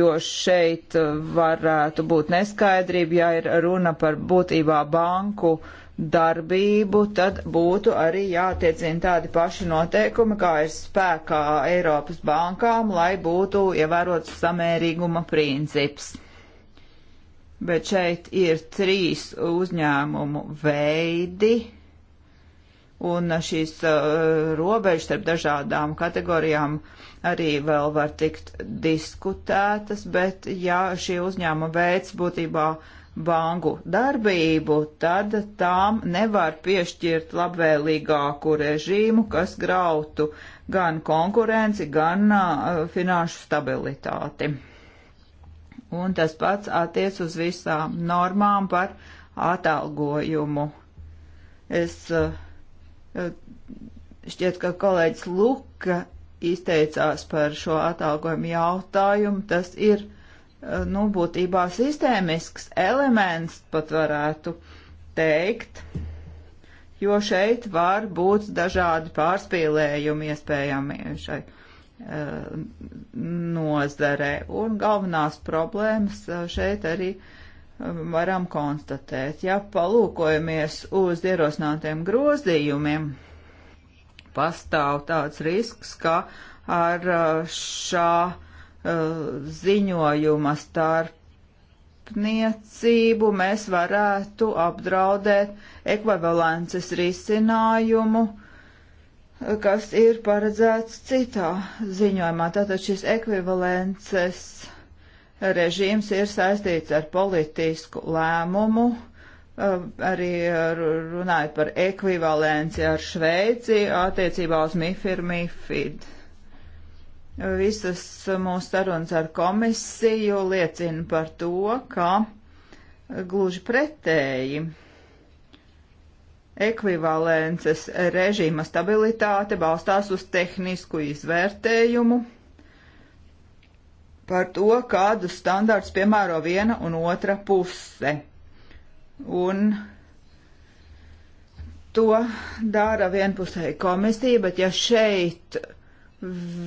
jo šeit varētu būt neskaidrība, ja ir runa par būtībā banku darbību, tad būtu arī jātiecina tādi paši noteikumi, kā ir spēkā Eiropas bankām, lai būtu ievērots samērīguma princips bet šeit ir trīs uzņēmumu veidi, un šīs uh, robežas starp dažādām kategorijām arī vēl var tikt diskutētas, bet ja šī uzņēmuma veids būtībā banku darbību, tad tām nevar piešķirt labvēlīgāku režīmu, kas grautu gan konkurenci, gan uh, finanšu stabilitāti un tas pats attiec uz visām normām par atalgojumu. Es eh, šķiet, ka kolēģis Luka izteicās par šo atalgojumu jautājumu. Tas ir, eh, nu, būtībā sistēmisks elements, pat varētu teikt, jo šeit var būt dažādi pārspīlējumi iespējami šai nozarē. Un galvenās problēmas uh, šeit arī um, varam konstatēt. Ja palūkojamies uz ierosinātiem grozījumiem, pastāv tāds risks, ka ar uh, šā uh, ziņojuma starpniecību mēs varētu apdraudēt ekvivalences risinājumu uh, kas ir paredzēts citā ziņojumā. Tātad šis ekvivalences režīms ir saistīts ar politisku lēmumu, uh, arī runājot par ekvivalenci ar Šveici attiecībā uz MIFIR MIFID. Visas mūsu sarunas ar komisiju liecina par to, ka gluži pretēji ekvivalences režīma stabilitāte balstās uz tehnisku izvērtējumu par to, kādus standārts piemēro viena un otra puse. Un to dara vienpusēji komisija, bet ja šeit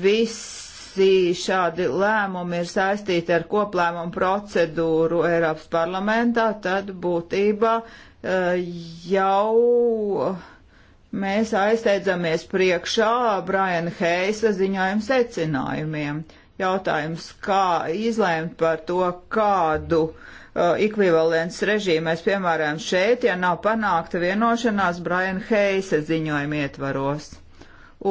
visi šādi lēmumi ir saistīti ar koplēmumu procedūru Eiropas parlamentā, tad būtībā jau mēs aizsteidzamies priekšā Brian Heisa ziņojuma secinājumiem. Jautājums, kā izlēmt par to, kādu uh, ekvivalents režīmu mēs piemēram šeit, ja nav panākta vienošanās Brian Heisa ziņojuma ietvaros.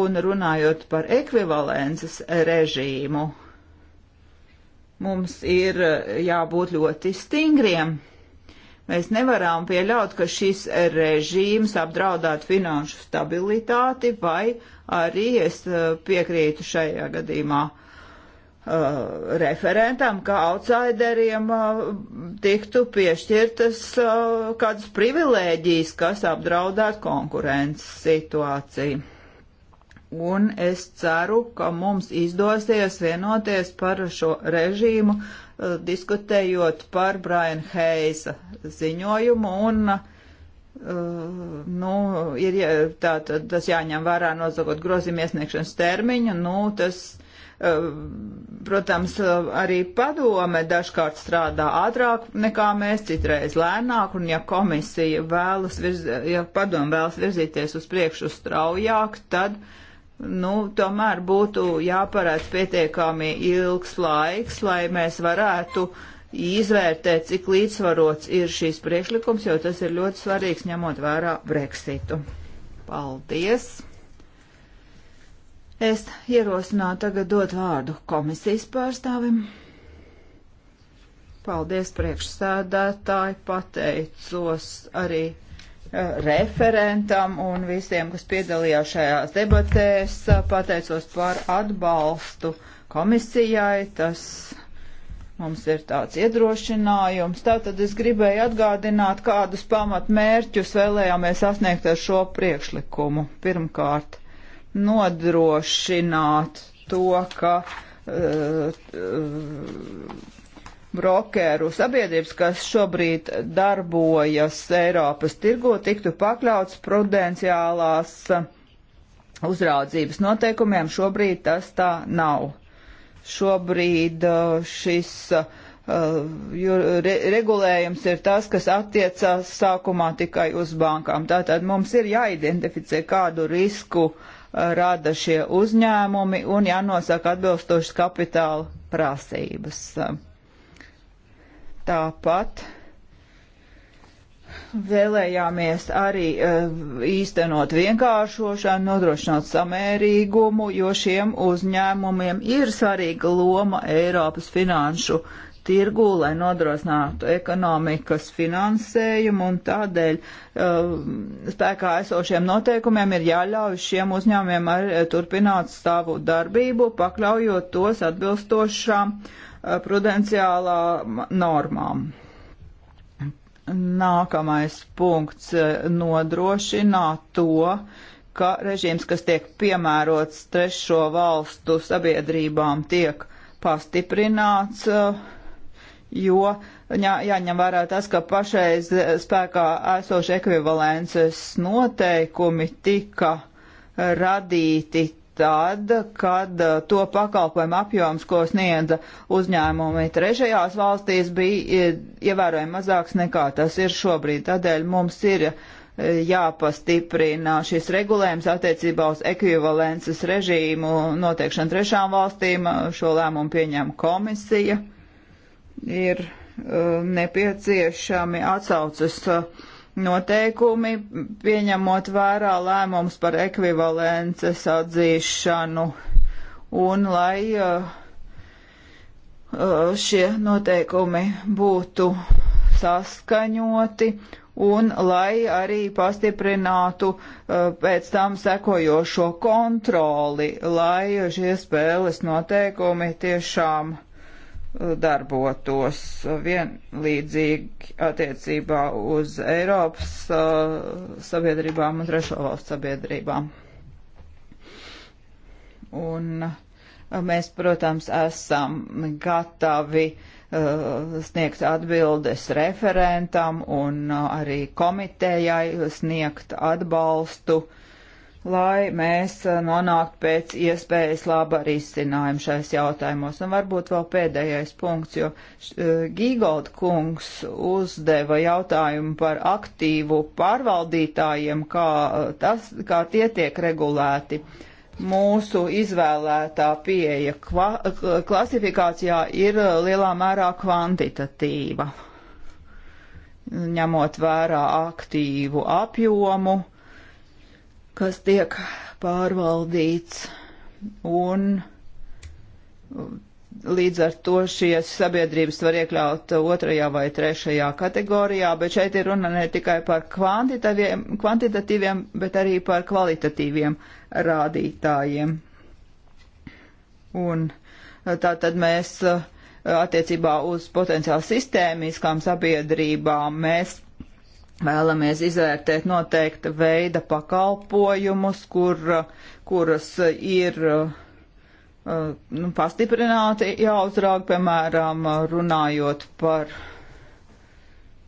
Un runājot par ekvivalences režīmu, mums ir uh, jābūt ļoti stingriem Mēs nevaram pieļaut, ka šis režīms apdraudētu finanšu stabilitāti, vai arī es eh, piekrītu šajā gadījumā uh, referentam, ka outsideriem uh, tiktu piešķirtas uh, kādas privilēģijas, kas apdraudētu konkurences situāciju. Un es ceru, ka mums izdosies vienoties par šo režīmu, uh, diskutējot par Brian Heisa ziņojumu un Uh, nu, ir tā, tā, tas jāņem vērā nozakot grozījuma iesniegšanas termiņu, nu, tas, uh, protams, arī padome dažkārt strādā ātrāk nekā mēs, citreiz lēnāk, un ja komisija vēlas, virz, ja padome vēlas virzīties uz priekšu straujāk, tad uh, nu, tomēr būtu jāparāds pietiekami ilgs laiks, lai mēs varētu izvērtēt, cik līdzsvarots ir šīs priekšlikums, jo tas ir ļoti svarīgs ņemot vērā Brexitu. Paldies! Es ierosinātu tagad dot vārdu komisijas pārstāvim. Paldies priekšsēdētāji, pateicos arī referentam un visiem, kas piedalījās šajās debatēs. Pateicos par atbalstu komisijai. Tas mums ir tāds iedrošinājums. Tātad es gribēju atgādināt, kādus pamatmērķus vēlējāmies sasniegt ar šo priekšlikumu. Pirmkārt, nodrošināt to, ka uh, uh, brokeru sabiedrības, kas šobrīd darbojas Eiropas tirgu, tiktu pakļauts prudenciālās uzraudzības noteikumiem. Šobrīd tas tā nav. Šobrīd uh, šis uh, re regulējums ir tas, kas attiecās sākumā tikai uz bankām. Tātad mums ir jāidentificē kādu risku uh, rada šie uzņēmumi un jānosaka atbilstošas kapitāla prasības. Uh, Tāpat vēlējāmies arī eh, īstenot vienkāršošanu, nodrošināt samērīgumu, jo šiem uzņēmumiem ir svarīga loma Eiropas finanšu tirgū, lai nodrošinātu ekonomikas finansējumu, un tādēļ eh, spēkā esošiem noteikumiem ir jāļauj šiem uzņēmumiem turpināt savu darbību, pakļaujot tos atbilstošām uh, Uh, prudenciālā normām. Nākamais punkts uh, nodrošināt to, ka režīms, kas tiek piemērots trešo valstu sabiedrībām, tiek pastiprināts, uh, jo jā, jāņem vērā tas, ka pašreiz spēkā esoši ekvivalences noteikumi tika radīti tad, kad uh, to pakalpojumu apjoms, ko sniedza uzņēmumi trešajās valstīs, bija ievērojami mazāks nekā tas ir šobrīd. Tādēļ mums ir uh, jāpastiprina šis regulējums attiecībā uz ekvivalences režīmu noteikšanu trešām valstīm. Šo lēmumu pieņem komisija. Ir uh, nepieciešami atsaucas uh, noteikumi, pieņemot vērā lēmums par ekvivalences atzīšanu un lai uh, uh, šie noteikumi būtu saskaņoti un lai arī pastiprinātu uh, pēc tam sekojošo kontroli, lai šie spēles noteikumi tiešām darbotos vienlīdzīgi attiecībā uz Eiropas uh, sabiedrībām un trešo valstu sabiedrībām. Un uh, mēs, protams, esam gatavi uh, sniegt atbildes referentam un arī komitejai sniegt atbalstu uh, lai mēs uh, nonāktu pēc iespējas laba risinājuma šais jautājumos. Un varbūt vēl pēdējais punkts, jo uh, Gīgold kungs uzdeva jautājumu par aktīvu pārvaldītājiem, kā, uh, tas, kā tie tiek regulēti. Mūsu izvēlētā pieeja kva, klasifikācijā ir lielā mērā kvantitatīva, ņemot vērā aktīvu apjomu, uh, kas tiek pārvaldīts, un um, līdz ar to šīs sabiedrības var iekļaut otrajā vai trešajā kategorijā, bet šeit ir runa ne tikai par kvantitatīviem, bet arī par kvalitatīviem rādītājiem. Un uh, tā tad mēs uh, attiecībā uz potenciāli sistēmiskām sabiedrībām mēs Vēlamies izvērtēt noteikta veida pakalpojumus, kur, kuras ir uh, nu, pastiprināti jāuzrauga, piemēram, runājot par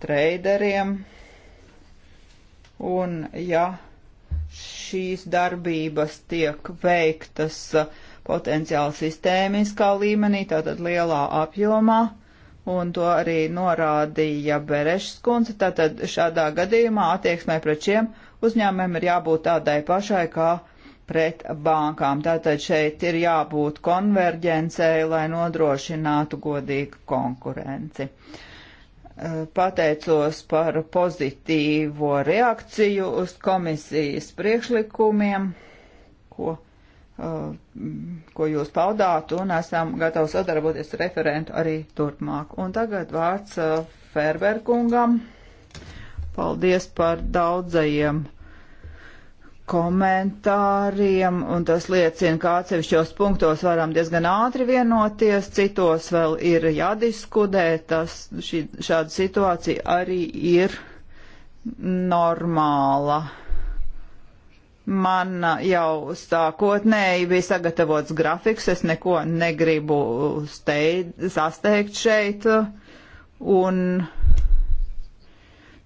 treideriem. Un, ja šīs darbības tiek veiktas potenciāli sistēmiskā līmenī, tātad lielā apjomā, un to arī norādīja Berešs kundze, tātad šādā gadījumā attieksmē pret šiem uzņēmumiem ir jābūt tādai pašai kā pret bankām. Tātad šeit ir jābūt konverģencei, lai nodrošinātu godīgu konkurenci. Eh, pateicos par pozitīvo reakciju uz komisijas priekšlikumiem, ko Uh, ko jūs paudāt, un esam gatavi sadarboties ar referentu arī turpmāk. Un tagad vārds uh, Ferberkungam. Paldies par daudzajiem komentāriem, un tas liecina, ka atsevišķos punktos varam diezgan ātri vienoties, citos vēl ir jādiskutē, tas šī, šāda situācija arī ir normāla. Man jau sākotnēji bija sagatavots grafiks, es neko negribu steid, sasteigt šeit. Un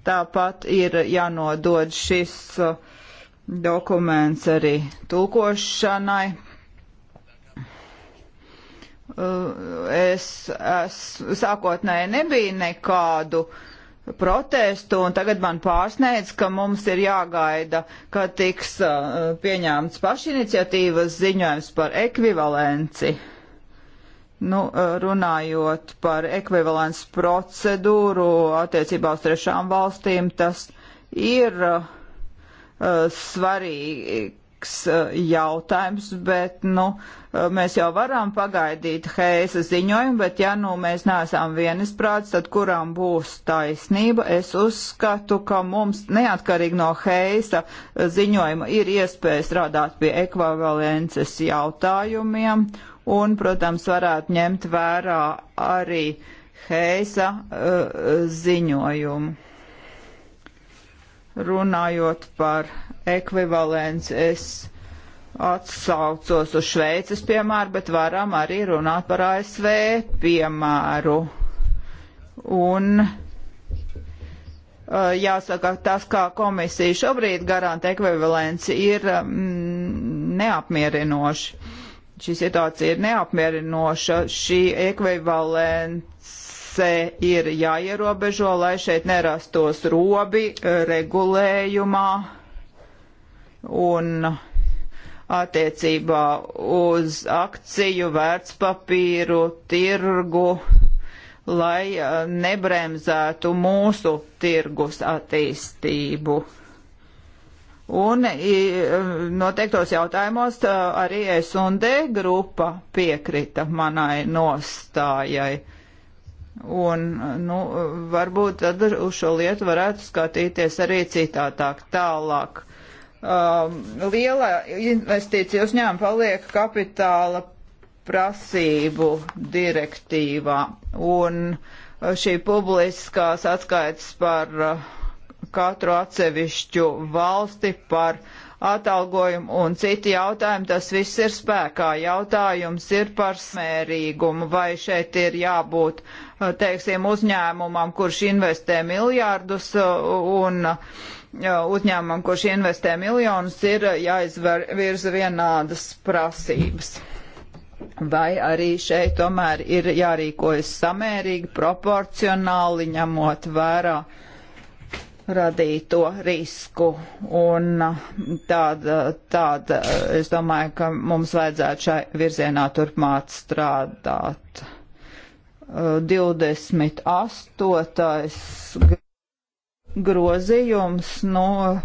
tāpat ir jānodod šis dokuments arī tulkošanai. Uh, es, es sākotnēji nebija nekādu uh, protestu, un tagad man pārsniedz, ka mums ir jāgaida, ka tiks uh, pieņemts pašiniciatīvas ziņojums par ekvivalenci. Nu, uh, runājot par ekvivalents procedūru attiecībā uz trešām valstīm, tas ir uh, svarīgi tehnisks eh, jautājums, bet nu, eh, mēs jau varam pagaidīt Heisa ziņojumu, bet ja nu mēs neesam vienisprāts, tad kuram būs taisnība? Es uzskatu, ka mums neatkarīgi no Heisa eh, ziņojuma ir iespēja strādāt pie ekvivalences jautājumiem un, protams, varētu ņemt vērā arī Heisa uh, ziņojumu runājot par ekvivalents. Es atsaucos uz Šveices piemēru, bet varam arī runāt par ASV piemēru. Un uh, jāsaka, tas, kā komisija šobrīd garantē ekvivalenci, ir mm, neapmierinoši. Šī situācija ir neapmierinoša. Šī ekvivalence ir jāierobežo, lai šeit nerastos robi uh, regulējumā un attiecībā uz akciju, vērtspapīru, tirgu, lai uh, nebremzētu mūsu tirgus attīstību. Un noteiktos jautājumos uh, arī S&D grupa piekrita manai nostājai. Un, nu, varbūt tad uz šo lietu varētu skatīties arī citātāk tālāk um, liela investīcija uzņēmuma paliek kapitāla prasību direktīvā. Un uh, šī publiskās atskaites par uh, katru atsevišķu valsti par atalgojumu un citi jautājumi, tas viss ir spēkā. Jautājums ir par smērīgumu, vai šeit ir jābūt, uh, teiksim, uzņēmumam, kurš investē miljārdus uh, un uh, uzņēmumam, kurš investē miljonus, ir jāizvirza vienādas prasības. Vai arī šeit tomēr ir jārīkojas samērīgi, proporcionāli, ņemot vērā radīto risku. Un tāda, tāda, es domāju, ka mums vajadzētu šai virzienā turpmāk strādāt. 28 grozījums no.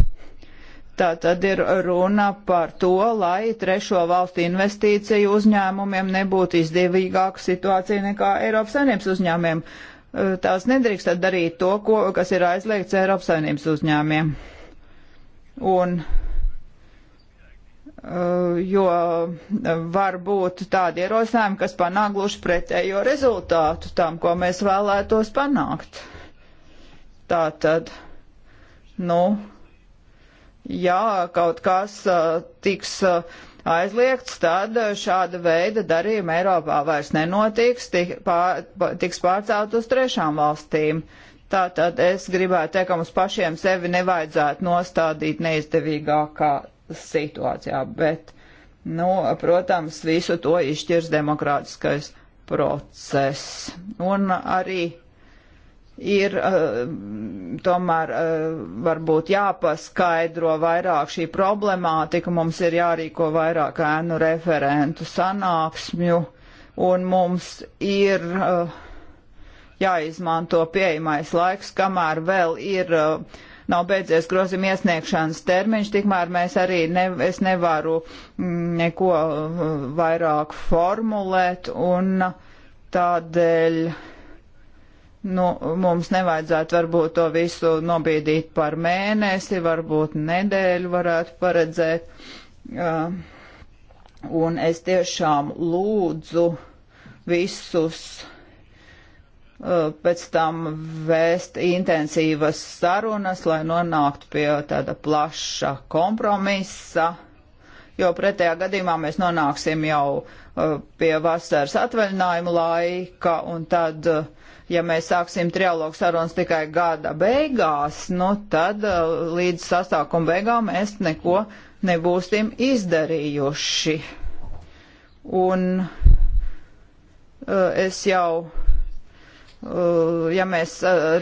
Tā tad ir runa par to, lai trešo valstu investīciju uzņēmumiem nebūtu izdevīgāka situācija nekā Eiropas saimnības uzņēmumiem. Tās nedrīkst darīt to, ko, kas ir aizliegts Eiropas saimnības uzņēmumiem. Un jo var būt tādi ierosinājumi, kas panāk gluži pretējo rezultātu tam, ko mēs vēlētos panākt. Tā tad, nu, ja kaut kas uh, tiks uh, aizliegts, tad uh, šāda veida darījuma Eiropā vairs nenotiks, tiks pārcelt uz trešām valstīm. Tātad es gribētu teikt, ka mums pašiem sevi nevajadzētu nostādīt neizdevīgākā situācijā, bet, nu, protams, visu to izšķirs demokrātiskais process. Un arī ir eh, tomēr eh, varbūt jāpaskaidro vairāk šī problemātika, mums ir jārīko vairāk ēnu referentu sanāksmju, un mums ir eh, jāizmanto pieejamais laiks, kamēr vēl ir nav beidzies grozījuma iesniegšanas termiņš, tikmēr mēs arī ne, es nevaru mm, neko vairāk formulēt, un tādēļ Nu, mums nevajadzētu varbūt to visu nobīdīt par mēnesi, varbūt nedēļu varētu paredzēt. Uh, un es tiešām lūdzu visus uh, pēc tam vēst intensīvas sarunas, lai nonāktu pie tāda plaša kompromisa, jo pretējā gadījumā mēs nonāksim jau uh, pie vasaras atvaļinājuma laika, un tad uh, ja mēs sāksim trialogu sarunas tikai gada beigās, nu tad uh, līdz sastākuma beigām mēs neko nebūsim izdarījuši. Un uh, es jau, uh, ja mēs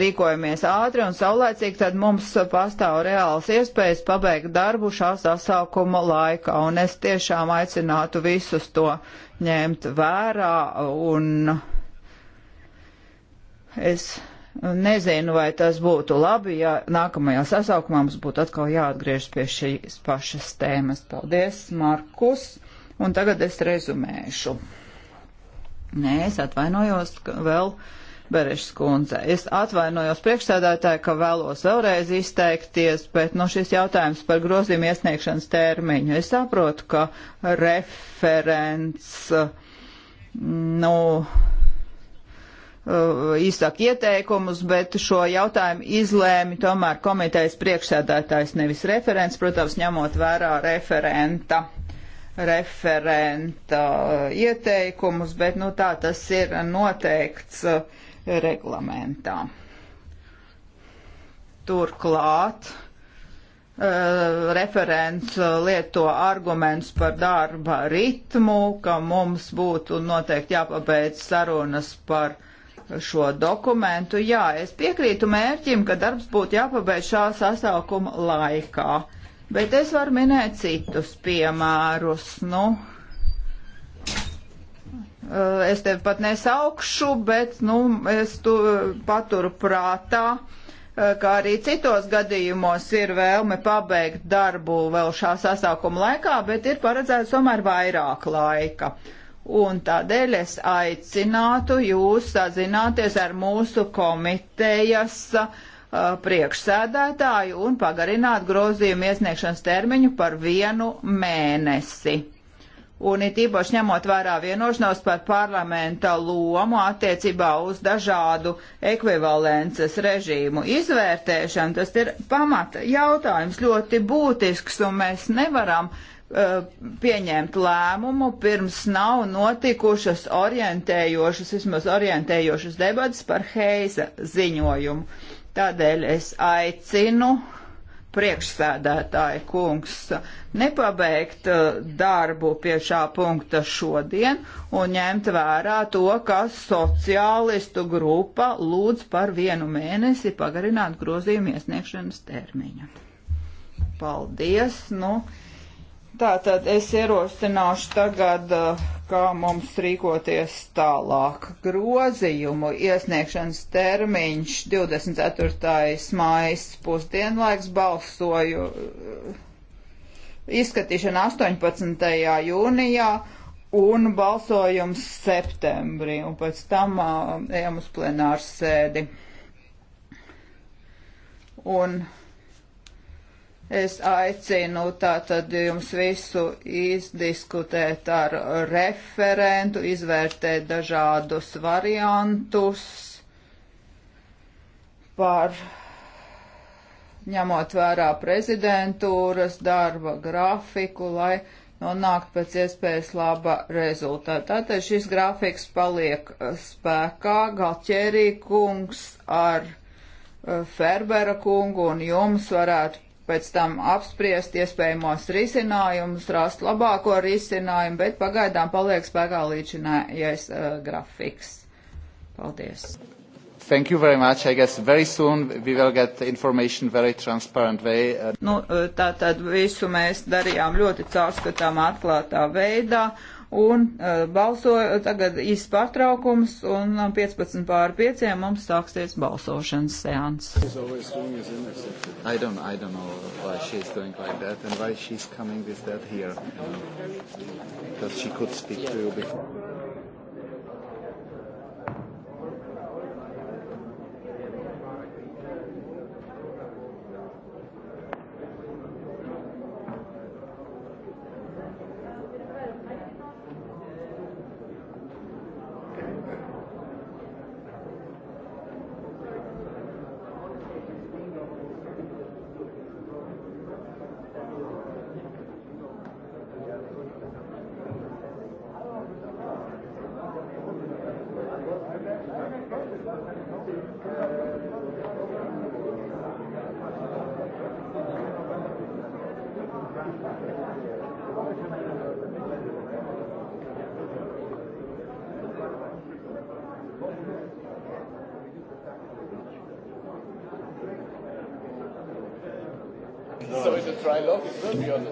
rīkojamies ātri un saulēcīgi, tad mums pastāv reāls iespējas pabeigt darbu šā sasaukuma laikā. Un es tiešām aicinātu visus to ņemt vērā un Es nezinu, vai tas būtu labi, ja nākamajā sasaukumā mums būtu atkal jāatgriežas pie šīs pašas tēmas. Paldies, Markus! Un tagad es rezumēšu. Nē, es atvainojos vēl Berešs kundze. Es atvainojos priekšsēdētāji, ka vēlos vēlreiz izteikties, bet no nu, šis jautājums par grozījumu iesniegšanas termiņu. Es saprotu, ka referents, nu, izsaka uh, ieteikumus, bet šo jautājumu izlēmi tomēr komitejas priekšsēdētājs nevis referents, protams, ņemot vērā referenta referenta ieteikumus, bet nu, tā tas ir noteikts uh, reglamentā. Turklāt uh, referents lieto arguments par darba ritmu, ka mums būtu noteikti jāpabeidz sarunas par šo dokumentu. Jā, es piekrītu mērķim, ka darbs būtu jāpabeidz šā sasaukuma laikā, bet es varu minēt citus piemērus. Nu, eh, es tevi pat nesaukšu, bet nu, es tu paturu prātā eh, kā arī citos gadījumos ir vēlme pabeigt darbu vēl šā sasaukuma laikā, bet ir paredzēts tomēr vairāk laika. Uh, Un tādēļ es aicinātu jūs sazināties ar mūsu komitejas uh, priekšsēdētāju un pagarināt grozījumu iesniegšanas termiņu par vienu mēnesi. Un it īpaši ņemot vērā vienošanos par parlamenta lomu attiecībā uz dažādu ekvivalences režīmu izvērtēšanu, tas ir pamata jautājums ļoti būtisks, un mēs nevaram uh, Uh, pieņemt lēmumu, pirms nav notikušas orientējošas, vismaz orientējošas debatas par Heiza ziņojumu. Tādēļ es aicinu priekšsēdētāju kungs nepabeigt uh, darbu pie šā punkta šodien un ņemt vērā to, ka sociālistu grupa lūdz par vienu mēnesi pagarināt grozījumu iesniegšanas termiņu. Paldies! Nu, Tātad es ierosināšu tagad, eh, kā mums rīkoties tālāk. Grozījumu iesniegšanas termiņš 24. mājas pusdienlaiks balsoju eh, izskatīšana 18. jūnijā un balsojums septembrī, un pēc tam uh, ejam uz plenāru sēdi. Un Es aicinu tātad jums visu izdiskutēt ar referentu, izvērtēt dažādus variantus par ņemot vērā prezidentūras darba grafiku, lai nonākt pēc iespējas laba rezultāta. Tātad šis grafiks paliek spēkā, Galķērī kungs ar eh, Ferbera kungu un jums varētu pēc tam apspriest iespējamos risinājumus, rast labāko risinājumu, bet pagaidām paliek spēkā līdzinājais uh, grafiks. Paldies. Thank you very much. I guess very soon we will get information very transparent way. Uh, nu, uh, tā tad visu mēs darījām ļoti caurskatāmā atklātā veidā un uh, e, balsoju, tagad īsts pārtraukums, un 15 pār 5 mums sāksies balsošanas seans. I don't, I don't know why she's doing like that and why she's coming with that here, you know, because she could speak to you before. Trilogue, it will be on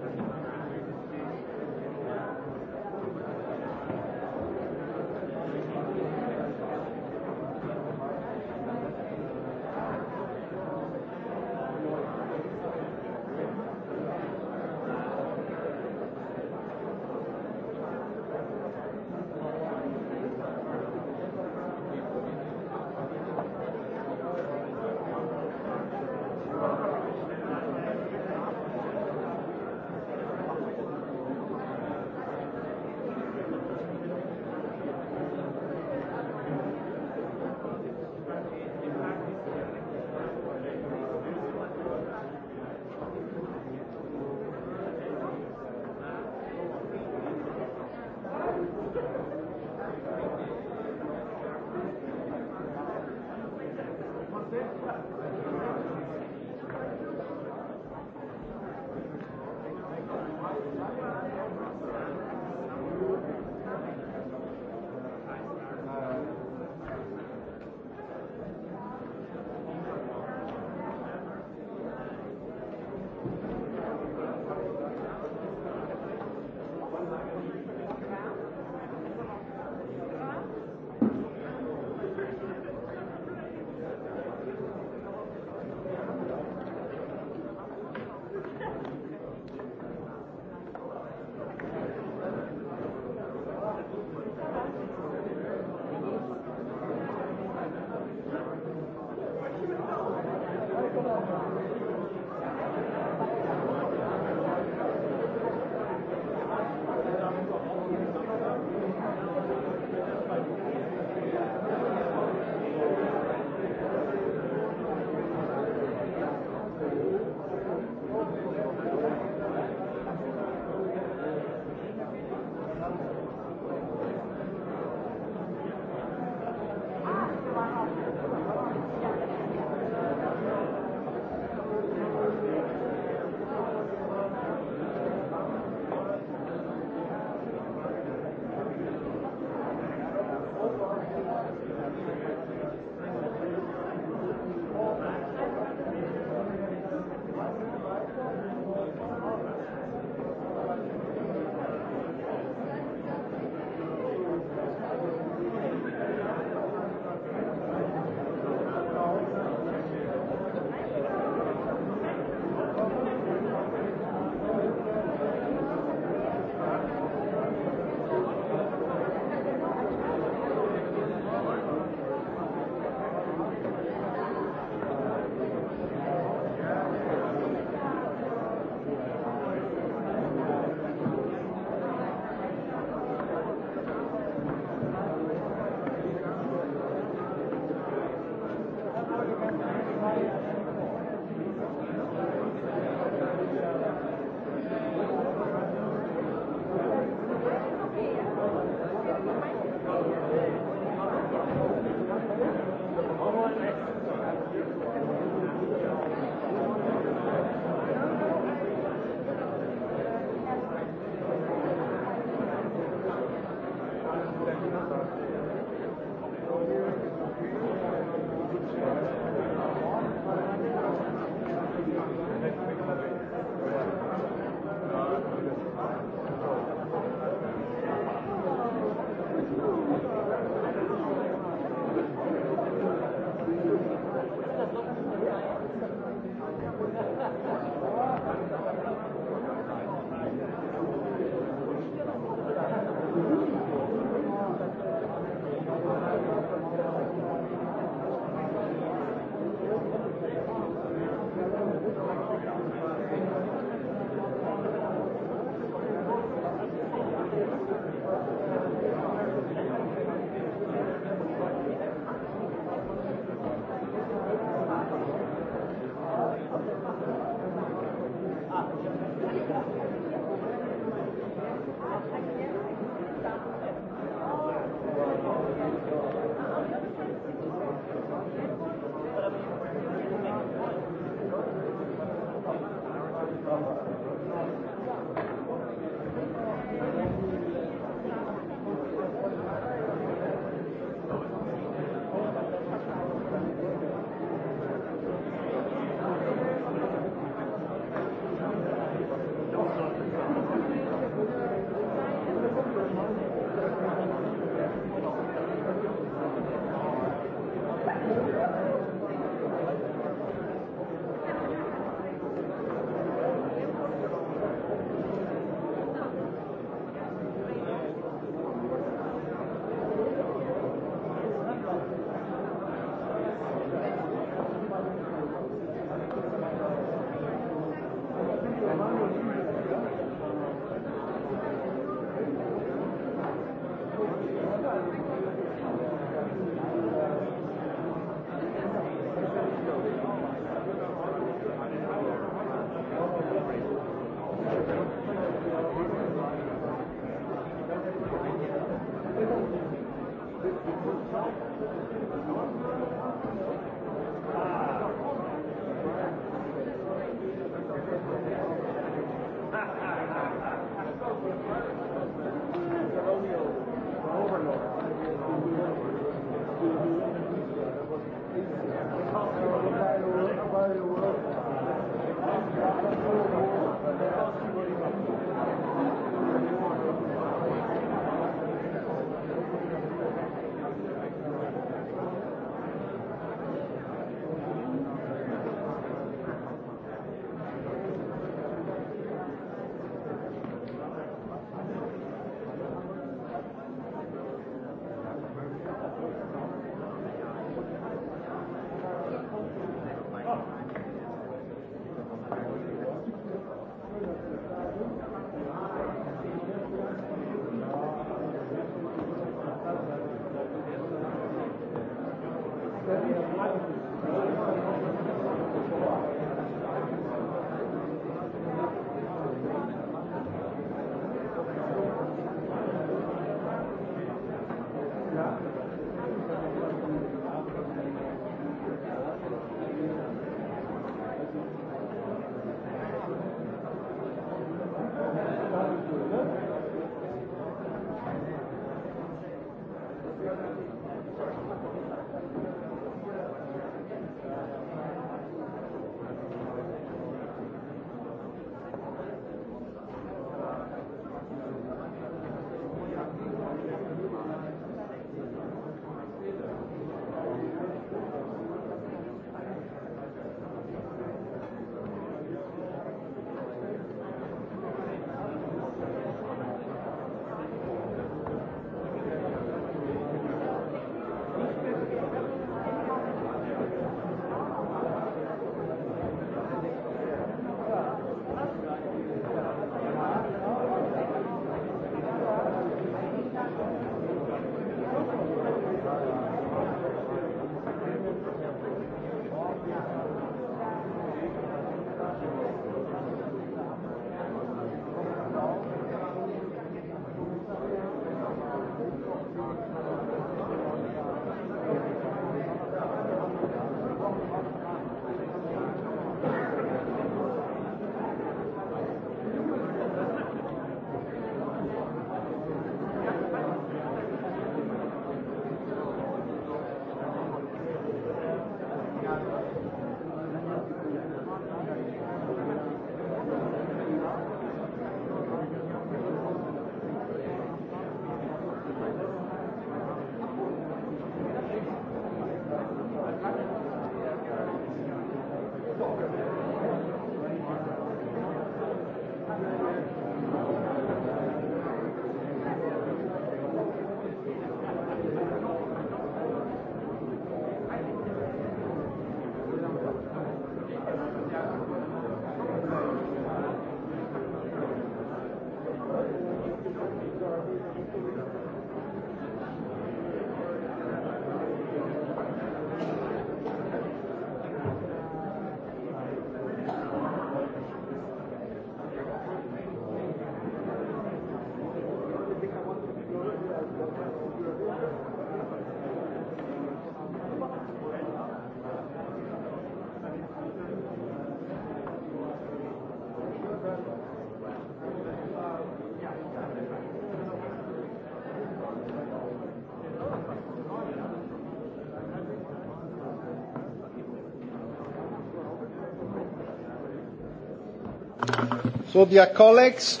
So, dear colleagues,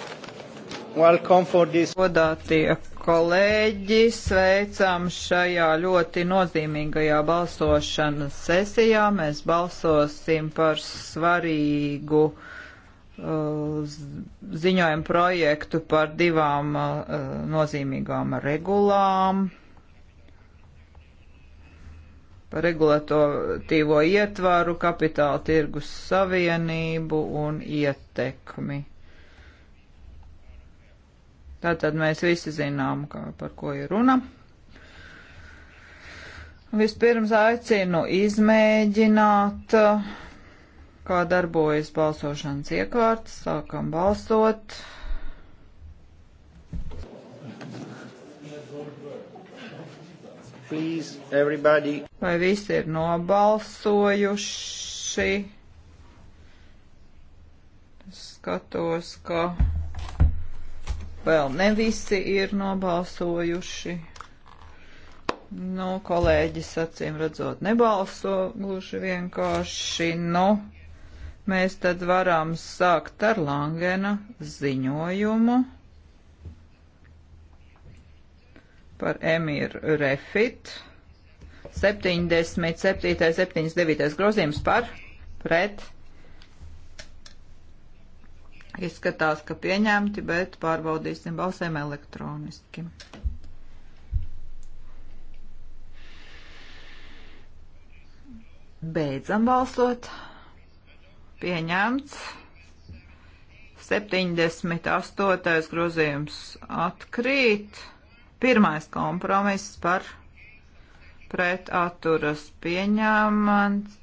welcome for this. Godātie kolēģi, sveicam šajā ļoti nozīmīgajā balsošanas sesijā. Mēs balsosim par svarīgu uh, ziņojumu projektu par divām uh, nozīmīgām regulām par regulatīvo ietvaru, kapitāla tirgus savienību un ietekmi. Tātad mēs visi zinām, ka, par ko ir runa. Vispirms aicinu izmēģināt, kā darbojas balsošanas iekārtas. Sākam balsot. please, everybody. Vai visi ir nobalsojuši? Skatos, ka vēl ne visi ir nobalsojuši. Nu, kolēģis acīm redzot nebalso gluži vienkārši, nu. Mēs tad varam sākt ar Langena ziņojumu. par Emīru Refit. 77. 79. grozījums par pret. Izskatās, ka pieņemti, bet pārbaudīsim balsēm elektroniski. Beidzam balsot. Pieņemts. 78. grozījums atkrīt. Pirmais kompromiss par pret atturas pieņēmants.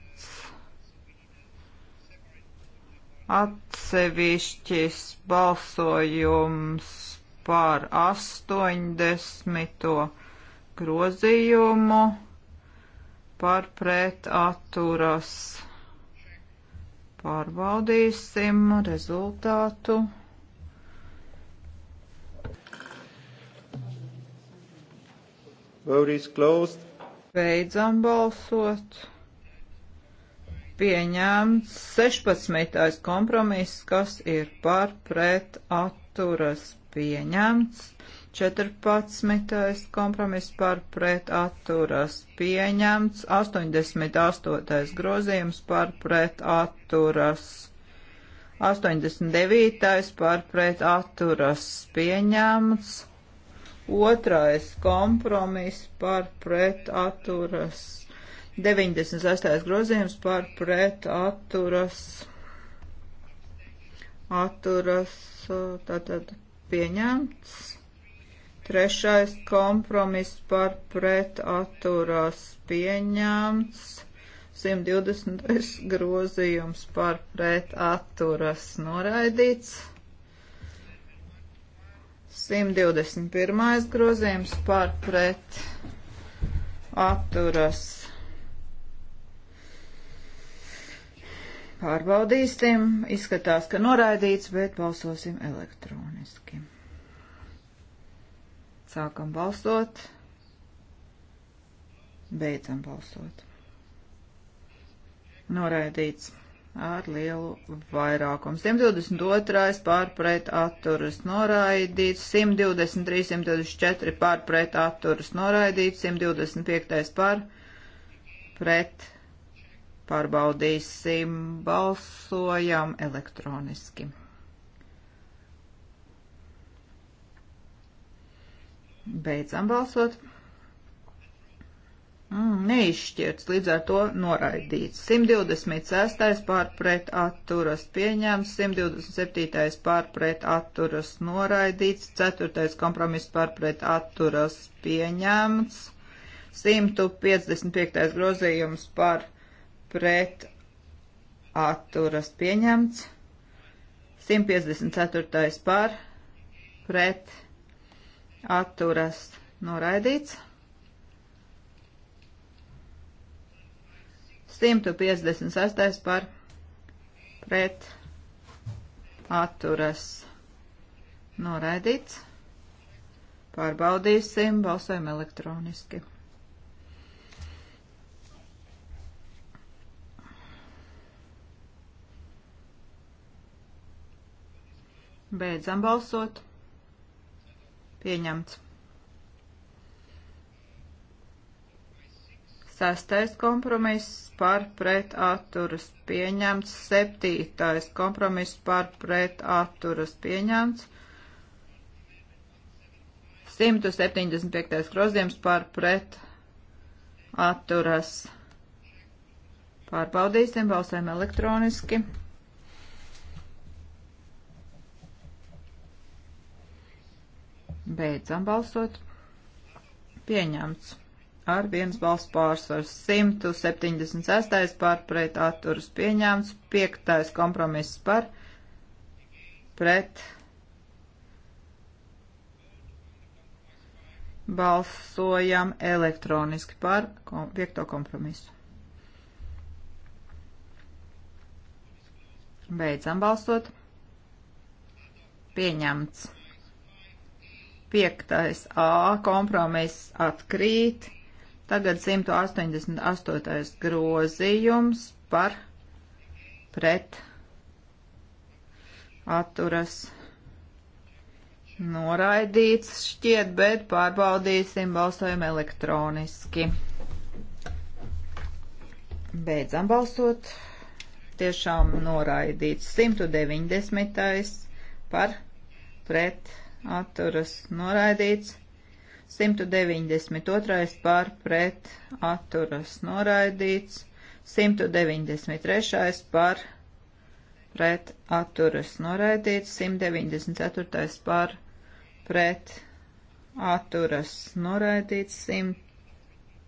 Atsevišķis balsojums par 80. grozījumu par pret atturas pārbaudīsim rezultātu. Vote is closed. Beidzam balsot. Pieņemts 16. kompromiss, kas ir par pret atturas pieņemts. 14. kompromiss par pret atturas pieņemts. 88. grozījums par pret atturas. 89. par pret atturas pieņemts. Otrais kompromiss par pret atturas. 96. grozījums par pret atturas. Atturas. Tātad pieņemts. Trešais kompromiss par pret atturās pieņemts. 120. grozījums par pret atturas noraidīts. 121. grozījums par pret atturas. Pārbaudīsim, izskatās, ka noraidīts, bet balsosim elektroniski. Sākam balsot, beidzam balsot. Noraidīts ar lielu vairākumu. 122 pārpret atturas noraidīts, 123, 124 pārpret atturas noraidīts, 125 pārpret pārbaudīsim, balsojam elektroniski. Beidzam balsot. Mm, neizšķirts, līdz ar to noraidīts. 126. pārpret atturas pieņēmts, 127. pārpret atturas noraidīts, 4. kompromiss pārpret atturas pieņēmts, 155. grozījums pārpret atturas pieņemts, 154. pārpret atturas noraidīts. 156. par pret atturas noraidīts. Pārbaudīsim, balsojam elektroniski. Beidzam balsot. Pieņemts. Sestais kompromiss par pret atturas pieņemts. Septītais kompromiss par pret atturas pieņemts. 175. grozījums par pret atturas. Pārbaudīsim, balsēm elektroniski. Beidzam balsot. Pieņemts ar viens balss pārsvars. 176. par pret atturas pieņēmts, 5. kompromiss par pret balsojam elektroniski par 5. kompromisu. Beidzam balsot. Pieņemts. Piektais A kompromiss atkrīt. Tagad 188. grozījums par pret atturas noraidīts šķiet, bet pārbaudīsim balsojumu elektroniski. Beidzam balsot. Tiešām noraidīts 190. par pret atturas noraidīts 192. par pret atturas noraidīts, 193. par pret atturas noraidīts, 194. par pret atturas noraidīts, 100,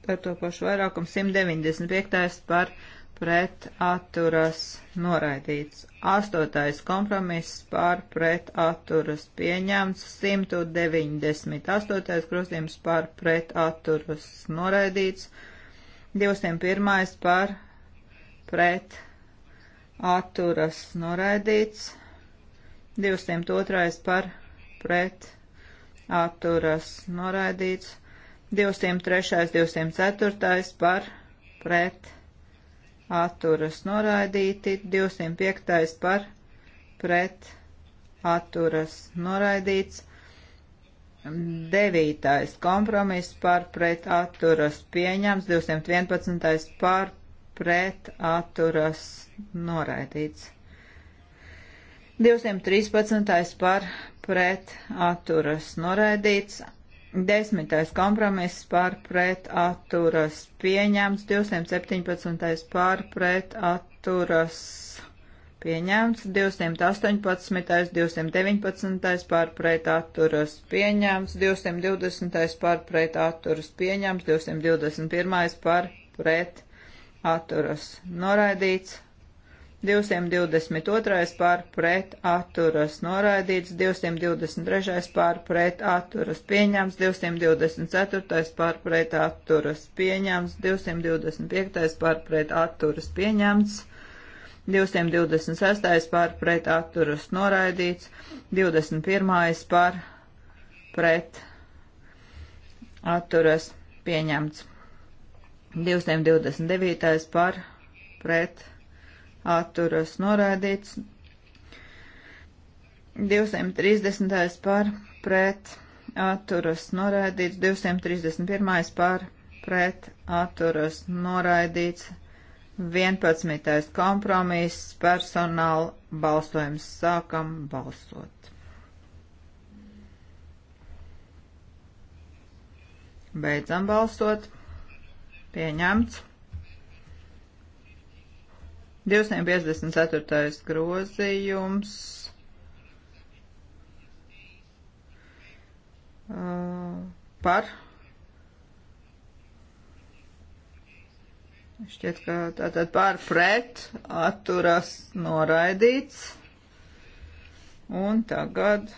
ar to pašu vairākumu 195. par pret pret atturas noraidīts. Astotais kompromiss par pret atturas pieņemts. 198. grozījums par pret atturas noraidīts. 201. par pret atturas noraidīts. 202. par pret atturas noraidīts. 203. 204. par pret atturas noraidīts atturas noraidīti, 205. par pret atturas noraidīts, 9. kompromiss par pret atturas pieņems, 211. par pret atturas noraidīts. 213. par pret atturas noraidīts, Desmitais kompromiss par pret atturas pieņemts, 217. par pret atturas pieņemts, 218. 219. par pret atturas pieņemts, 220. par pret atturas pieņemts, 221. par pret atturas noraidīts, 222 pār pret atturas noraidīts, 223 pār pret atturas pieņems, 224 pār pret atturas pieņems, 225 pār pret atturas pieņems, 226 pār pret atturas noraidīts, 21 pār pret atturas pieņemts, 229 pār pret atturas pieņemts atturas noraidīts. 230. par pret atturas noraidīts. 231. par pret atturas noraidīts. 11. kompromiss personāla balsojums sākam balsot. Beidzam balsot. Pieņemts. 254. grozījums. Uh, par. Šķiet, ka tātad pār pret atturas noraidīts. Un tagad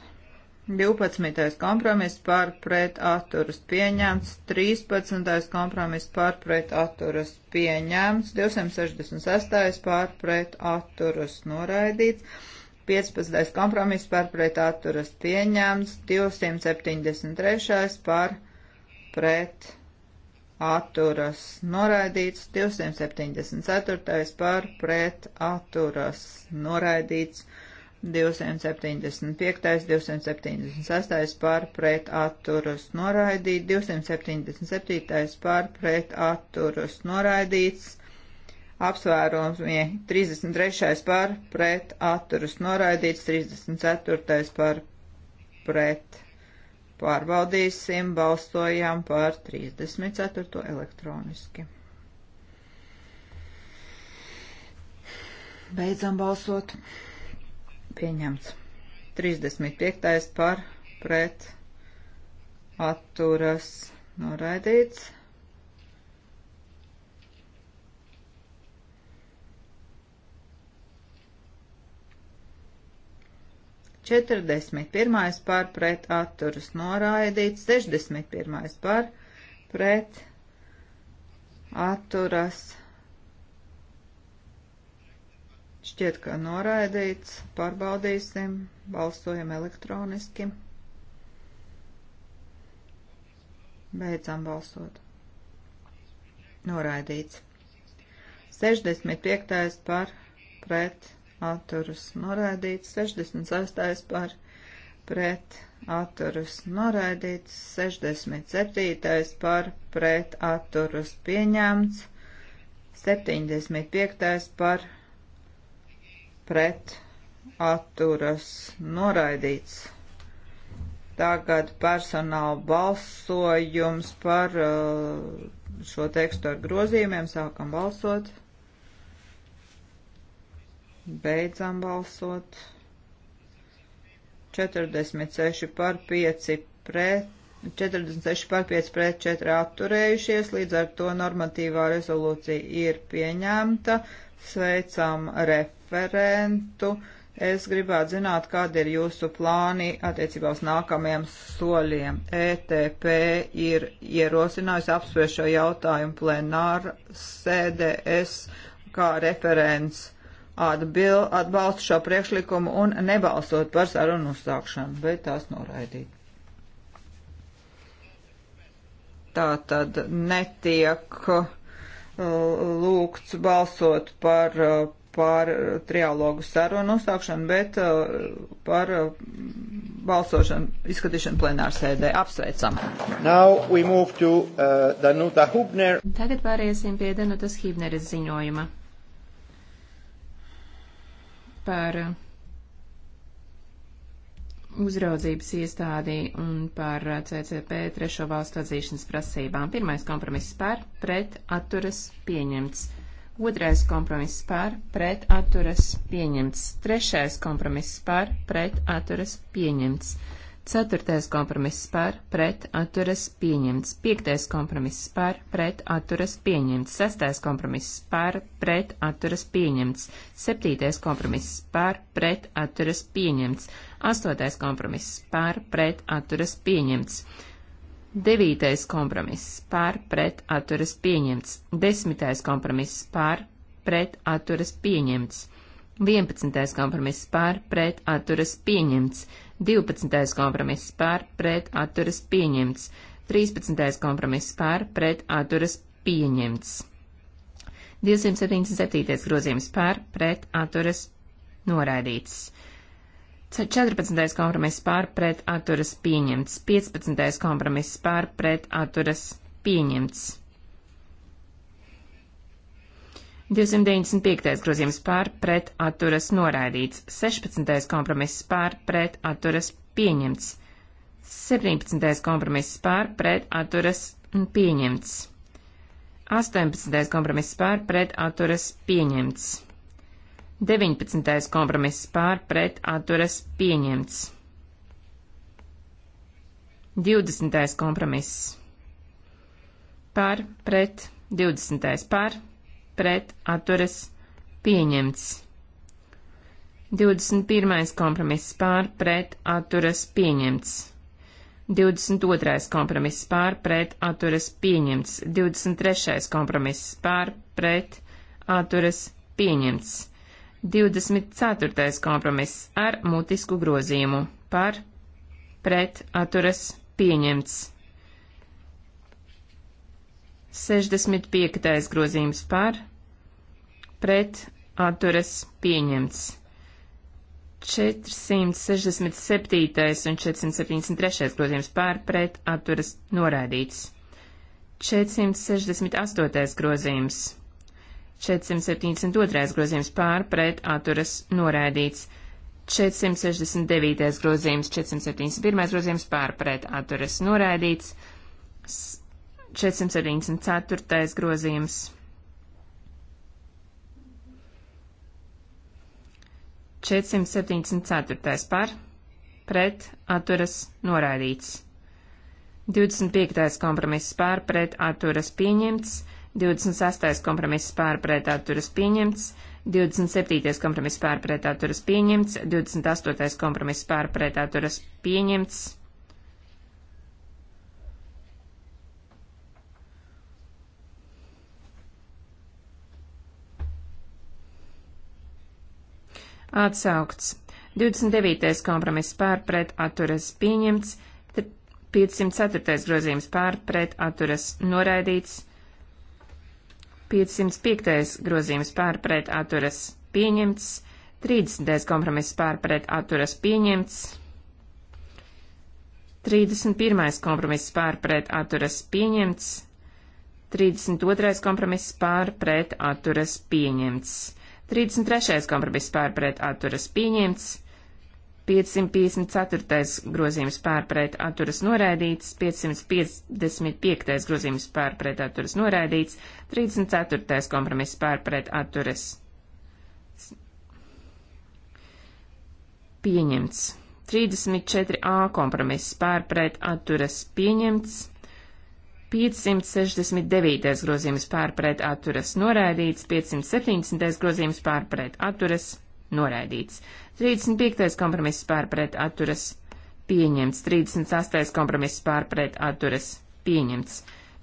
12. kompromiss par pret atturas pieņemts, 13. kompromiss par pret atturas pieņemts, 266. par pret atturas noraidīts, 15. kompromiss par pret atturas pieņemts, 273. par pret atturas noraidīts, 274. par pret atturas noraidīts, 275, 276 pār pret atturas noraidīt, 277 pār pret atturas noraidīts, apsvērums 33 pār pret atturas noraidīts, 34 pār pret pārbaudīsim, balstojām pār 34 elektroniski. Beidzam balsot pieņemts. 35. par pret atturas noraidīts. Četrdesmit pirmais par pret atturas noraidīts, sešdesmit pirmais par pret atturas noraidīts Šķiet, ka noraidīts. Pārbaudīsim. Balsojam elektroniski. Beidzam balsot. Noraidīts. 65. par pret atturus noraidīts. 66. par pret atturus noraidīts. 67. par pret atturus pieņemts. 75. par pret pret atturas noraidīts. Tagad personāla balsojums par uh, šo tekstu ar grozījumiem. Sākam balsot. Beidzam balsot. 46 par 5 pret, 46 par 5 pret 4 atturējušies, līdz ar to normatīvā rezolūcija ir pieņemta. Sveicam referendumu referentu. Es gribētu zināt, kādi ir jūsu plāni attiecībā uz nākamajiem soļiem. ETP ir ierosinājusi apspriest šo jautājumu plenāru sēdē. Es kā referents atbil, atbalstu šo priekšlikumu un nebalstot par sarunu uzsākšanu, bet tās noraidīt. Tā tad netiek uh, lūgts balsot par uh, par eh, trialogu sarunu uzsākšanu, bet eh, par eh, balsošanu, izskatīšanu plenāru sēdē. Apsveicam! To, uh, Tagad pāriesim pie Danutas Hībneres ziņojuma par uzraudzības iestādi un par CCP trešo valstu atzīšanas prasībām. Pirmais kompromiss par, pret, atturas, pieņemts. Otrais kompromiss par pret atturas pieņemts. Trešais kompromiss par pret atturas pieņemts. Ceturtais kompromiss par pret atturas pieņemts. Piektais kompromiss par pret atturas pieņemts. Sestais kompromiss par pret atturas pieņemts. Septītais kompromiss par pret atturas pieņemts. Astotais kompromiss par pret atturas pieņemts. Devītais kompromiss pār pret atturas pieņemts. Desmitais kompromiss pār pret atturas pieņemts. Vienpadsmitais kompromiss pār pret atturas pieņemts. Divpadsmitais kompromiss pār pret atturas pieņemts. Trīspadsmitais kompromiss pār pret atturas pieņemts. 277. grozījums pār pret atturas noraidīts. 14. kompromiss pār pret atturas pieņemts. 15. kompromiss pār pret atturas pieņemts. 295. grozījums pār pret atturas noraidīts. 16. kompromiss pār pret atturas pieņemts. 17. kompromiss pār pret atturas pieņemts. 18. kompromiss pār pret atturas pieņemts. 19. kompromiss pār pret atturas pieņemts. 20. kompromiss pār pret 20. pār pret atturas pieņemts. 21. kompromiss pār pret atturas pieņemts. 22. kompromiss pār pret atturas pieņemts. 23. kompromiss pār pret atturas pieņemts. 24. kompromiss ar mutisku grozījumu par pret atturas pieņemts. 65. grozījums par pret atturas pieņemts. 467. un 473. grozījums par pret atturas noraidīts. 468. grozījums 472. grozījums pār pret atturas noraidīts. 469. grozījums, 471. grozījums pār pret atturas noraidīts. 474. grozījums. Četrsimt septiņdesmit ceturtais par, pret, atturas, noraidīts. Divdesmit piektais kompromiss par, pret, atturas, pieņemts. 26. kompromiss pārpretā turas pieņemts, 27. kompromiss pārpretā turas pieņemts, 28. kompromiss pārpretā turas pieņemts. Atsaukts. 29. kompromiss pārpret atturas pieņemts, 504. grozījums pārpret atturas noraidīts. 505. grozījums pārpret atturas pieņemts, 30. kompromiss pārpret atturas pieņemts, 31. kompromiss pārpret atturas pieņemts, 32. kompromiss pārpret atturas pieņemts, 33. kompromiss pārpret atturas pieņemts, 554. grozījums pārpret atturas noraidīts, 555. grozījums pārpret atturas noraidīts, 34. kompromiss pārpret atturas pieņemts, 34a kompromiss pārpret atturas pieņemts, 569. grozījums pārpret atturas noraidīts, 570. grozījums pārpret atturas pieņemts noraidīts. 35. kompromiss pārpret atturas pieņemts. 38. kompromiss pārpret atturas pieņemts.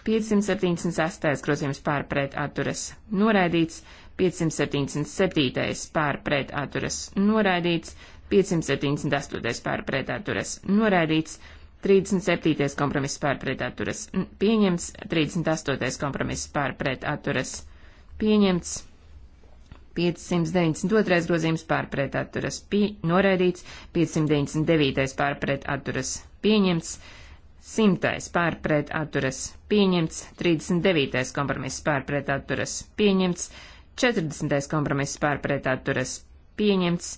578. grozījums pārpret atturas noraidīts. 577. pārpret atturas noraidīts. 578. pārpret atturas noraidīts. 37. kompromiss pārpret atturas pieņemts. 38. kompromiss pārpret atturas pieņemts. 592. grozījums pārpret atturas pie, noraidīts, 599. pārpret atturas pieņemts, 100. pārpret atturas pieņemts, 39. kompromiss pārpret atturas pieņemts, 40. kompromiss pārpret atturas pieņemts,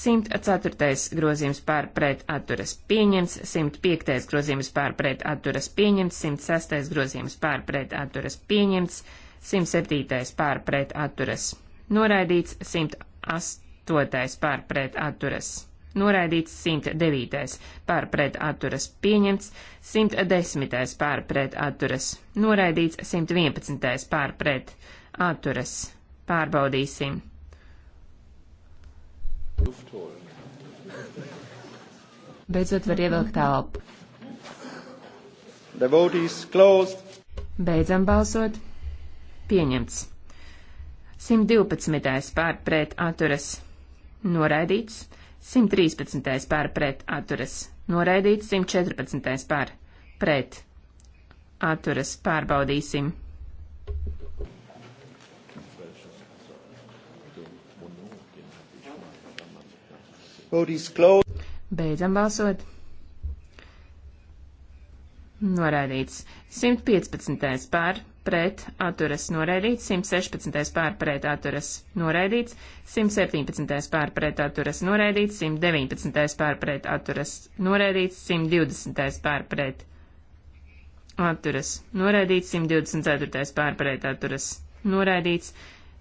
104. grozījums pārpret atturas pieņemts, 105. grozījums pārpret atturas pieņemts, 106. grozījums pārpret atturas pieņemts, 107. pārpret atturas pieņemts noraidīts 108. par pret atturas noraidīts 109. pārpret atturas pieņemts, 110. pārpret atturas noraidīts, 111. pārpret atturas pārbaudīsim. Beidzot var ievilkt telpu. The vote is closed. Beidzam balsot. Pieņemts. 112. pār pret atturas noraidīts, 113. pār pret atturas noraidīts, 114. pār pret atturas pārbaudīsim. Beidzam balsot. Noraidīts 115. pār pret atturas noraidīts, 116. pār pret atturas noraidīts, 117. pār pret atturas noraidīts, 119. pār pret atturas noraidīts, 120. pār pret atturas noraidīts, 124. pār pret atturas noraidīts,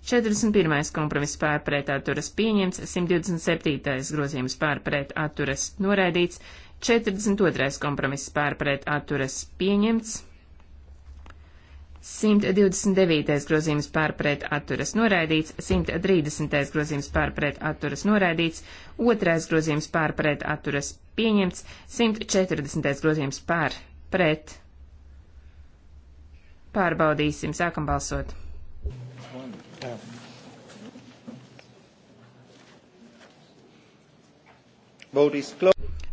41. kompromiss pārpretā turas pieņemts, 127. grozījums pārpretā turas noraidīts, 42. kompromiss pārpretā turas pieņemts, 129. grozījums pārpret atturas noraidīts, 130. grozījums pārpret atturas noraidīts, 2. grozījums pārpret atturas pieņemts, 140. grozījums pārpret. Pārbaudīsim, sākam balsot.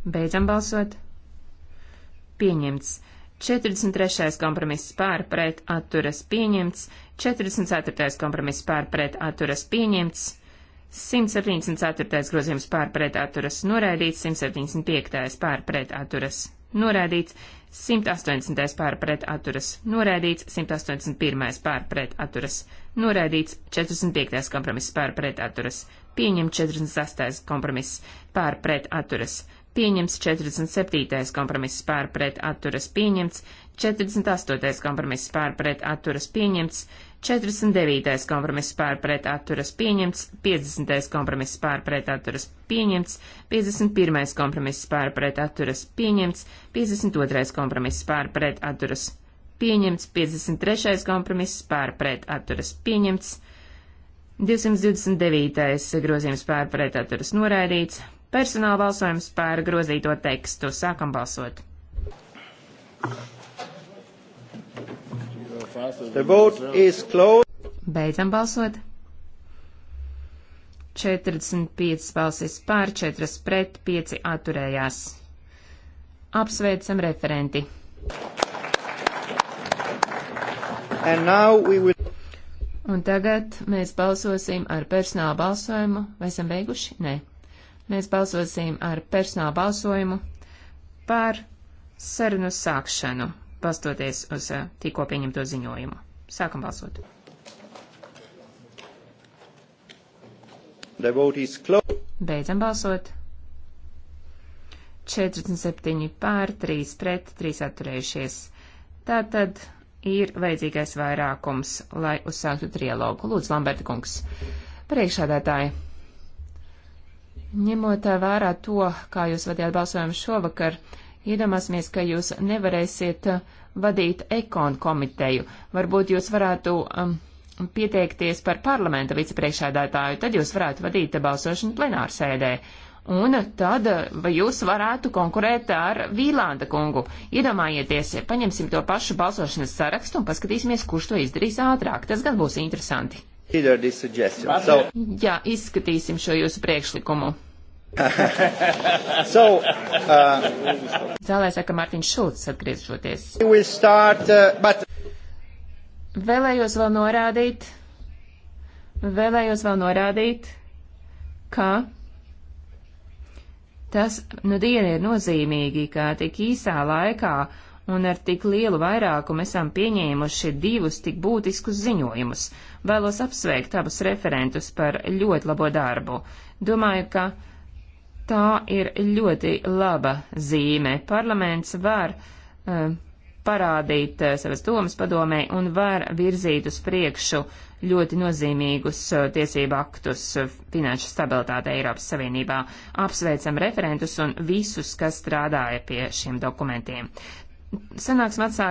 Beidzam balsot. Pieņemts. 43. kompromiss pār pret atturas pieņemts, 44. kompromiss pār pret atturas pieņemts, 174. grozījums pār pret atturas noraidīts, 175. pār pret atturas noraidīts, 180. pārpret atturas, noraidīts, 181. pārpret atturas, noraidīts, 45. kompromiss pārpret atturas, pieņemt 46. kompromiss pārpret atturas, pieņemts 47. kompromiss pār pret atturas pieņemts, 48. kompromiss pār pret atturas pieņemts, 49. kompromiss pār pret atturas pieņemts, 50. kompromiss pār pret atturas pieņemts, 51. kompromiss pār pret atturas pieņemts, 52. kompromiss pār pret atturas pieņemts, 53. kompromiss pār pret atturas pieņemts, 229. grozījums pār pret atturas noraidīts, Personāla balsojums par grozīto tekstu. Sākam balsot. Beidzam balsot. 45 balsis pār, 4 pret, 5 atturējās. Apsveicam referenti. Will... Un tagad mēs balsosim ar personālu balsojumu. Vai esam beiguši? Nē. Mēs balsosim ar personālu balsojumu par sarunu sākšanu, balstoties uz eh, tikko pieņemto ziņojumu. Sākam balsot. Beidzam balsot. 47 pār, 3 pret, 3 atturējušies. Tātad ir vajadzīgais vairākums, lai uzsāktu trialogu. Lūdzu, Lamberta kungs. Priekšādātāji, Ņemot vērā to, kā jūs vadījāt balsojumu šovakar, iedomāsimies, ka jūs nevarēsiet uh, vadīt ekonu komiteju. Varbūt jūs varētu um, pieteikties par parlamenta vicepriekšādātāju, tad jūs varētu vadīt balsošanu plenārsēdē. Un tad uh, vai jūs varētu konkurēt ar Vīlanda kungu? Iedomājieties, paņemsim to pašu balsošanas sarakstu un paskatīsimies, kurš to izdarīs ātrāk. Tas gan būs interesanti. So... Jā, izskatīsim šo jūsu priekšlikumu. so, uh, Zālē saka Mārtiņš Šulcs atgriežoties. Start, uh, but... Vēlējos vēl norādīt, vēlējos vēl norādīt, ka tas nu diena ir nozīmīgi, ka tik īsā laikā un ar tik lielu vairākumu esam pieņēmuši divus tik būtiskus ziņojumus. Uh, Vēlos apsveikt abus referentus par ļoti labo darbu. Domāju, ka tā ir ļoti laba zīme. Parlaments var uh, parādīt uh, savas domas padomē un var virzīt uz priekšu ļoti nozīmīgus uh, tiesību aktus finanšu stabilitāte Eiropas Savienībā. Apsveicam referentus un visus, kas strādāja pie šiem dokumentiem. Sanāksim atsāk.